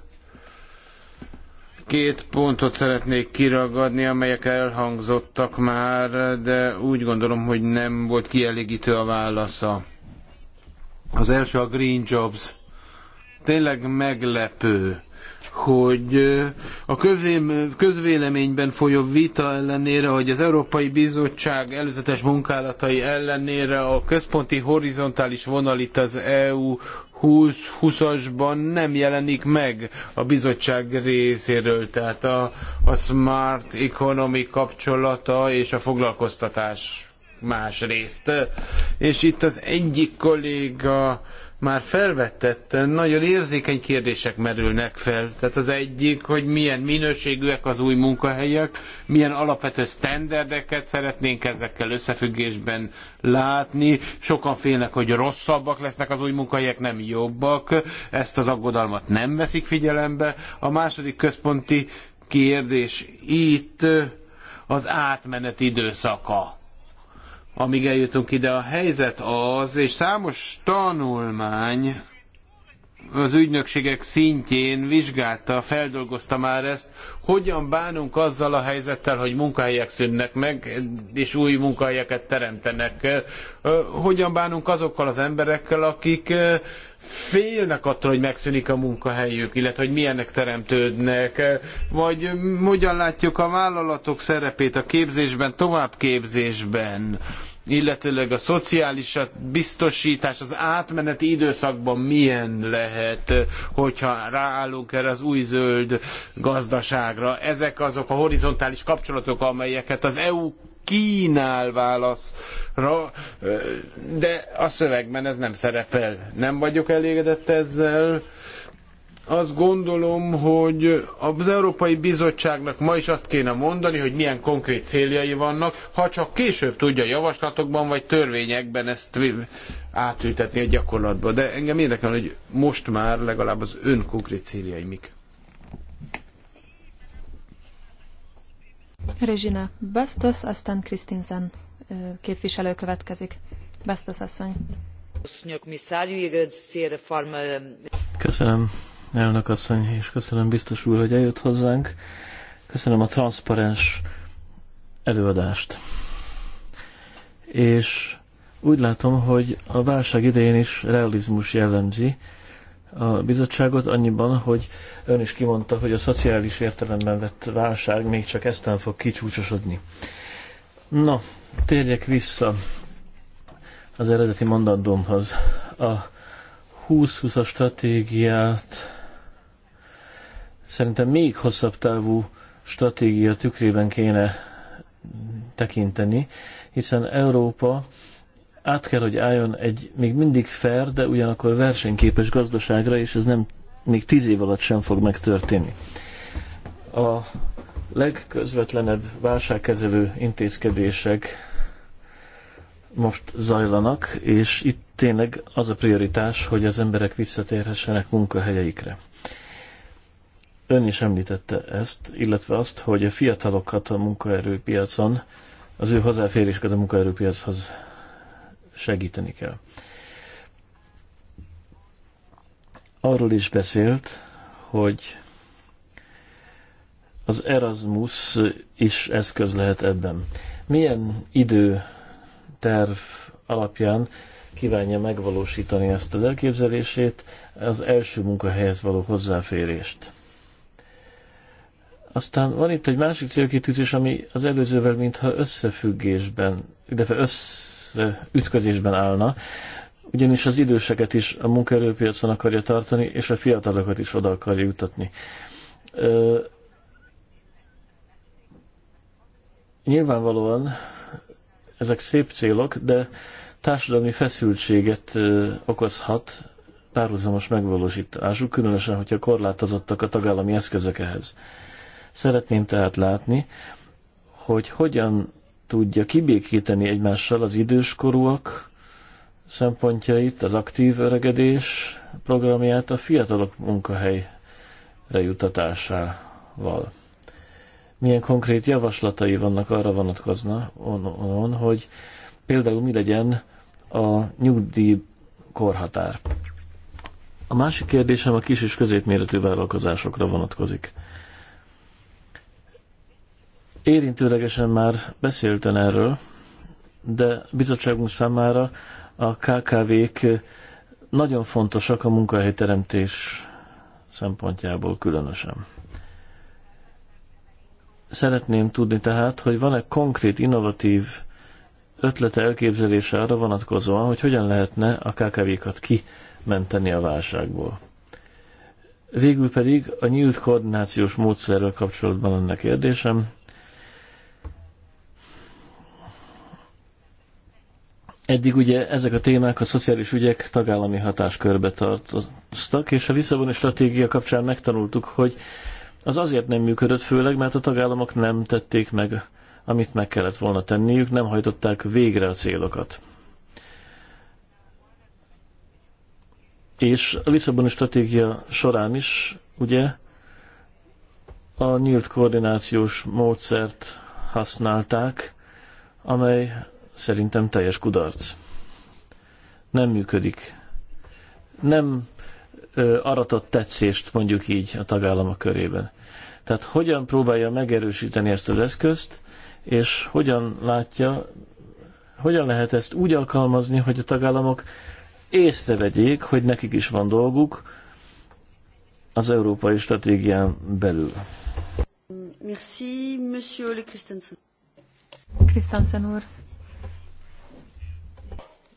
két pontot szeretnék kiragadni, amelyek elhangzottak már, de úgy gondolom, hogy nem volt kielégítő a válasza. Az első a Green Jobs. Tényleg meglepő hogy a közvéleményben folyó vita ellenére, hogy az Európai Bizottság előzetes munkálatai ellenére a központi horizontális vonal itt az EU 2020-asban nem jelenik meg a bizottság részéről, tehát a, a smart economy kapcsolata és a foglalkoztatás más részt. És itt az egyik kolléga már felvetetten nagyon érzékeny kérdések merülnek fel. Tehát az egyik, hogy milyen minőségűek az új munkahelyek, milyen alapvető sztenderdeket szeretnénk ezekkel összefüggésben látni. Sokan félnek, hogy rosszabbak lesznek az új munkahelyek, nem jobbak. Ezt az aggodalmat nem veszik figyelembe. A második központi kérdés itt az átmeneti időszaka amíg eljutunk ide. A helyzet az, és számos tanulmány az ügynökségek szintjén vizsgálta, feldolgozta már ezt, hogyan bánunk azzal a helyzettel, hogy munkahelyek szűnnek meg, és új munkahelyeket teremtenek. Hogyan bánunk azokkal az emberekkel, akik félnek attól, hogy megszűnik a munkahelyük, illetve hogy milyenek teremtődnek, vagy hogyan látjuk a vállalatok szerepét a képzésben, továbbképzésben, illetőleg a szociális biztosítás az átmeneti időszakban milyen lehet, hogyha ráállunk erre az új zöld gazdaságra. Ezek azok a horizontális kapcsolatok, amelyeket az EU kínál válaszra, de a szövegben ez nem szerepel. Nem vagyok elégedett ezzel azt gondolom, hogy az Európai Bizottságnak ma is azt kéne mondani, hogy milyen konkrét céljai vannak, ha csak később tudja javaslatokban vagy törvényekben ezt átültetni a gyakorlatba. De engem érdekel, hogy most már legalább az ön konkrét céljai mik. Regina Bastos, aztán Kristinsen képviselő következik. Bastos asszony. Köszönöm, elnök asszony, és köszönöm biztos úr, hogy eljött hozzánk. Köszönöm a transzparens előadást. És úgy látom, hogy a válság idején is realizmus jellemzi a bizottságot annyiban, hogy ön is kimondta, hogy a szociális értelemben vett válság még csak eztán fog kicsúcsosodni. Na, térjek vissza az eredeti mandatumhoz. A 20-20-as stratégiát Szerintem még hosszabb távú stratégia tükrében kéne tekinteni, hiszen Európa át kell, hogy álljon egy még mindig fair, de ugyanakkor versenyképes gazdaságra, és ez nem még tíz év alatt sem fog megtörténni. A legközvetlenebb válságkezelő intézkedések most zajlanak, és itt tényleg az a prioritás, hogy az emberek visszatérhessenek munkahelyeikre. Ön is említette ezt, illetve azt, hogy a fiatalokat a munkaerőpiacon, az ő hozzáférésüket a munkaerőpiachoz segíteni kell. Arról is beszélt, hogy az Erasmus is eszköz lehet ebben. Milyen időterv alapján kívánja megvalósítani ezt az elképzelését, az első munkahelyhez való hozzáférést? Aztán van itt egy másik célkitűzés, ami az előzővel mintha összefüggésben, illetve összeütközésben állna, ugyanis az időseket is a munkaerőpiacon akarja tartani, és a fiatalokat is oda akarja jutatni. Ö, nyilvánvalóan ezek szép célok, de társadalmi feszültséget okozhat párhuzamos megvalósításuk, különösen, hogyha korlátozottak a tagállami eszközök ehhez. Szeretném tehát látni, hogy hogyan tudja kibékíteni egymással az időskorúak szempontjait, az aktív öregedés programját a fiatalok munkahelyre jutatásával. Milyen konkrét javaslatai vannak arra vonatkozna, on, on, on, hogy például mi legyen a nyugdíj korhatár. A másik kérdésem a kis és középméretű vállalkozásokra vonatkozik. Érintőlegesen már beszélten erről, de bizottságunk számára a KKV-k nagyon fontosak a munkahelyteremtés szempontjából különösen. Szeretném tudni tehát, hogy van-e konkrét, innovatív ötlete, elképzelése arra vonatkozóan, hogy hogyan lehetne a KKV-kat kimenteni a válságból. Végül pedig a nyílt koordinációs módszerrel kapcsolatban lenne kérdésem. Eddig ugye ezek a témák a szociális ügyek tagállami hatáskörbe tartoztak, és a visszavonó stratégia kapcsán megtanultuk, hogy az azért nem működött főleg, mert a tagállamok nem tették meg, amit meg kellett volna tenniük, nem hajtották végre a célokat. És a Lisszaboni stratégia során is, ugye, a nyílt koordinációs módszert használták, amely szerintem teljes kudarc. Nem működik. Nem ö, aratott tetszést mondjuk így a tagállamok körében. Tehát hogyan próbálja megerősíteni ezt az eszközt, és hogyan látja, hogyan lehet ezt úgy alkalmazni, hogy a tagállamok észrevegyék, hogy nekik is van dolguk az európai stratégián belül. Merci, Monsieur Le Christensen. Christensen úr.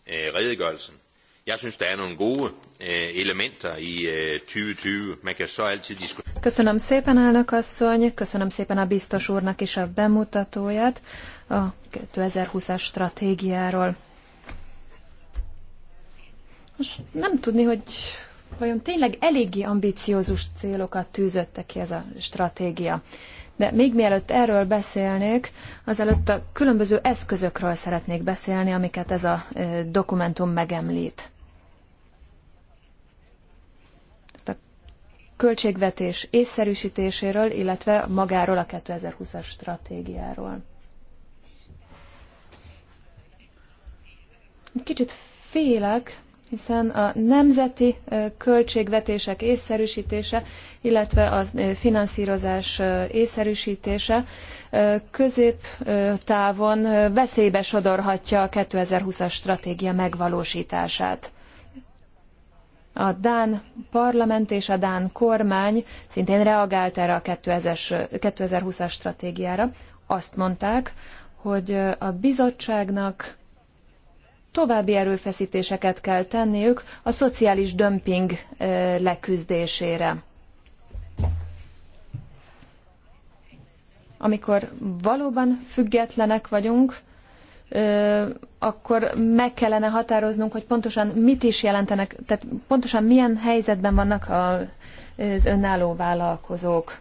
Øh, redegørelsen. Jeg synes, der er nogle gode øh, elementer i 2020. Øh, Man kan så altid diskutere. Köszönöm szépen, elnök asszony, köszönöm szépen a biztos úrnak is a bemutatóját a 2020-as stratégiáról. Most nem tudni, hogy vajon tényleg eléggé ambiciózus célokat tűzötte ki ez a stratégia. De még mielőtt erről beszélnék, azelőtt a különböző eszközökről szeretnék beszélni, amiket ez a dokumentum megemlít. A költségvetés észszerűsítéséről, illetve magáról a 2020-as stratégiáról. Kicsit félek, hiszen a nemzeti költségvetések észszerűsítése illetve a finanszírozás észszerűsítése középtávon veszélybe sodorhatja a 2020-as stratégia megvalósítását. A Dán parlament és a Dán kormány szintén reagált erre a 2020-as stratégiára. Azt mondták, hogy a bizottságnak további erőfeszítéseket kell tenniük a szociális dömping leküzdésére. amikor valóban függetlenek vagyunk, akkor meg kellene határoznunk, hogy pontosan mit is jelentenek, tehát pontosan milyen helyzetben vannak az önálló vállalkozók.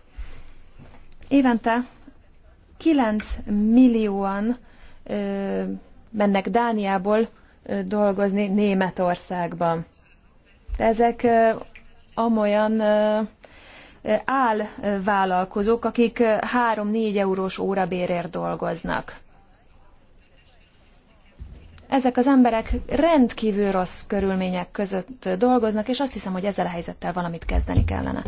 Évente 9 millióan mennek Dániából dolgozni Németországban. De ezek amolyan állvállalkozók, akik 3-4 eurós órabérért dolgoznak. Ezek az emberek rendkívül rossz körülmények között dolgoznak, és azt hiszem, hogy ezzel a helyzettel valamit kezdeni kellene.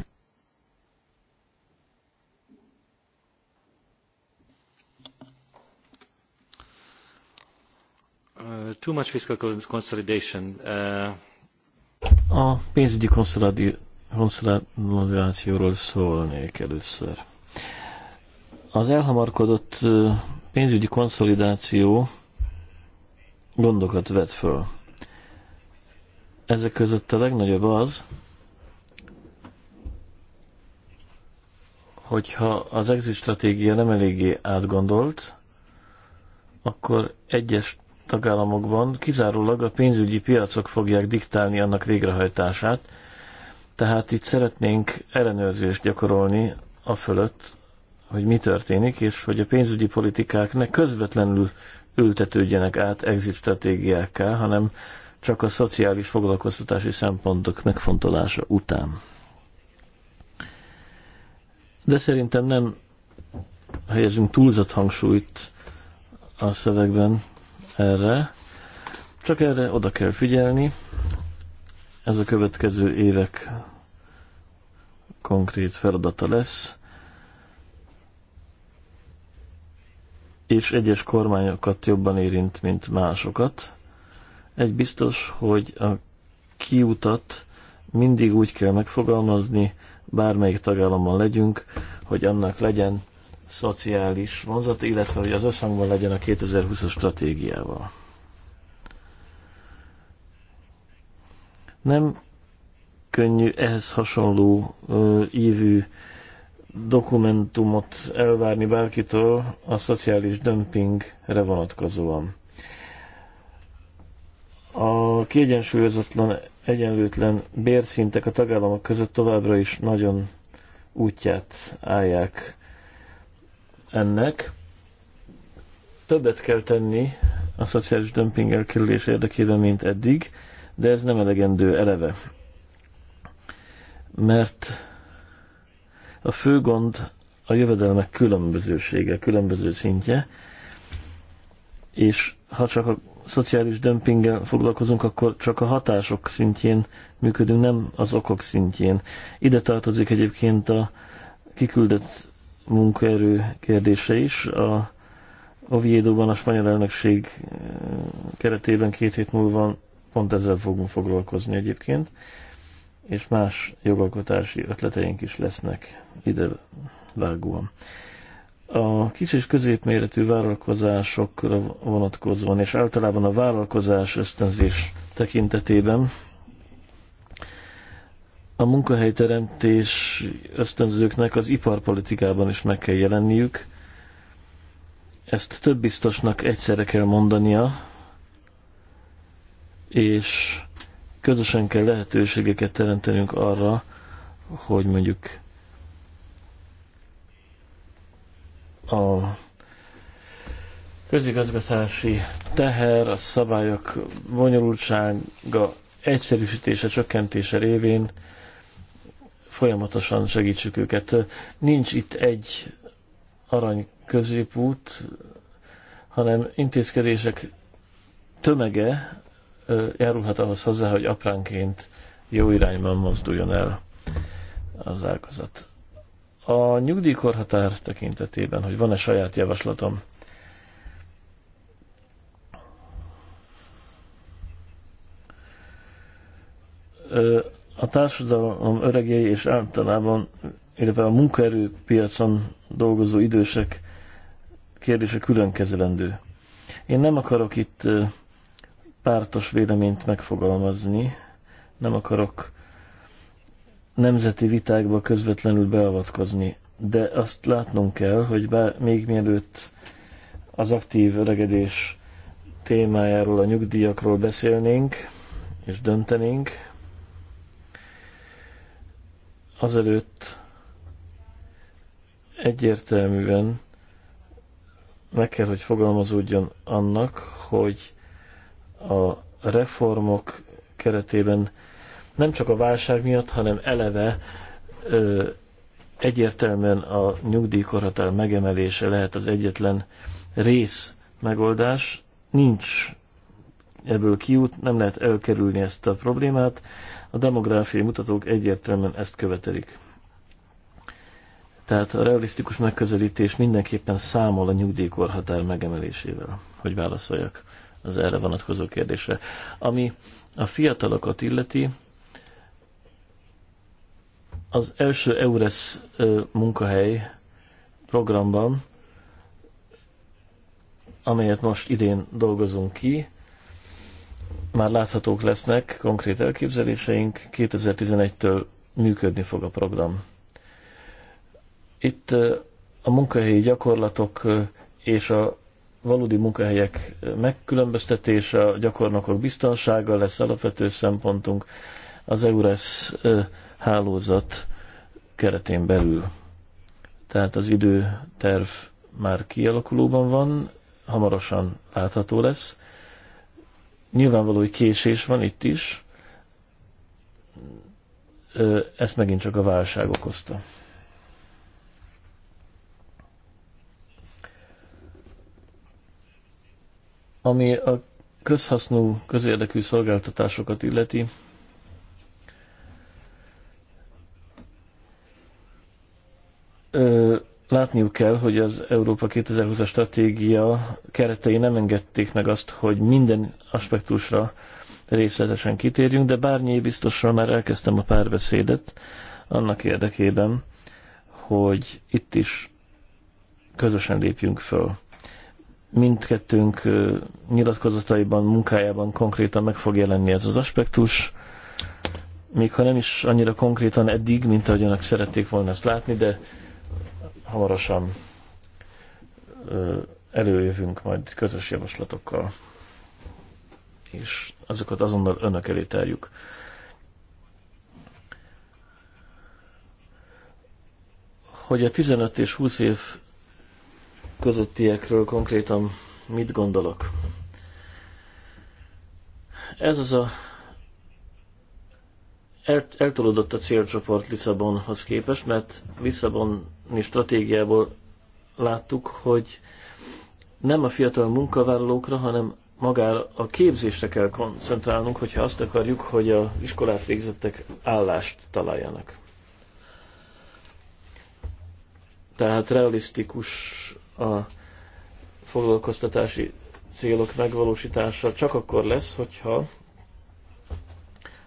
Uh, too much fiscal consolidation. Uh... A pénzügyi konszolidációról szólnék először. Az elhamarkodott pénzügyi konszolidáció gondokat vet föl. Ezek között a legnagyobb az, hogyha az exit stratégia nem eléggé átgondolt, akkor egyes tagállamokban kizárólag a pénzügyi piacok fogják diktálni annak végrehajtását, tehát itt szeretnénk ellenőrzést gyakorolni a fölött, hogy mi történik, és hogy a pénzügyi politikák ne közvetlenül ültetődjenek át exit stratégiákká, hanem csak a szociális foglalkoztatási szempontok megfontolása után. De szerintem nem helyezünk túlzott hangsúlyt a szövegben erre, csak erre oda kell figyelni, ez a következő évek konkrét feladata lesz, és egyes kormányokat jobban érint, mint másokat. Egy biztos, hogy a kiutat mindig úgy kell megfogalmazni, bármelyik tagállamban legyünk, hogy annak legyen szociális vonzat, illetve hogy az összhangban legyen a 2020-as stratégiával. Nem könnyű ehhez hasonló ö, ívű dokumentumot elvárni bárkitől a szociális dömpingre vonatkozóan. A kiegyensúlyozatlan, egyenlőtlen bérszintek a tagállamok között továbbra is nagyon útját állják ennek. Többet kell tenni a szociális dömping elkerülés érdekében, mint eddig de ez nem elegendő eleve. Mert a fő gond a jövedelmek különbözősége, különböző szintje, és ha csak a szociális dömpinggel foglalkozunk, akkor csak a hatások szintjén működünk, nem az okok szintjén. Ide tartozik egyébként a kiküldött munkaerő kérdése is. A Oviedo-ban a spanyol elnökség eh, keretében két hét múlva pont ezzel fogunk foglalkozni egyébként, és más jogalkotási ötleteink is lesznek ide vágóan. A kis és középméretű vállalkozásokra vonatkozóan, és általában a vállalkozás ösztönzés tekintetében a munkahelyteremtés ösztönzőknek az iparpolitikában is meg kell jelenniük. Ezt több biztosnak egyszerre kell mondania, és közösen kell lehetőségeket teremtenünk arra, hogy mondjuk a közigazgatási teher, a szabályok bonyolultsága, egyszerűsítése, csökkentése révén folyamatosan segítsük őket. Nincs itt egy arany középút, hanem intézkedések tömege, járulhat ahhoz hozzá, hogy apránként jó irányban mozduljon el az ágazat. A nyugdíjkorhatár tekintetében, hogy van-e saját javaslatom, a társadalom öregjei és általában, illetve a munkaerőpiacon dolgozó idősek kérdése külön kezelendő. Én nem akarok itt pártos véleményt megfogalmazni. Nem akarok nemzeti vitákba közvetlenül beavatkozni, de azt látnunk kell, hogy bár még mielőtt az aktív öregedés témájáról, a nyugdíjakról beszélnénk és döntenénk, azelőtt egyértelműen meg kell, hogy fogalmazódjon annak, hogy a reformok keretében nem csak a válság miatt, hanem eleve ö, egyértelműen a nyugdíjkorhatár megemelése lehet az egyetlen rész megoldás. Nincs ebből kiút, nem lehet elkerülni ezt a problémát. A demográfiai mutatók egyértelműen ezt követelik. Tehát a realisztikus megközelítés mindenképpen számol a nyugdíjkorhatár megemelésével, hogy válaszoljak az erre vonatkozó kérdésre. Ami a fiatalokat illeti, az első EURES munkahely programban, amelyet most idén dolgozunk ki, már láthatók lesznek konkrét elképzeléseink, 2011-től működni fog a program. Itt a munkahelyi gyakorlatok és a valódi munkahelyek megkülönböztetése, a gyakornokok biztonsága lesz alapvető szempontunk az EURES hálózat keretén belül. Tehát az időterv már kialakulóban van, hamarosan látható lesz. Nyilvánvaló, hogy késés van itt is, ezt megint csak a válság okozta. Ami a közhasznú, közérdekű szolgáltatásokat illeti, látniuk kell, hogy az Európa 2020-as stratégia keretei nem engedték meg azt, hogy minden aspektusra részletesen kitérjünk, de bárnyi biztosra már elkezdtem a párbeszédet annak érdekében, hogy itt is közösen lépjünk föl mindkettőnk nyilatkozataiban, munkájában konkrétan meg fog jelenni ez az aspektus. Még ha nem is annyira konkrétan eddig, mint ahogy önök szerették volna ezt látni, de hamarosan előjövünk majd közös javaslatokkal, és azokat azonnal önök elé terjük. Hogy a 15 és 20 év közöttiekről konkrétan mit gondolok? Ez az a el, eltolódott a célcsoport Lisszabonhoz képest, mert Lisszaboni stratégiából láttuk, hogy nem a fiatal munkavállalókra, hanem magára a képzésre kell koncentrálnunk, hogyha azt akarjuk, hogy a iskolát végzettek állást találjanak. Tehát realisztikus a foglalkoztatási célok megvalósítása csak akkor lesz, hogyha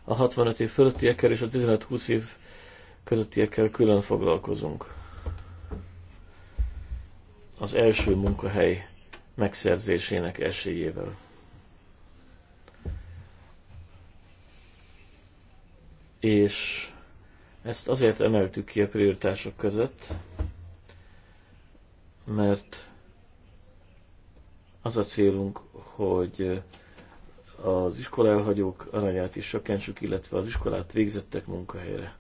a 65 év fölöttiekkel és a 15-20 év közöttiekkel külön foglalkozunk. Az első munkahely megszerzésének esélyével. És ezt azért emeltük ki a prioritások között, mert az a célunk, hogy az elhagyók aranyát is csökkentsük, illetve az iskolát végzettek munkahelyre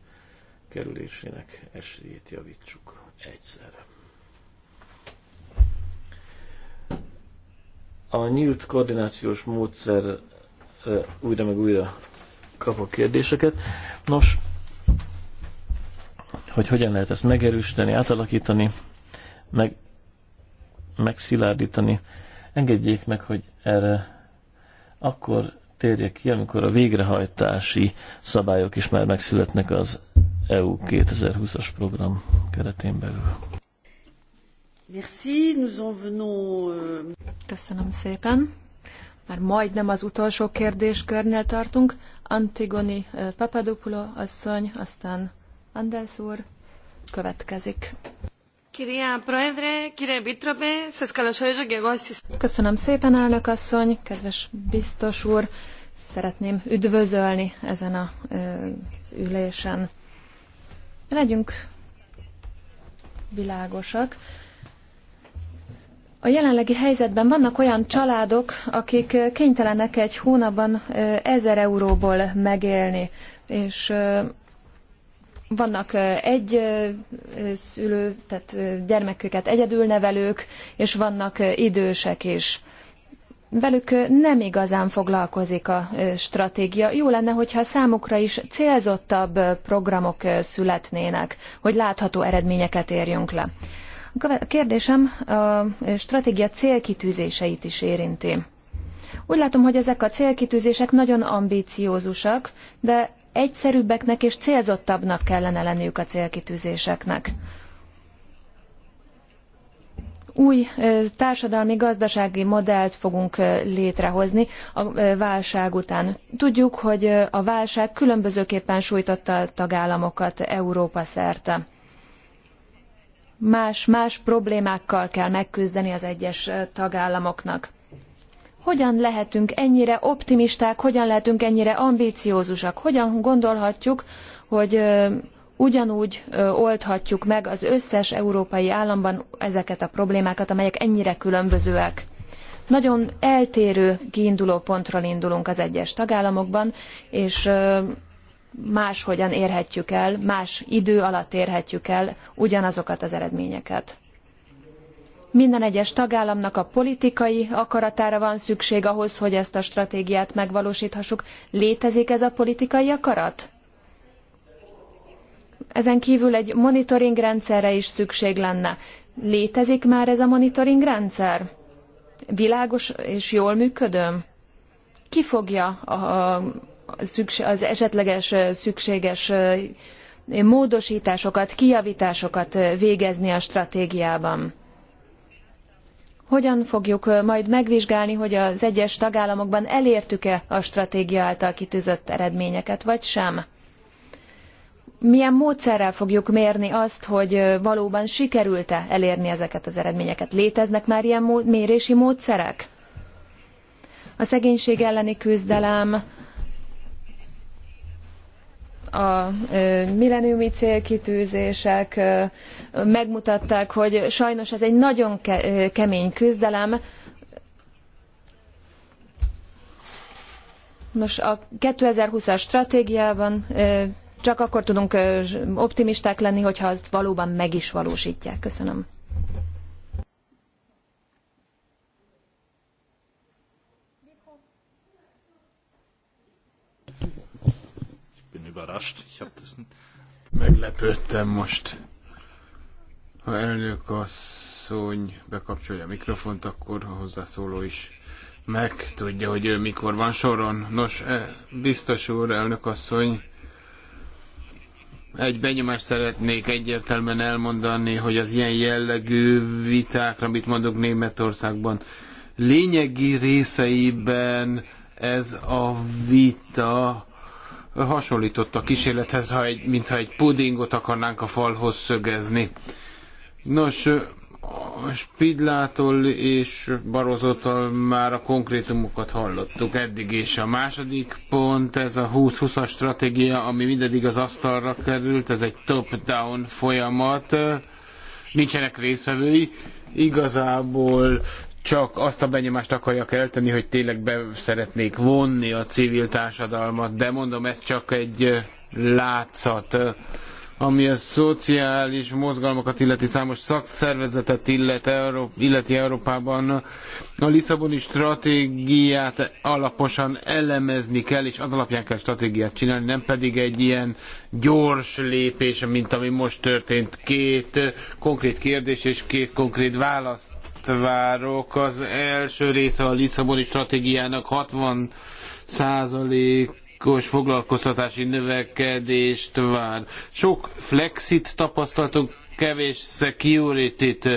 kerülésének esélyét javítsuk egyszerre. A nyílt koordinációs módszer újra meg újra kapok kérdéseket. Nos, hogy hogyan lehet ezt megerősíteni, átalakítani, meg megszilárdítani. Engedjék meg, hogy erre akkor térjek ki, amikor a végrehajtási szabályok is már megszületnek az EU 2020-as program keretén belül. Merci, nous en venons... Euh, Köszönöm szépen. Már majdnem az utolsó kérdéskörnél tartunk. Antigoni Papadopulo asszony, aztán Andelsz úr következik. Κυρία Πρόεδρε, κύριε Επίτροπε, σας καλωσορίζω και εγώ στις... Köszönöm szépen, elnök asszony, kedves biztos úr, szeretném üdvözölni ezen a, az ülésen. Legyünk világosak. A jelenlegi helyzetben vannak olyan családok, akik kénytelenek egy hónapban ezer euróból megélni, és vannak egy szülő, tehát gyermeküket egyedülnevelők, és vannak idősek is. Velük nem igazán foglalkozik a stratégia. Jó lenne, hogyha számukra is célzottabb programok születnének, hogy látható eredményeket érjünk le. A kérdésem a stratégia célkitűzéseit is érinti. Úgy látom, hogy ezek a célkitűzések nagyon ambíciózusak, de egyszerűbbeknek és célzottabbnak kellene lenniük a célkitűzéseknek. Új társadalmi-gazdasági modellt fogunk létrehozni a válság után. Tudjuk, hogy a válság különbözőképpen sújtotta a tagállamokat Európa szerte más-más problémákkal kell megküzdeni az egyes tagállamoknak hogyan lehetünk ennyire optimisták, hogyan lehetünk ennyire ambíciózusak, hogyan gondolhatjuk, hogy ugyanúgy oldhatjuk meg az összes európai államban ezeket a problémákat, amelyek ennyire különbözőek. Nagyon eltérő kiinduló pontról indulunk az egyes tagállamokban, és máshogyan érhetjük el, más idő alatt érhetjük el ugyanazokat az eredményeket. Minden egyes tagállamnak a politikai akaratára van szükség ahhoz, hogy ezt a stratégiát megvalósíthassuk. Létezik ez a politikai akarat? Ezen kívül egy monitoring rendszerre is szükség lenne. Létezik már ez a monitoring rendszer? Világos és jól működő? Ki fogja az esetleges szükséges módosításokat, kijavításokat végezni a stratégiában? hogyan fogjuk majd megvizsgálni, hogy az egyes tagállamokban elértük-e a stratégia által kitűzött eredményeket, vagy sem? Milyen módszerrel fogjuk mérni azt, hogy valóban sikerült-e elérni ezeket az eredményeket? Léteznek már ilyen mérési módszerek? A szegénység elleni küzdelem, a milleniumi célkitűzések megmutatták, hogy sajnos ez egy nagyon kemény küzdelem. Nos, a 2020-as stratégiában csak akkor tudunk optimisták lenni, hogyha azt valóban meg is valósítják. Köszönöm. überrascht. Meglepődtem most. Ha elnök asszony bekapcsolja a mikrofont, akkor a hozzászóló is meg tudja, hogy ő mikor van soron. Nos, eh, biztos úr, elnök asszony, egy benyomást szeretnék egyértelműen elmondani, hogy az ilyen jellegű vitákra, amit mondok Németországban, lényegi részeiben ez a vita hasonlított a kísérlethez, ha egy, mintha egy pudingot akarnánk a falhoz szögezni. Nos, a Spidlától és Barozótól már a konkrétumokat hallottuk eddig, és a második pont, ez a 20-20-as stratégia, ami mindedig az asztalra került, ez egy top-down folyamat, nincsenek részvevői, igazából csak azt a benyomást akarja kelteni, hogy tényleg be szeretnék vonni a civil társadalmat, de mondom, ez csak egy látszat. Ami a szociális mozgalmakat illeti számos szakszervezetet illet, illeti Európában, a Lisszaboni stratégiát alaposan elemezni kell, és az alapján kell stratégiát csinálni, nem pedig egy ilyen gyors lépés, mint ami most történt. Két konkrét kérdés és két konkrét választ várok. Az első része a Lisszaboni stratégiának 60 százalékos foglalkoztatási növekedést vár. Sok flexit tapasztaltunk, kevés security-t.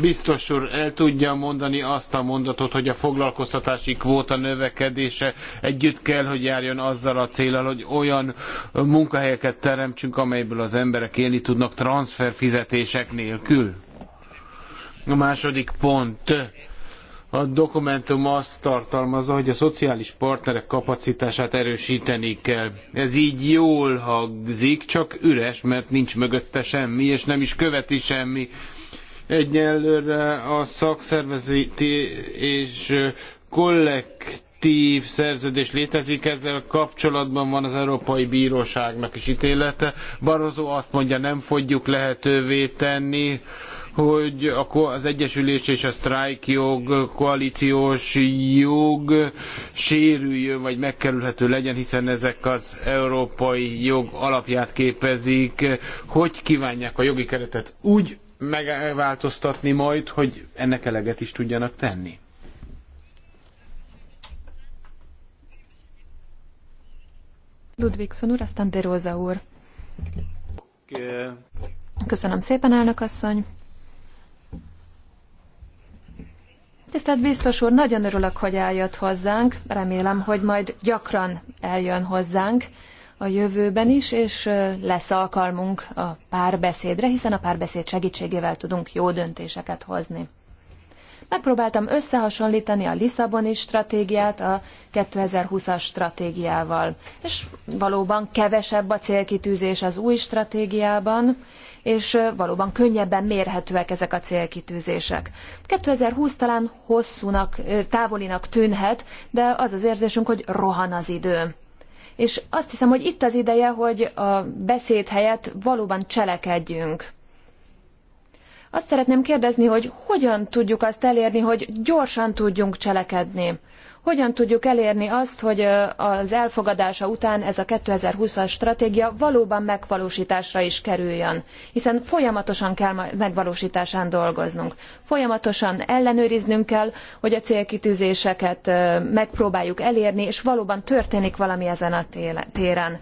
Biztos úr, el tudja mondani azt a mondatot, hogy a foglalkoztatási kvóta növekedése együtt kell, hogy járjon azzal a célral, hogy olyan munkahelyeket teremtsünk, amelyből az emberek élni tudnak transferfizetések nélkül? A második pont. A dokumentum azt tartalmazza, hogy a szociális partnerek kapacitását erősíteni kell. Ez így jól hangzik, csak üres, mert nincs mögötte semmi, és nem is követi semmi. Egyelőre a szakszervezeti és kollektív szerződés létezik, ezzel kapcsolatban van az Európai Bíróságnak is ítélete. Barozó azt mondja, nem fogjuk lehetővé tenni, hogy az egyesülés és a jog, koalíciós jog sérüljön, vagy megkerülhető legyen, hiszen ezek az európai jog alapját képezik. Hogy kívánják a jogi keretet úgy megváltoztatni majd, hogy ennek eleget is tudjanak tenni? Ludvigson úr, aztán De Rosa úr. Köszönöm szépen, elnök asszony. Tisztelt biztos úr, nagyon örülök, hogy eljött hozzánk. Remélem, hogy majd gyakran eljön hozzánk a jövőben is, és lesz alkalmunk a párbeszédre, hiszen a párbeszéd segítségével tudunk jó döntéseket hozni. Megpróbáltam összehasonlítani a Lisszaboni stratégiát a 2020-as stratégiával, és valóban kevesebb a célkitűzés az új stratégiában, és valóban könnyebben mérhetőek ezek a célkitűzések. 2020 talán hosszúnak, távolinak tűnhet, de az az érzésünk, hogy rohan az idő. És azt hiszem, hogy itt az ideje, hogy a beszéd helyett valóban cselekedjünk. Azt szeretném kérdezni, hogy hogyan tudjuk azt elérni, hogy gyorsan tudjunk cselekedni hogyan tudjuk elérni azt, hogy az elfogadása után ez a 2020-as stratégia valóban megvalósításra is kerüljön, hiszen folyamatosan kell megvalósításán dolgoznunk. Folyamatosan ellenőriznünk kell, hogy a célkitűzéseket megpróbáljuk elérni, és valóban történik valami ezen a téren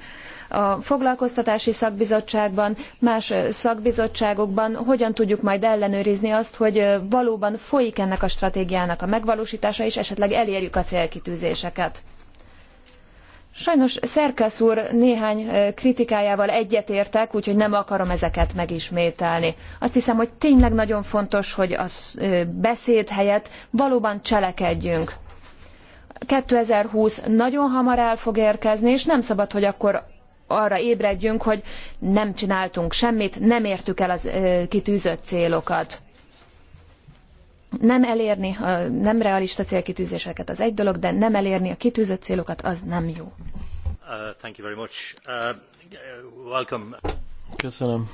a foglalkoztatási szakbizottságban, más szakbizottságokban hogyan tudjuk majd ellenőrizni azt, hogy valóban folyik ennek a stratégiának a megvalósítása, és esetleg elérjük a célkitűzéseket. Sajnos Szerkesz úr néhány kritikájával egyetértek, úgyhogy nem akarom ezeket megismételni. Azt hiszem, hogy tényleg nagyon fontos, hogy a beszéd helyett valóban cselekedjünk. 2020 nagyon hamar el fog érkezni, és nem szabad, hogy akkor arra ébredjünk, hogy nem csináltunk semmit, nem értük el az kitűzött célokat. Nem elérni, a nem realista célkitűzéseket az egy dolog, de nem elérni a kitűzött célokat az nem jó. Uh, uh Köszönöm.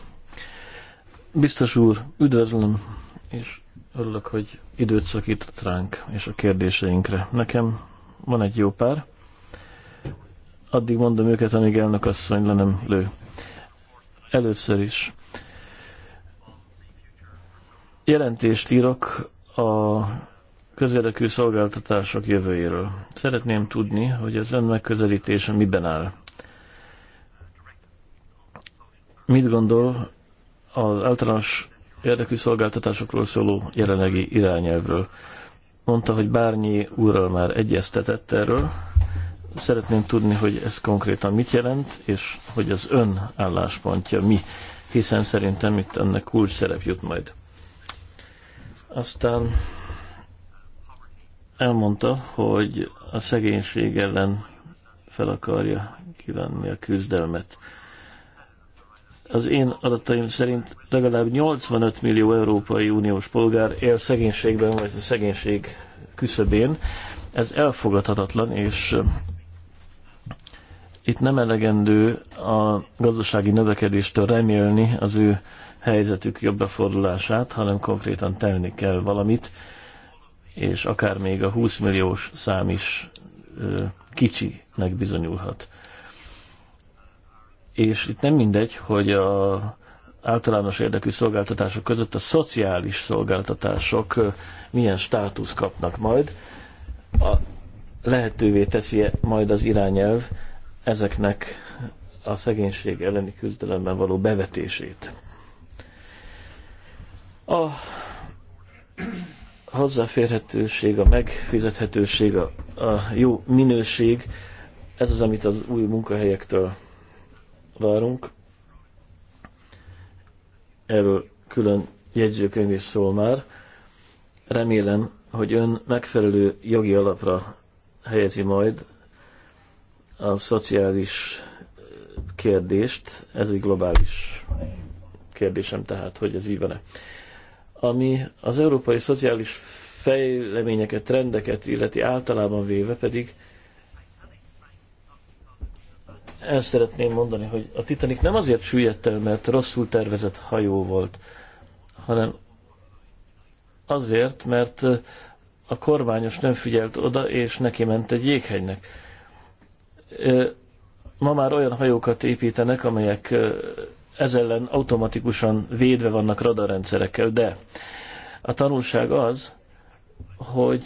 Biztos úr, üdvözlöm, és örülök, hogy időt szakított ránk és a kérdéseinkre. Nekem van egy jó pár addig mondom őket, amíg elnök asszony le nem lő. Először is. Jelentést írok a közérdekű szolgáltatások jövőjéről. Szeretném tudni, hogy az ön megközelítése miben áll. Mit gondol az általános érdekű szolgáltatásokról szóló jelenlegi irányelvről? Mondta, hogy bárnyi úrral már egyeztetett erről, Szeretném tudni, hogy ez konkrétan mit jelent, és hogy az ön álláspontja mi, hiszen szerintem itt ennek kulcs szerep jut majd. Aztán elmondta, hogy a szegénység ellen fel akarja kívánni a küzdelmet. Az én adataim szerint legalább 85 millió Európai Uniós polgár él szegénységben, vagy a szegénység küszöbén. Ez elfogadhatatlan, és itt nem elegendő a gazdasági növekedéstől remélni az ő helyzetük jobb befordulását, hanem konkrétan tenni kell valamit, és akár még a 20 milliós szám is ö, kicsinek bizonyulhat. És itt nem mindegy, hogy a általános érdekű szolgáltatások között a szociális szolgáltatások milyen státusz kapnak majd. A lehetővé teszi -e majd az irányelv, ezeknek a szegénység elleni küzdelemben való bevetését. A hozzáférhetőség, a megfizethetőség, a, a jó minőség, ez az, amit az új munkahelyektől várunk. Erről külön jegyzőkönyv is szól már. Remélem, hogy ön megfelelő jogi alapra helyezi majd a szociális kérdést, ez egy globális kérdésem tehát, hogy ez így van-e. Ami az európai szociális fejleményeket, trendeket illeti általában véve pedig el szeretném mondani, hogy a Titanic nem azért süllyedt el, mert rosszul tervezett hajó volt, hanem azért, mert a kormányos nem figyelt oda, és neki ment egy jéghegynek Ma már olyan hajókat építenek, amelyek ez ellen automatikusan védve vannak radarrendszerekkel, de a tanulság az, hogy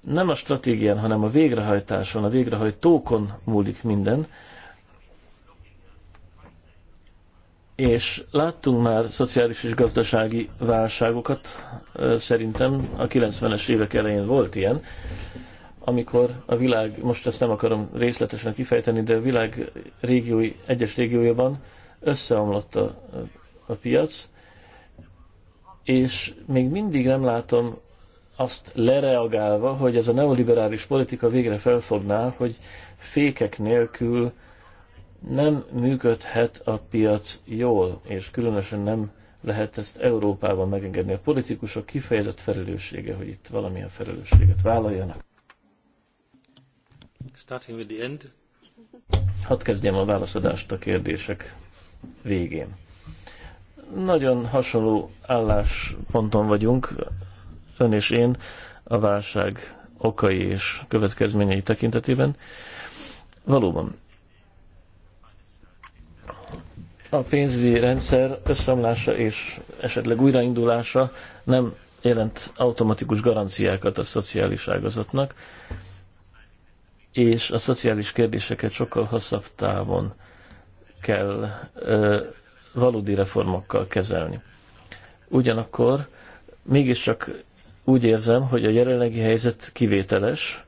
nem a stratégián, hanem a végrehajtáson, a végrehajtókon múlik minden. És láttunk már szociális és gazdasági válságokat, szerintem a 90-es évek elején volt ilyen, amikor a világ, most ezt nem akarom részletesen kifejteni, de a világ régiói, egyes régiójában összeomlott a, a piac, és még mindig nem látom azt lereagálva, hogy ez a neoliberális politika végre felfogná, hogy fékek nélkül nem működhet a piac jól, és különösen nem lehet ezt Európában megengedni. A politikusok kifejezett felelőssége, hogy itt valamilyen felelősséget vállaljanak. Starting with the end. Hadd kezdjem a válaszadást a kérdések végén. Nagyon hasonló állásponton vagyunk, ön és én, a válság okai és következményei tekintetében. Valóban. A pénzügyi rendszer összeomlása és esetleg újraindulása nem jelent automatikus garanciákat a szociális ágazatnak és a szociális kérdéseket sokkal hosszabb távon kell ö, valódi reformokkal kezelni. Ugyanakkor mégiscsak úgy érzem, hogy a jelenlegi helyzet kivételes,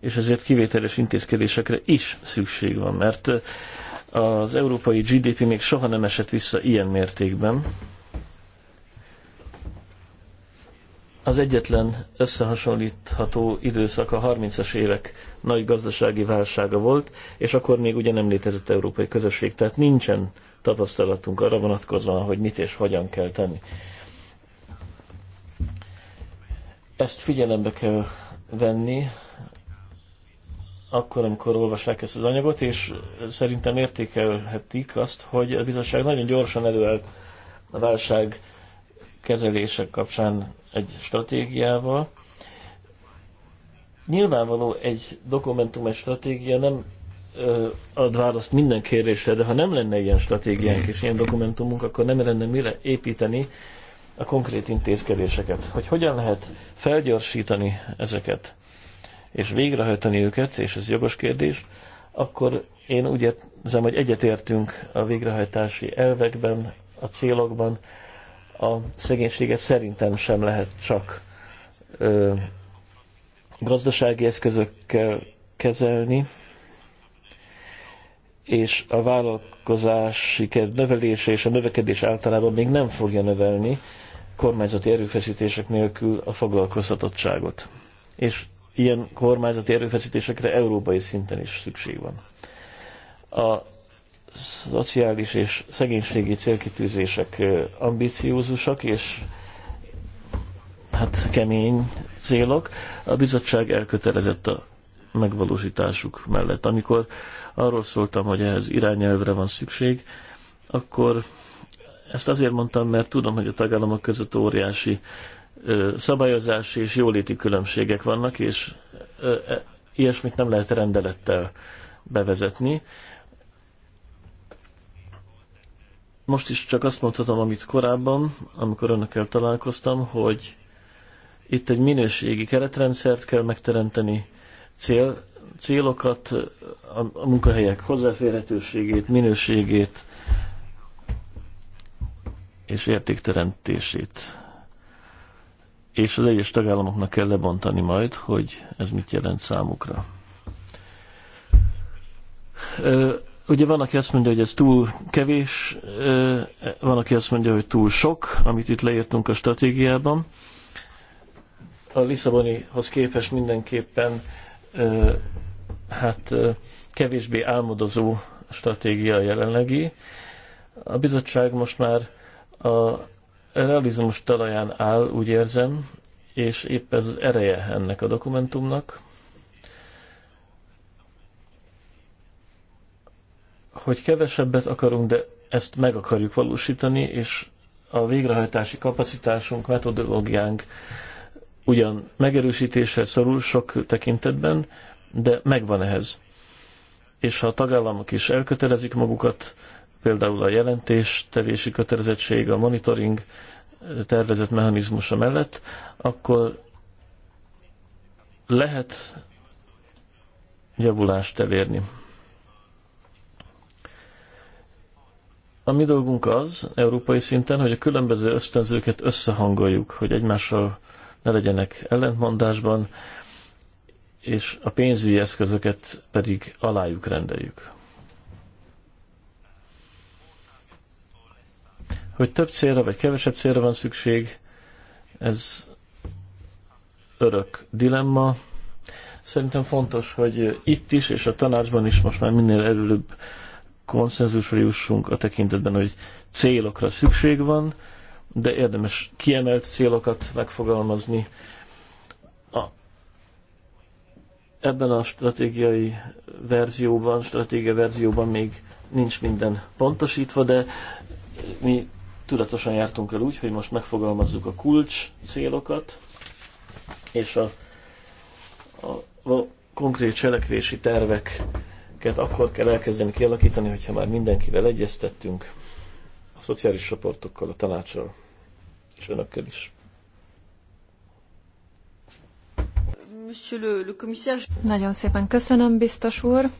és ezért kivételes intézkedésekre is szükség van, mert az európai GDP még soha nem esett vissza ilyen mértékben, Az egyetlen összehasonlítható időszak a 30-as évek nagy gazdasági válsága volt, és akkor még ugye nem létezett európai közösség, tehát nincsen tapasztalatunk arra vonatkozóan, hogy mit és hogyan kell tenni. Ezt figyelembe kell venni, akkor, amikor olvassák ezt az anyagot, és szerintem értékelhetik azt, hogy a bizottság nagyon gyorsan előállt a válság kezelések kapcsán egy stratégiával. Nyilvánvaló egy dokumentum, egy stratégia nem ad választ minden kérdésre, de ha nem lenne ilyen stratégiánk és ilyen dokumentumunk, akkor nem lenne mire építeni a konkrét intézkedéseket. Hogy hogyan lehet felgyorsítani ezeket, és végrehajtani őket, és ez jogos kérdés, akkor én úgy érzem, hogy egyetértünk a végrehajtási elvekben, a célokban, a szegénységet szerintem sem lehet csak ö, gazdasági eszközökkel kezelni, és a vállalkozási növelése és a növekedés általában még nem fogja növelni kormányzati erőfeszítések nélkül a foglalkoztatottságot. És ilyen kormányzati erőfeszítésekre európai szinten is szükség van. A szociális és szegénységi célkitűzések ambiciózusak, és hát kemény célok. A bizottság elkötelezett a megvalósításuk mellett. Amikor arról szóltam, hogy ehhez irányelvre van szükség, akkor ezt azért mondtam, mert tudom, hogy a tagállamok között óriási szabályozási és jóléti különbségek vannak, és e, ilyesmit nem lehet rendelettel bevezetni. Most is csak azt mondhatom, amit korábban, amikor önökkel találkoztam, hogy itt egy minőségi keretrendszert kell megteremteni, cél, célokat, a, a munkahelyek hozzáférhetőségét, minőségét és értékteremtését. És az egyes tagállamoknak kell lebontani majd, hogy ez mit jelent számukra. Ö, Ugye van, aki azt mondja, hogy ez túl kevés, van, aki azt mondja, hogy túl sok, amit itt leírtunk a stratégiában. A Lisszabonihoz képest mindenképpen hát kevésbé álmodozó stratégia a jelenlegi. A bizottság most már a realizmus talaján áll, úgy érzem, és épp ez az ereje ennek a dokumentumnak. hogy kevesebbet akarunk, de ezt meg akarjuk valósítani, és a végrehajtási kapacitásunk, metodológiánk ugyan megerősítésre szorul sok tekintetben, de megvan ehhez. És ha a tagállamok is elkötelezik magukat, például a jelentés, tevési kötelezettség, a monitoring tervezett mechanizmusa mellett, akkor lehet javulást elérni. A mi dolgunk az, európai szinten, hogy a különböző ösztönzőket összehangoljuk, hogy egymással ne legyenek ellentmondásban, és a pénzügyi eszközöket pedig alájuk rendeljük. Hogy több célra vagy kevesebb célra van szükség, ez örök dilemma. Szerintem fontos, hogy itt is és a tanácsban is most már minél előbb konszenzusra jussunk a tekintetben, hogy célokra szükség van, de érdemes kiemelt célokat megfogalmazni. A, ebben a stratégiai verzióban, stratégia verzióban még nincs minden pontosítva, de mi tudatosan jártunk el úgy, hogy most megfogalmazzuk a kulcs célokat, és a, a, a konkrét cselekvési tervek amiket akkor kell elkezdeni kialakítani, hogyha már mindenkivel egyeztettünk, a szociális csoportokkal, a tanácsal és önökkel is. Nagyon szépen köszönöm, biztos úr.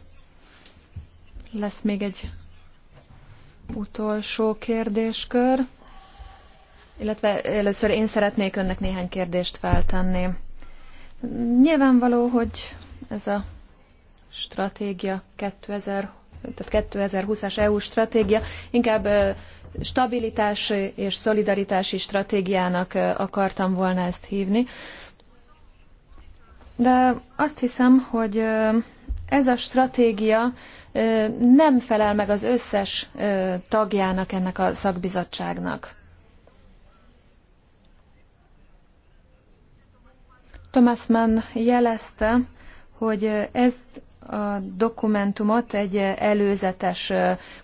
Lesz még egy utolsó kérdéskör, illetve először én szeretnék önnek néhány kérdést feltenni. Nyilvánvaló, hogy ez a stratégia 2000, tehát 2020-as EU stratégia inkább stabilitás és szolidaritási stratégiának akartam volna ezt hívni. De azt hiszem, hogy ez a stratégia nem felel meg az összes tagjának ennek a szakbizottságnak. Thomas Mann jelezte, hogy ez a dokumentumot egy előzetes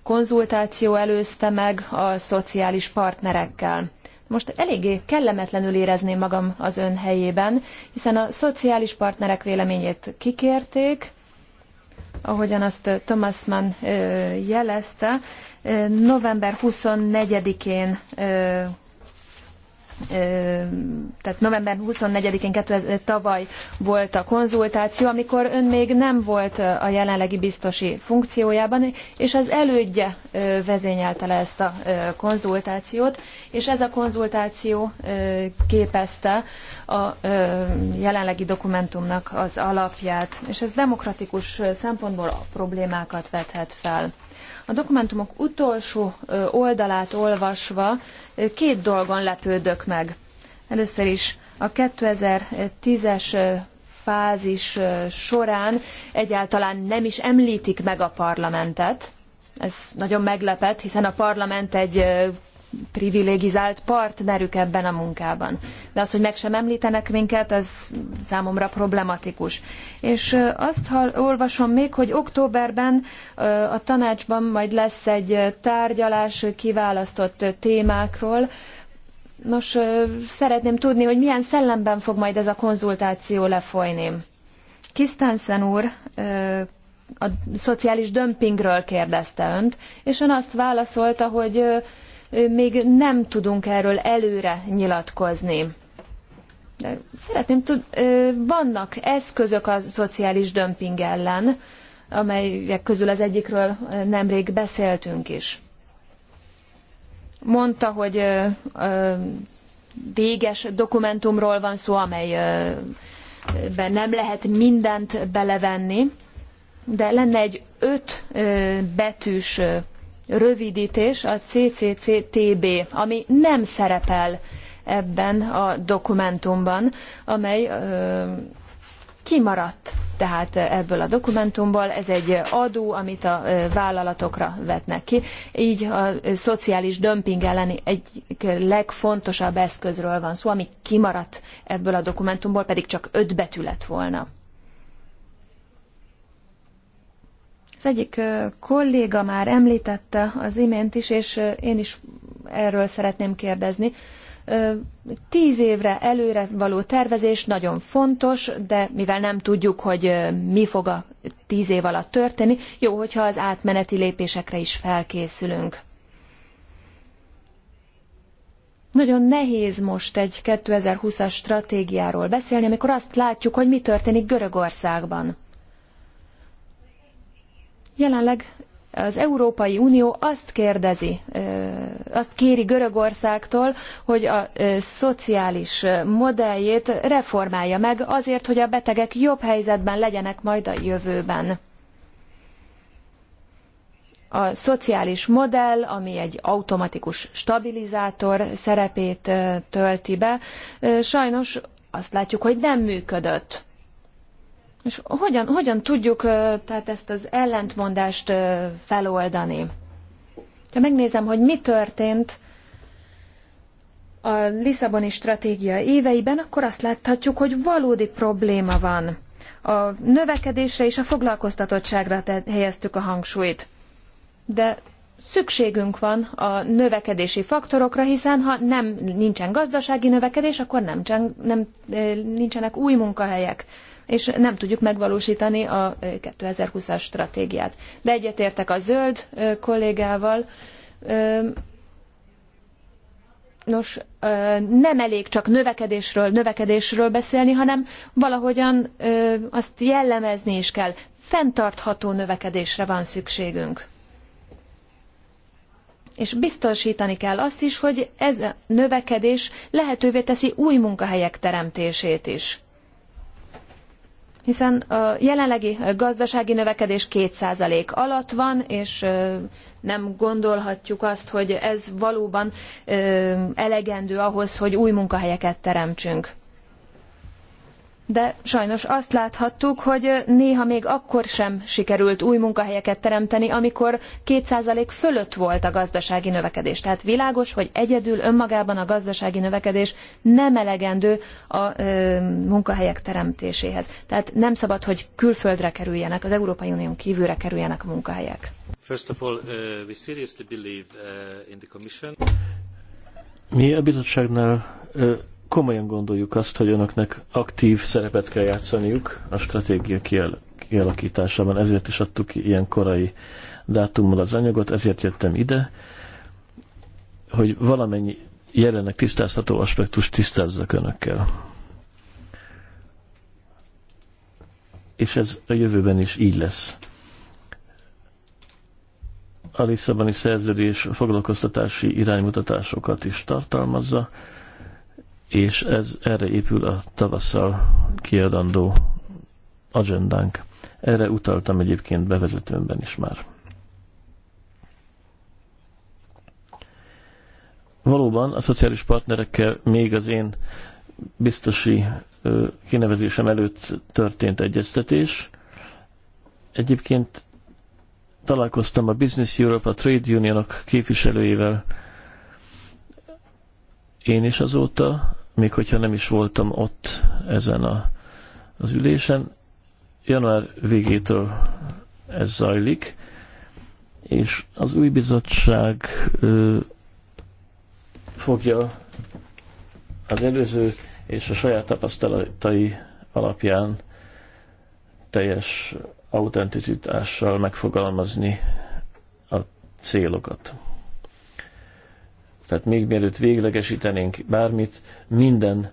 konzultáció előzte meg a szociális partnerekkel. Most eléggé kellemetlenül érezném magam az ön helyében, hiszen a szociális partnerek véleményét kikérték, ahogyan azt Thomas Mann jelezte, november 24-én tehát november 24-én tavaly volt a konzultáció, amikor ön még nem volt a jelenlegi biztosi funkciójában, és az elődje vezényelte le ezt a konzultációt, és ez a konzultáció képezte a jelenlegi dokumentumnak az alapját, és ez demokratikus szempontból a problémákat vethet fel. A dokumentumok utolsó oldalát olvasva két dolgon lepődök meg. Először is a 2010-es fázis során egyáltalán nem is említik meg a parlamentet. Ez nagyon meglepett, hiszen a parlament egy privilegizált partnerük ebben a munkában. De az, hogy meg sem említenek minket, az számomra problematikus. És azt olvasom még, hogy októberben a tanácsban majd lesz egy tárgyalás kiválasztott témákról. Nos, szeretném tudni, hogy milyen szellemben fog majd ez a konzultáció lefolyni. Kisztánsen úr a szociális dömpingről kérdezte önt, és ön azt válaszolta, hogy még nem tudunk erről előre nyilatkozni. De szeretném tudni, vannak eszközök a szociális dömping ellen, amelyek közül az egyikről nemrég beszéltünk is. Mondta, hogy véges dokumentumról van szó, amelyben nem lehet mindent belevenni, de lenne egy öt betűs rövidítés a CCCTB, ami nem szerepel ebben a dokumentumban, amely ö, kimaradt tehát ebből a dokumentumból. Ez egy adó, amit a vállalatokra vetnek ki. Így a szociális dömping elleni egyik legfontosabb eszközről van szó, ami kimaradt ebből a dokumentumból, pedig csak öt betű lett volna. Az egyik kolléga már említette az imént is, és én is erről szeretném kérdezni. Tíz évre előre való tervezés nagyon fontos, de mivel nem tudjuk, hogy mi fog a tíz év alatt történni, jó, hogyha az átmeneti lépésekre is felkészülünk. Nagyon nehéz most egy 2020-as stratégiáról beszélni, amikor azt látjuk, hogy mi történik Görögországban. Jelenleg az Európai Unió azt kérdezi, azt kéri Görögországtól, hogy a szociális modelljét reformálja meg azért, hogy a betegek jobb helyzetben legyenek majd a jövőben. A szociális modell, ami egy automatikus stabilizátor szerepét tölti be, sajnos azt látjuk, hogy nem működött és hogyan, hogyan tudjuk tehát ezt az ellentmondást feloldani? Ha megnézem, hogy mi történt a Lisszaboni stratégia éveiben, akkor azt láthatjuk, hogy valódi probléma van. A növekedésre és a foglalkoztatottságra helyeztük a hangsúlyt. De szükségünk van a növekedési faktorokra, hiszen ha nem nincsen gazdasági növekedés, akkor nem, nem nincsenek új munkahelyek és nem tudjuk megvalósítani a 2020-as stratégiát. De egyetértek a zöld kollégával. Nos, nem elég csak növekedésről, növekedésről beszélni, hanem valahogyan azt jellemezni is kell. Fenntartható növekedésre van szükségünk és biztosítani kell azt is, hogy ez a növekedés lehetővé teszi új munkahelyek teremtését is hiszen a jelenlegi gazdasági növekedés 2% alatt van, és nem gondolhatjuk azt, hogy ez valóban elegendő ahhoz, hogy új munkahelyeket teremtsünk de sajnos azt láthattuk, hogy néha még akkor sem sikerült új munkahelyeket teremteni, amikor 2% fölött volt a gazdasági növekedés. Tehát világos, hogy egyedül önmagában a gazdasági növekedés nem elegendő a ö, munkahelyek teremtéséhez. Tehát nem szabad, hogy külföldre kerüljenek, az Európai Unión kívülre kerüljenek a munkahelyek. First of all, uh, we seriously believe uh, in the Commission. Mi a bizottságnál uh, komolyan gondoljuk azt, hogy önöknek aktív szerepet kell játszaniuk a stratégia kialakításában. Ezért is adtuk ki ilyen korai dátummal az anyagot, ezért jöttem ide, hogy valamennyi jelenleg tisztázható aspektus tisztázzak önökkel. És ez a jövőben is így lesz. A Lisszaboni szerződés foglalkoztatási iránymutatásokat is tartalmazza, és ez erre épül a tavasszal kiadandó agendánk. Erre utaltam egyébként bevezetőmben is már. Valóban a szociális partnerekkel még az én biztosi kinevezésem előtt történt egyeztetés. Egyébként találkoztam a Business Europe, a Trade Unionok képviselőjével, én is azóta, még hogyha nem is voltam ott ezen a, az ülésen, január végétől ez zajlik, és az új bizottság ö, fogja az előző és a saját tapasztalatai alapján teljes autenticitással megfogalmazni a célokat. Tehát még mielőtt véglegesítenénk bármit, minden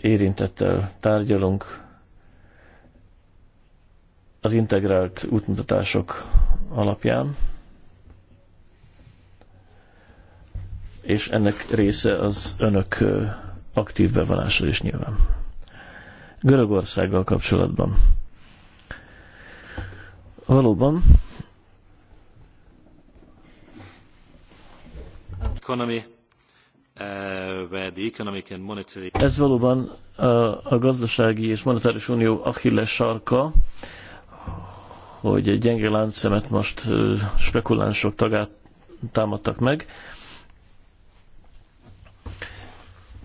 érintettel tárgyalunk, az integrált útmutatások alapján, és ennek része az önök aktív bevonása is nyilván. Görögországgal kapcsolatban. Valóban Uh, Ez valóban a, uh, a gazdasági és monetáris unió achilles sarka, hogy egy gyenge láncszemet most uh, spekulánsok tagát támadtak meg.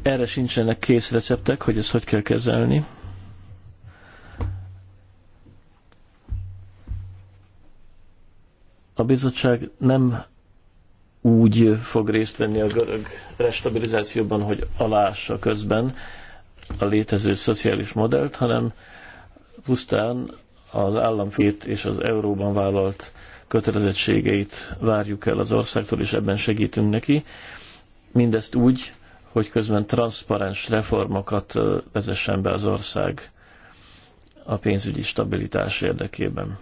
Erre sincsenek kész receptek, hogy ezt hogy kell kezelni. A bizottság nem úgy fog részt venni a görög restabilizációban, hogy alássa közben a létező szociális modellt, hanem pusztán az államfét és az euróban vállalt kötelezettségeit várjuk el az országtól, és ebben segítünk neki. Mindezt úgy, hogy közben transzparens reformokat vezessen be az ország a pénzügyi stabilitás érdekében.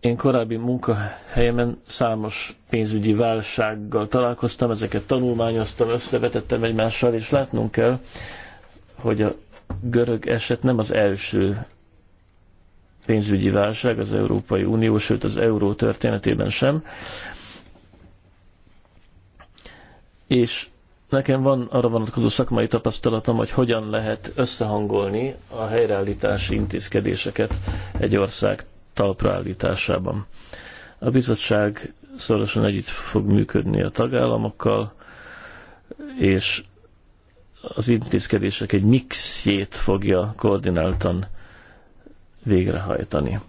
Én korábbi munkahelyemen számos pénzügyi válsággal találkoztam, ezeket tanulmányoztam, összevetettem egymással, és látnunk kell, hogy a görög eset nem az első pénzügyi válság az Európai Unió, sőt az euró történetében sem. És nekem van arra vonatkozó szakmai tapasztalatom, hogy hogyan lehet összehangolni a helyreállítási intézkedéseket egy ország talpra állításában. A bizottság szorosan együtt fog működni a tagállamokkal, és az intézkedések egy mixjét fogja koordináltan végrehajtani.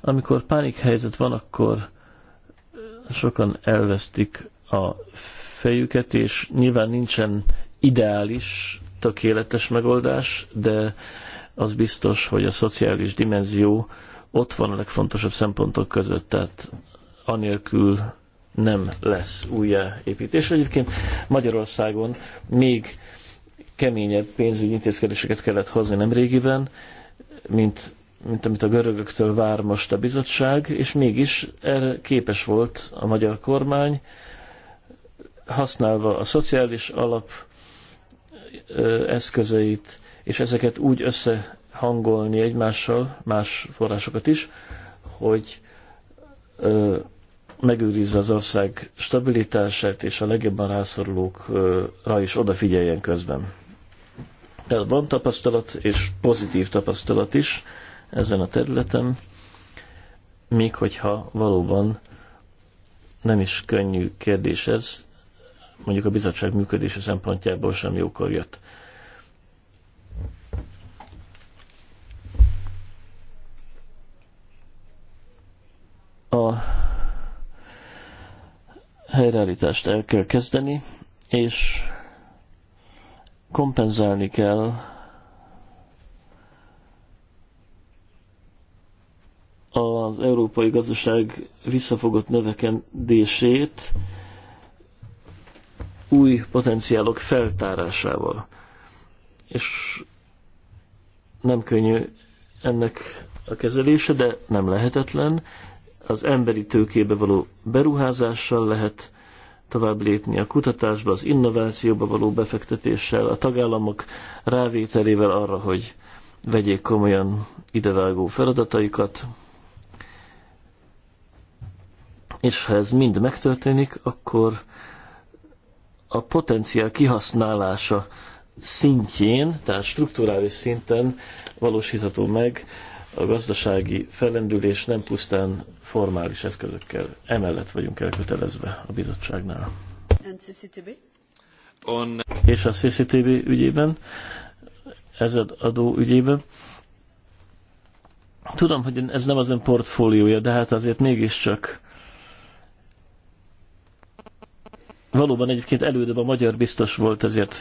Amikor pánikhelyzet van, akkor eh, sokan elvesztik a fejüket, és nyilván nincsen ideális, tökéletes megoldás, de az biztos, hogy a szociális dimenzió ott van a legfontosabb szempontok között, tehát anélkül nem lesz újjáépítés. Egyébként Magyarországon még keményebb pénzügyi intézkedéseket kellett hozni nem régiben, mint, mint amit a görögöktől vár most a bizottság, és mégis erre képes volt a magyar kormány, használva a szociális alap eszközeit, és ezeket úgy össze hangolni egymással, más forrásokat is, hogy ö, megőrizze az ország stabilitását, és a legjobban rászorulókra is odafigyeljen közben. Tehát van tapasztalat, és pozitív tapasztalat is ezen a területen, még hogyha valóban nem is könnyű kérdés ez, mondjuk a bizottság működése szempontjából sem jókor jött. a helyreállítást el kell kezdeni, és kompenzálni kell az európai gazdaság visszafogott növekedését új potenciálok feltárásával. És nem könnyű ennek a kezelése, de nem lehetetlen az emberi tőkébe való beruházással lehet tovább lépni a kutatásba, az innovációba való befektetéssel, a tagállamok rávételével arra, hogy vegyék komolyan idevágó feladataikat, és ha ez mind megtörténik, akkor a potenciál kihasználása szintjén, tehát strukturális szinten valósítható meg a gazdasági fellendülés nem pusztán formális eszközökkel. Emellett vagyunk elkötelezve a bizottságnál. On... És a CCTV ügyében, ez adó ügyében. Tudom, hogy ez nem az ön portfóliója, de hát azért mégiscsak valóban egyébként elődöbb a magyar biztos volt ezért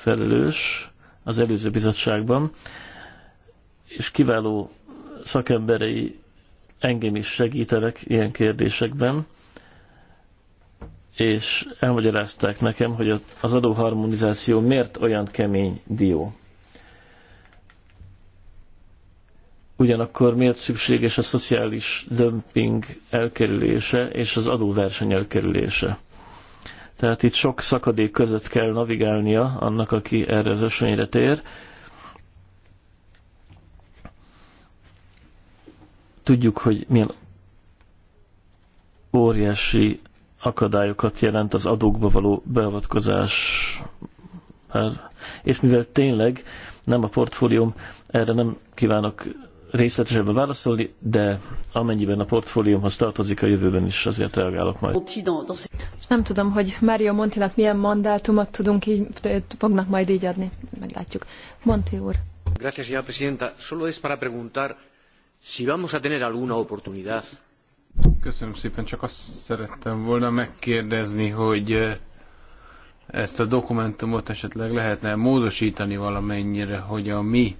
felelős az előző bizottságban, és kiváló szakemberei engem is segítenek ilyen kérdésekben, és elmagyarázták nekem, hogy az adóharmonizáció miért olyan kemény dió. Ugyanakkor miért szükséges a szociális dömping elkerülése és az adóverseny elkerülése. Tehát itt sok szakadék között kell navigálnia annak, aki erre az ösvényre tér, Tudjuk, hogy milyen óriási akadályokat jelent az adókba való beavatkozás. És mivel tényleg nem a portfólióm, erre nem kívánok részletesebben válaszolni, de amennyiben a portfóliómhoz tartozik a jövőben is, azért reagálok majd. Nem tudom, hogy Mário Montinak milyen mandátumot tudunk így, fognak majd így adni. Meglátjuk. Monti úr. Gracias, señora presidenta. Solo es para preguntar si vamos a tener alguna oportunidad. Köszönöm szépen, csak azt szerettem volna megkérdezni, hogy eh, ezt a dokumentumot esetleg lehetne módosítani valamennyire, hogy a mi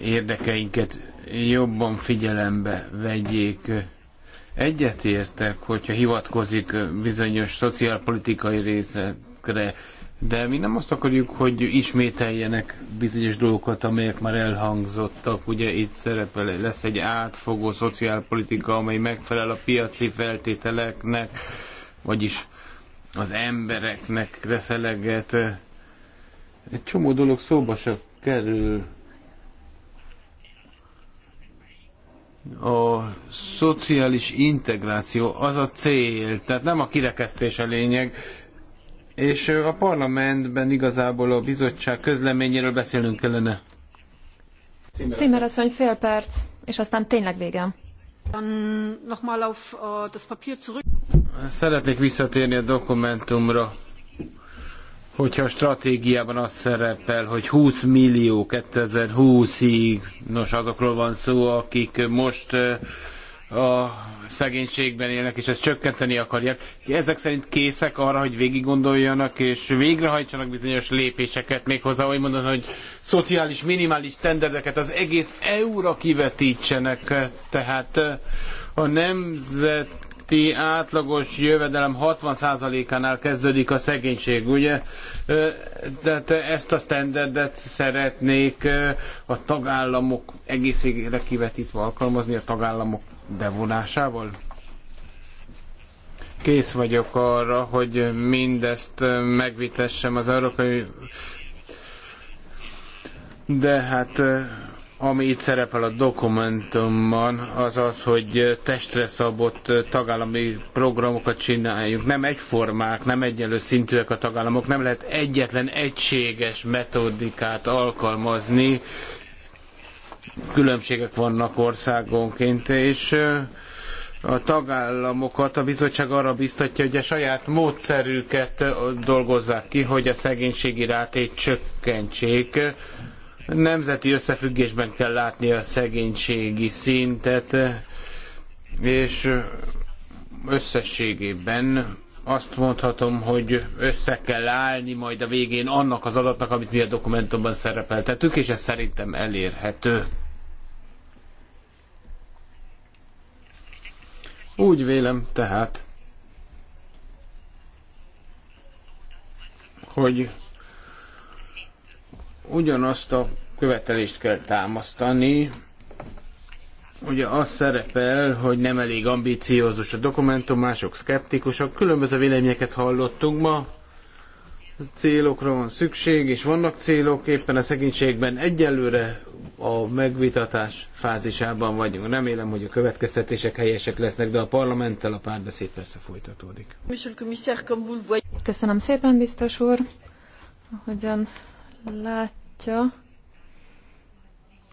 érdekeinket jobban figyelembe vegyék. Egyetértek, hogyha hivatkozik eh, bizonyos szociálpolitikai részekre, de mi nem azt akarjuk, hogy ismételjenek bizonyos dolgokat, amelyek már elhangzottak. Ugye itt szerepel, lesz egy átfogó szociálpolitika, amely megfelel a piaci feltételeknek, vagyis az embereknek reszeleget. Egy csomó dolog szóba se kerül. A szociális integráció az a cél, tehát nem a kirekesztés a lényeg, és a parlamentben igazából a bizottság közleményéről beszélnünk kellene. Címer asszony, fél perc, és aztán tényleg vége. Äh, Szeretnék visszatérni a dokumentumra, hogyha a stratégiában az szerepel, hogy 20 millió 2020-ig, nos azokról van szó, akik most a szegénységben élnek, és ezt csökkenteni akarják. Ezek szerint készek arra, hogy végig gondoljanak, és végrehajtsanak bizonyos lépéseket, méghozzá úgy mondom, hogy szociális, minimális tendereket az egész EU-ra kivetítsenek. Tehát a nemzet nemzeti átlagos jövedelem 60%-ánál kezdődik a szegénység, ugye? Tehát ezt a standardet szeretnék a tagállamok egészségére kivetítve alkalmazni a tagállamok bevonásával? Kész vagyok arra, hogy mindezt megvitessem az európai... De hát ami itt szerepel a dokumentumban, az az, hogy testre szabott tagállami programokat csináljunk. Nem egyformák, nem egyenlő szintűek a tagállamok, nem lehet egyetlen egységes metodikát alkalmazni. Különbségek vannak országonként, és a tagállamokat a bizottság arra biztatja, hogy a saját módszerüket dolgozzák ki, hogy a szegénységi rátét csökkentsék Nemzeti összefüggésben kell látni a szegénységi szintet, és összességében azt mondhatom, hogy össze kell állni majd a végén annak az adatnak, amit mi a dokumentumban szerepeltettük, és ez szerintem elérhető. Úgy vélem tehát, hogy ugyanazt a követelést kell támasztani, Ugye az szerepel, hogy nem elég ambíciózus a dokumentum, mások szkeptikusak, különböző véleményeket hallottunk ma, célokra van szükség, és vannak célok, éppen a szegénységben egyelőre a megvitatás fázisában vagyunk. Remélem, hogy a következtetések helyesek lesznek, de a parlamenttel a párbeszéd persze folytatódik. Köszönöm szépen, biztos úr, ahogyan látja,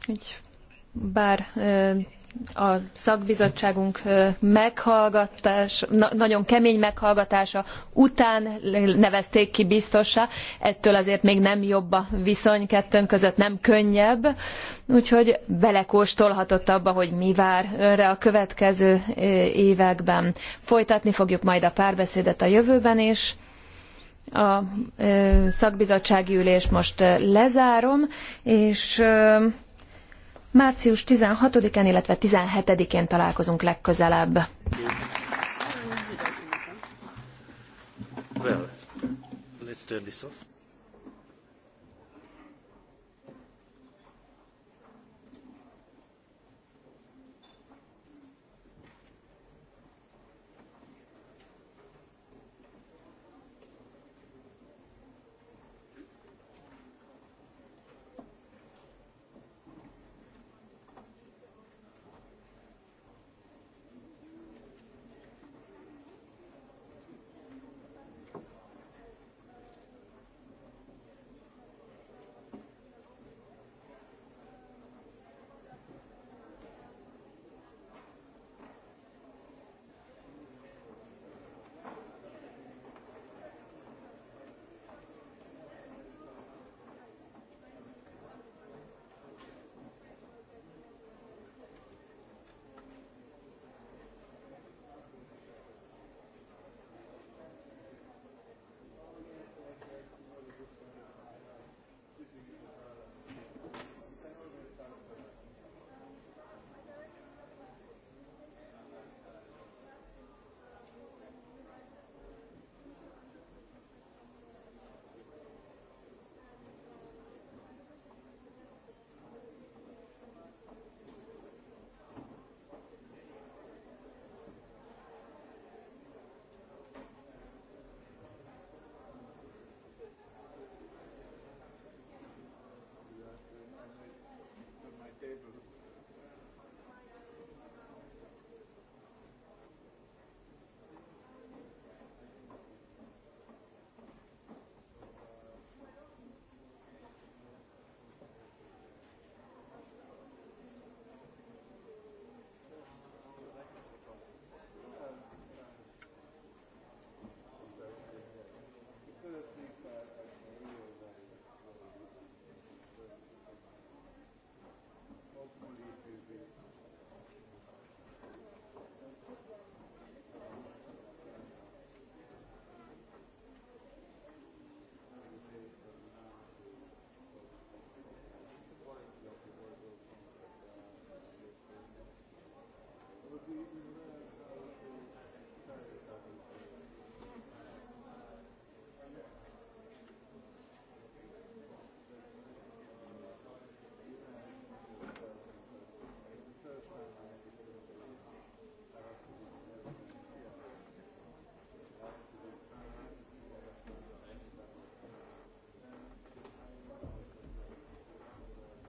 hogy bár a szakbizottságunk meghallgatás, nagyon kemény meghallgatása után nevezték ki biztossá, ettől azért még nem jobb a viszony kettőnk között, nem könnyebb, úgyhogy belekóstolhatott abba, hogy mi vár önre a következő években. Folytatni fogjuk majd a párbeszédet a jövőben is, a szakbizottsági ülés most lezárom, és március 16-án, illetve 17-én találkozunk legközelebb. Well, let's turn this off.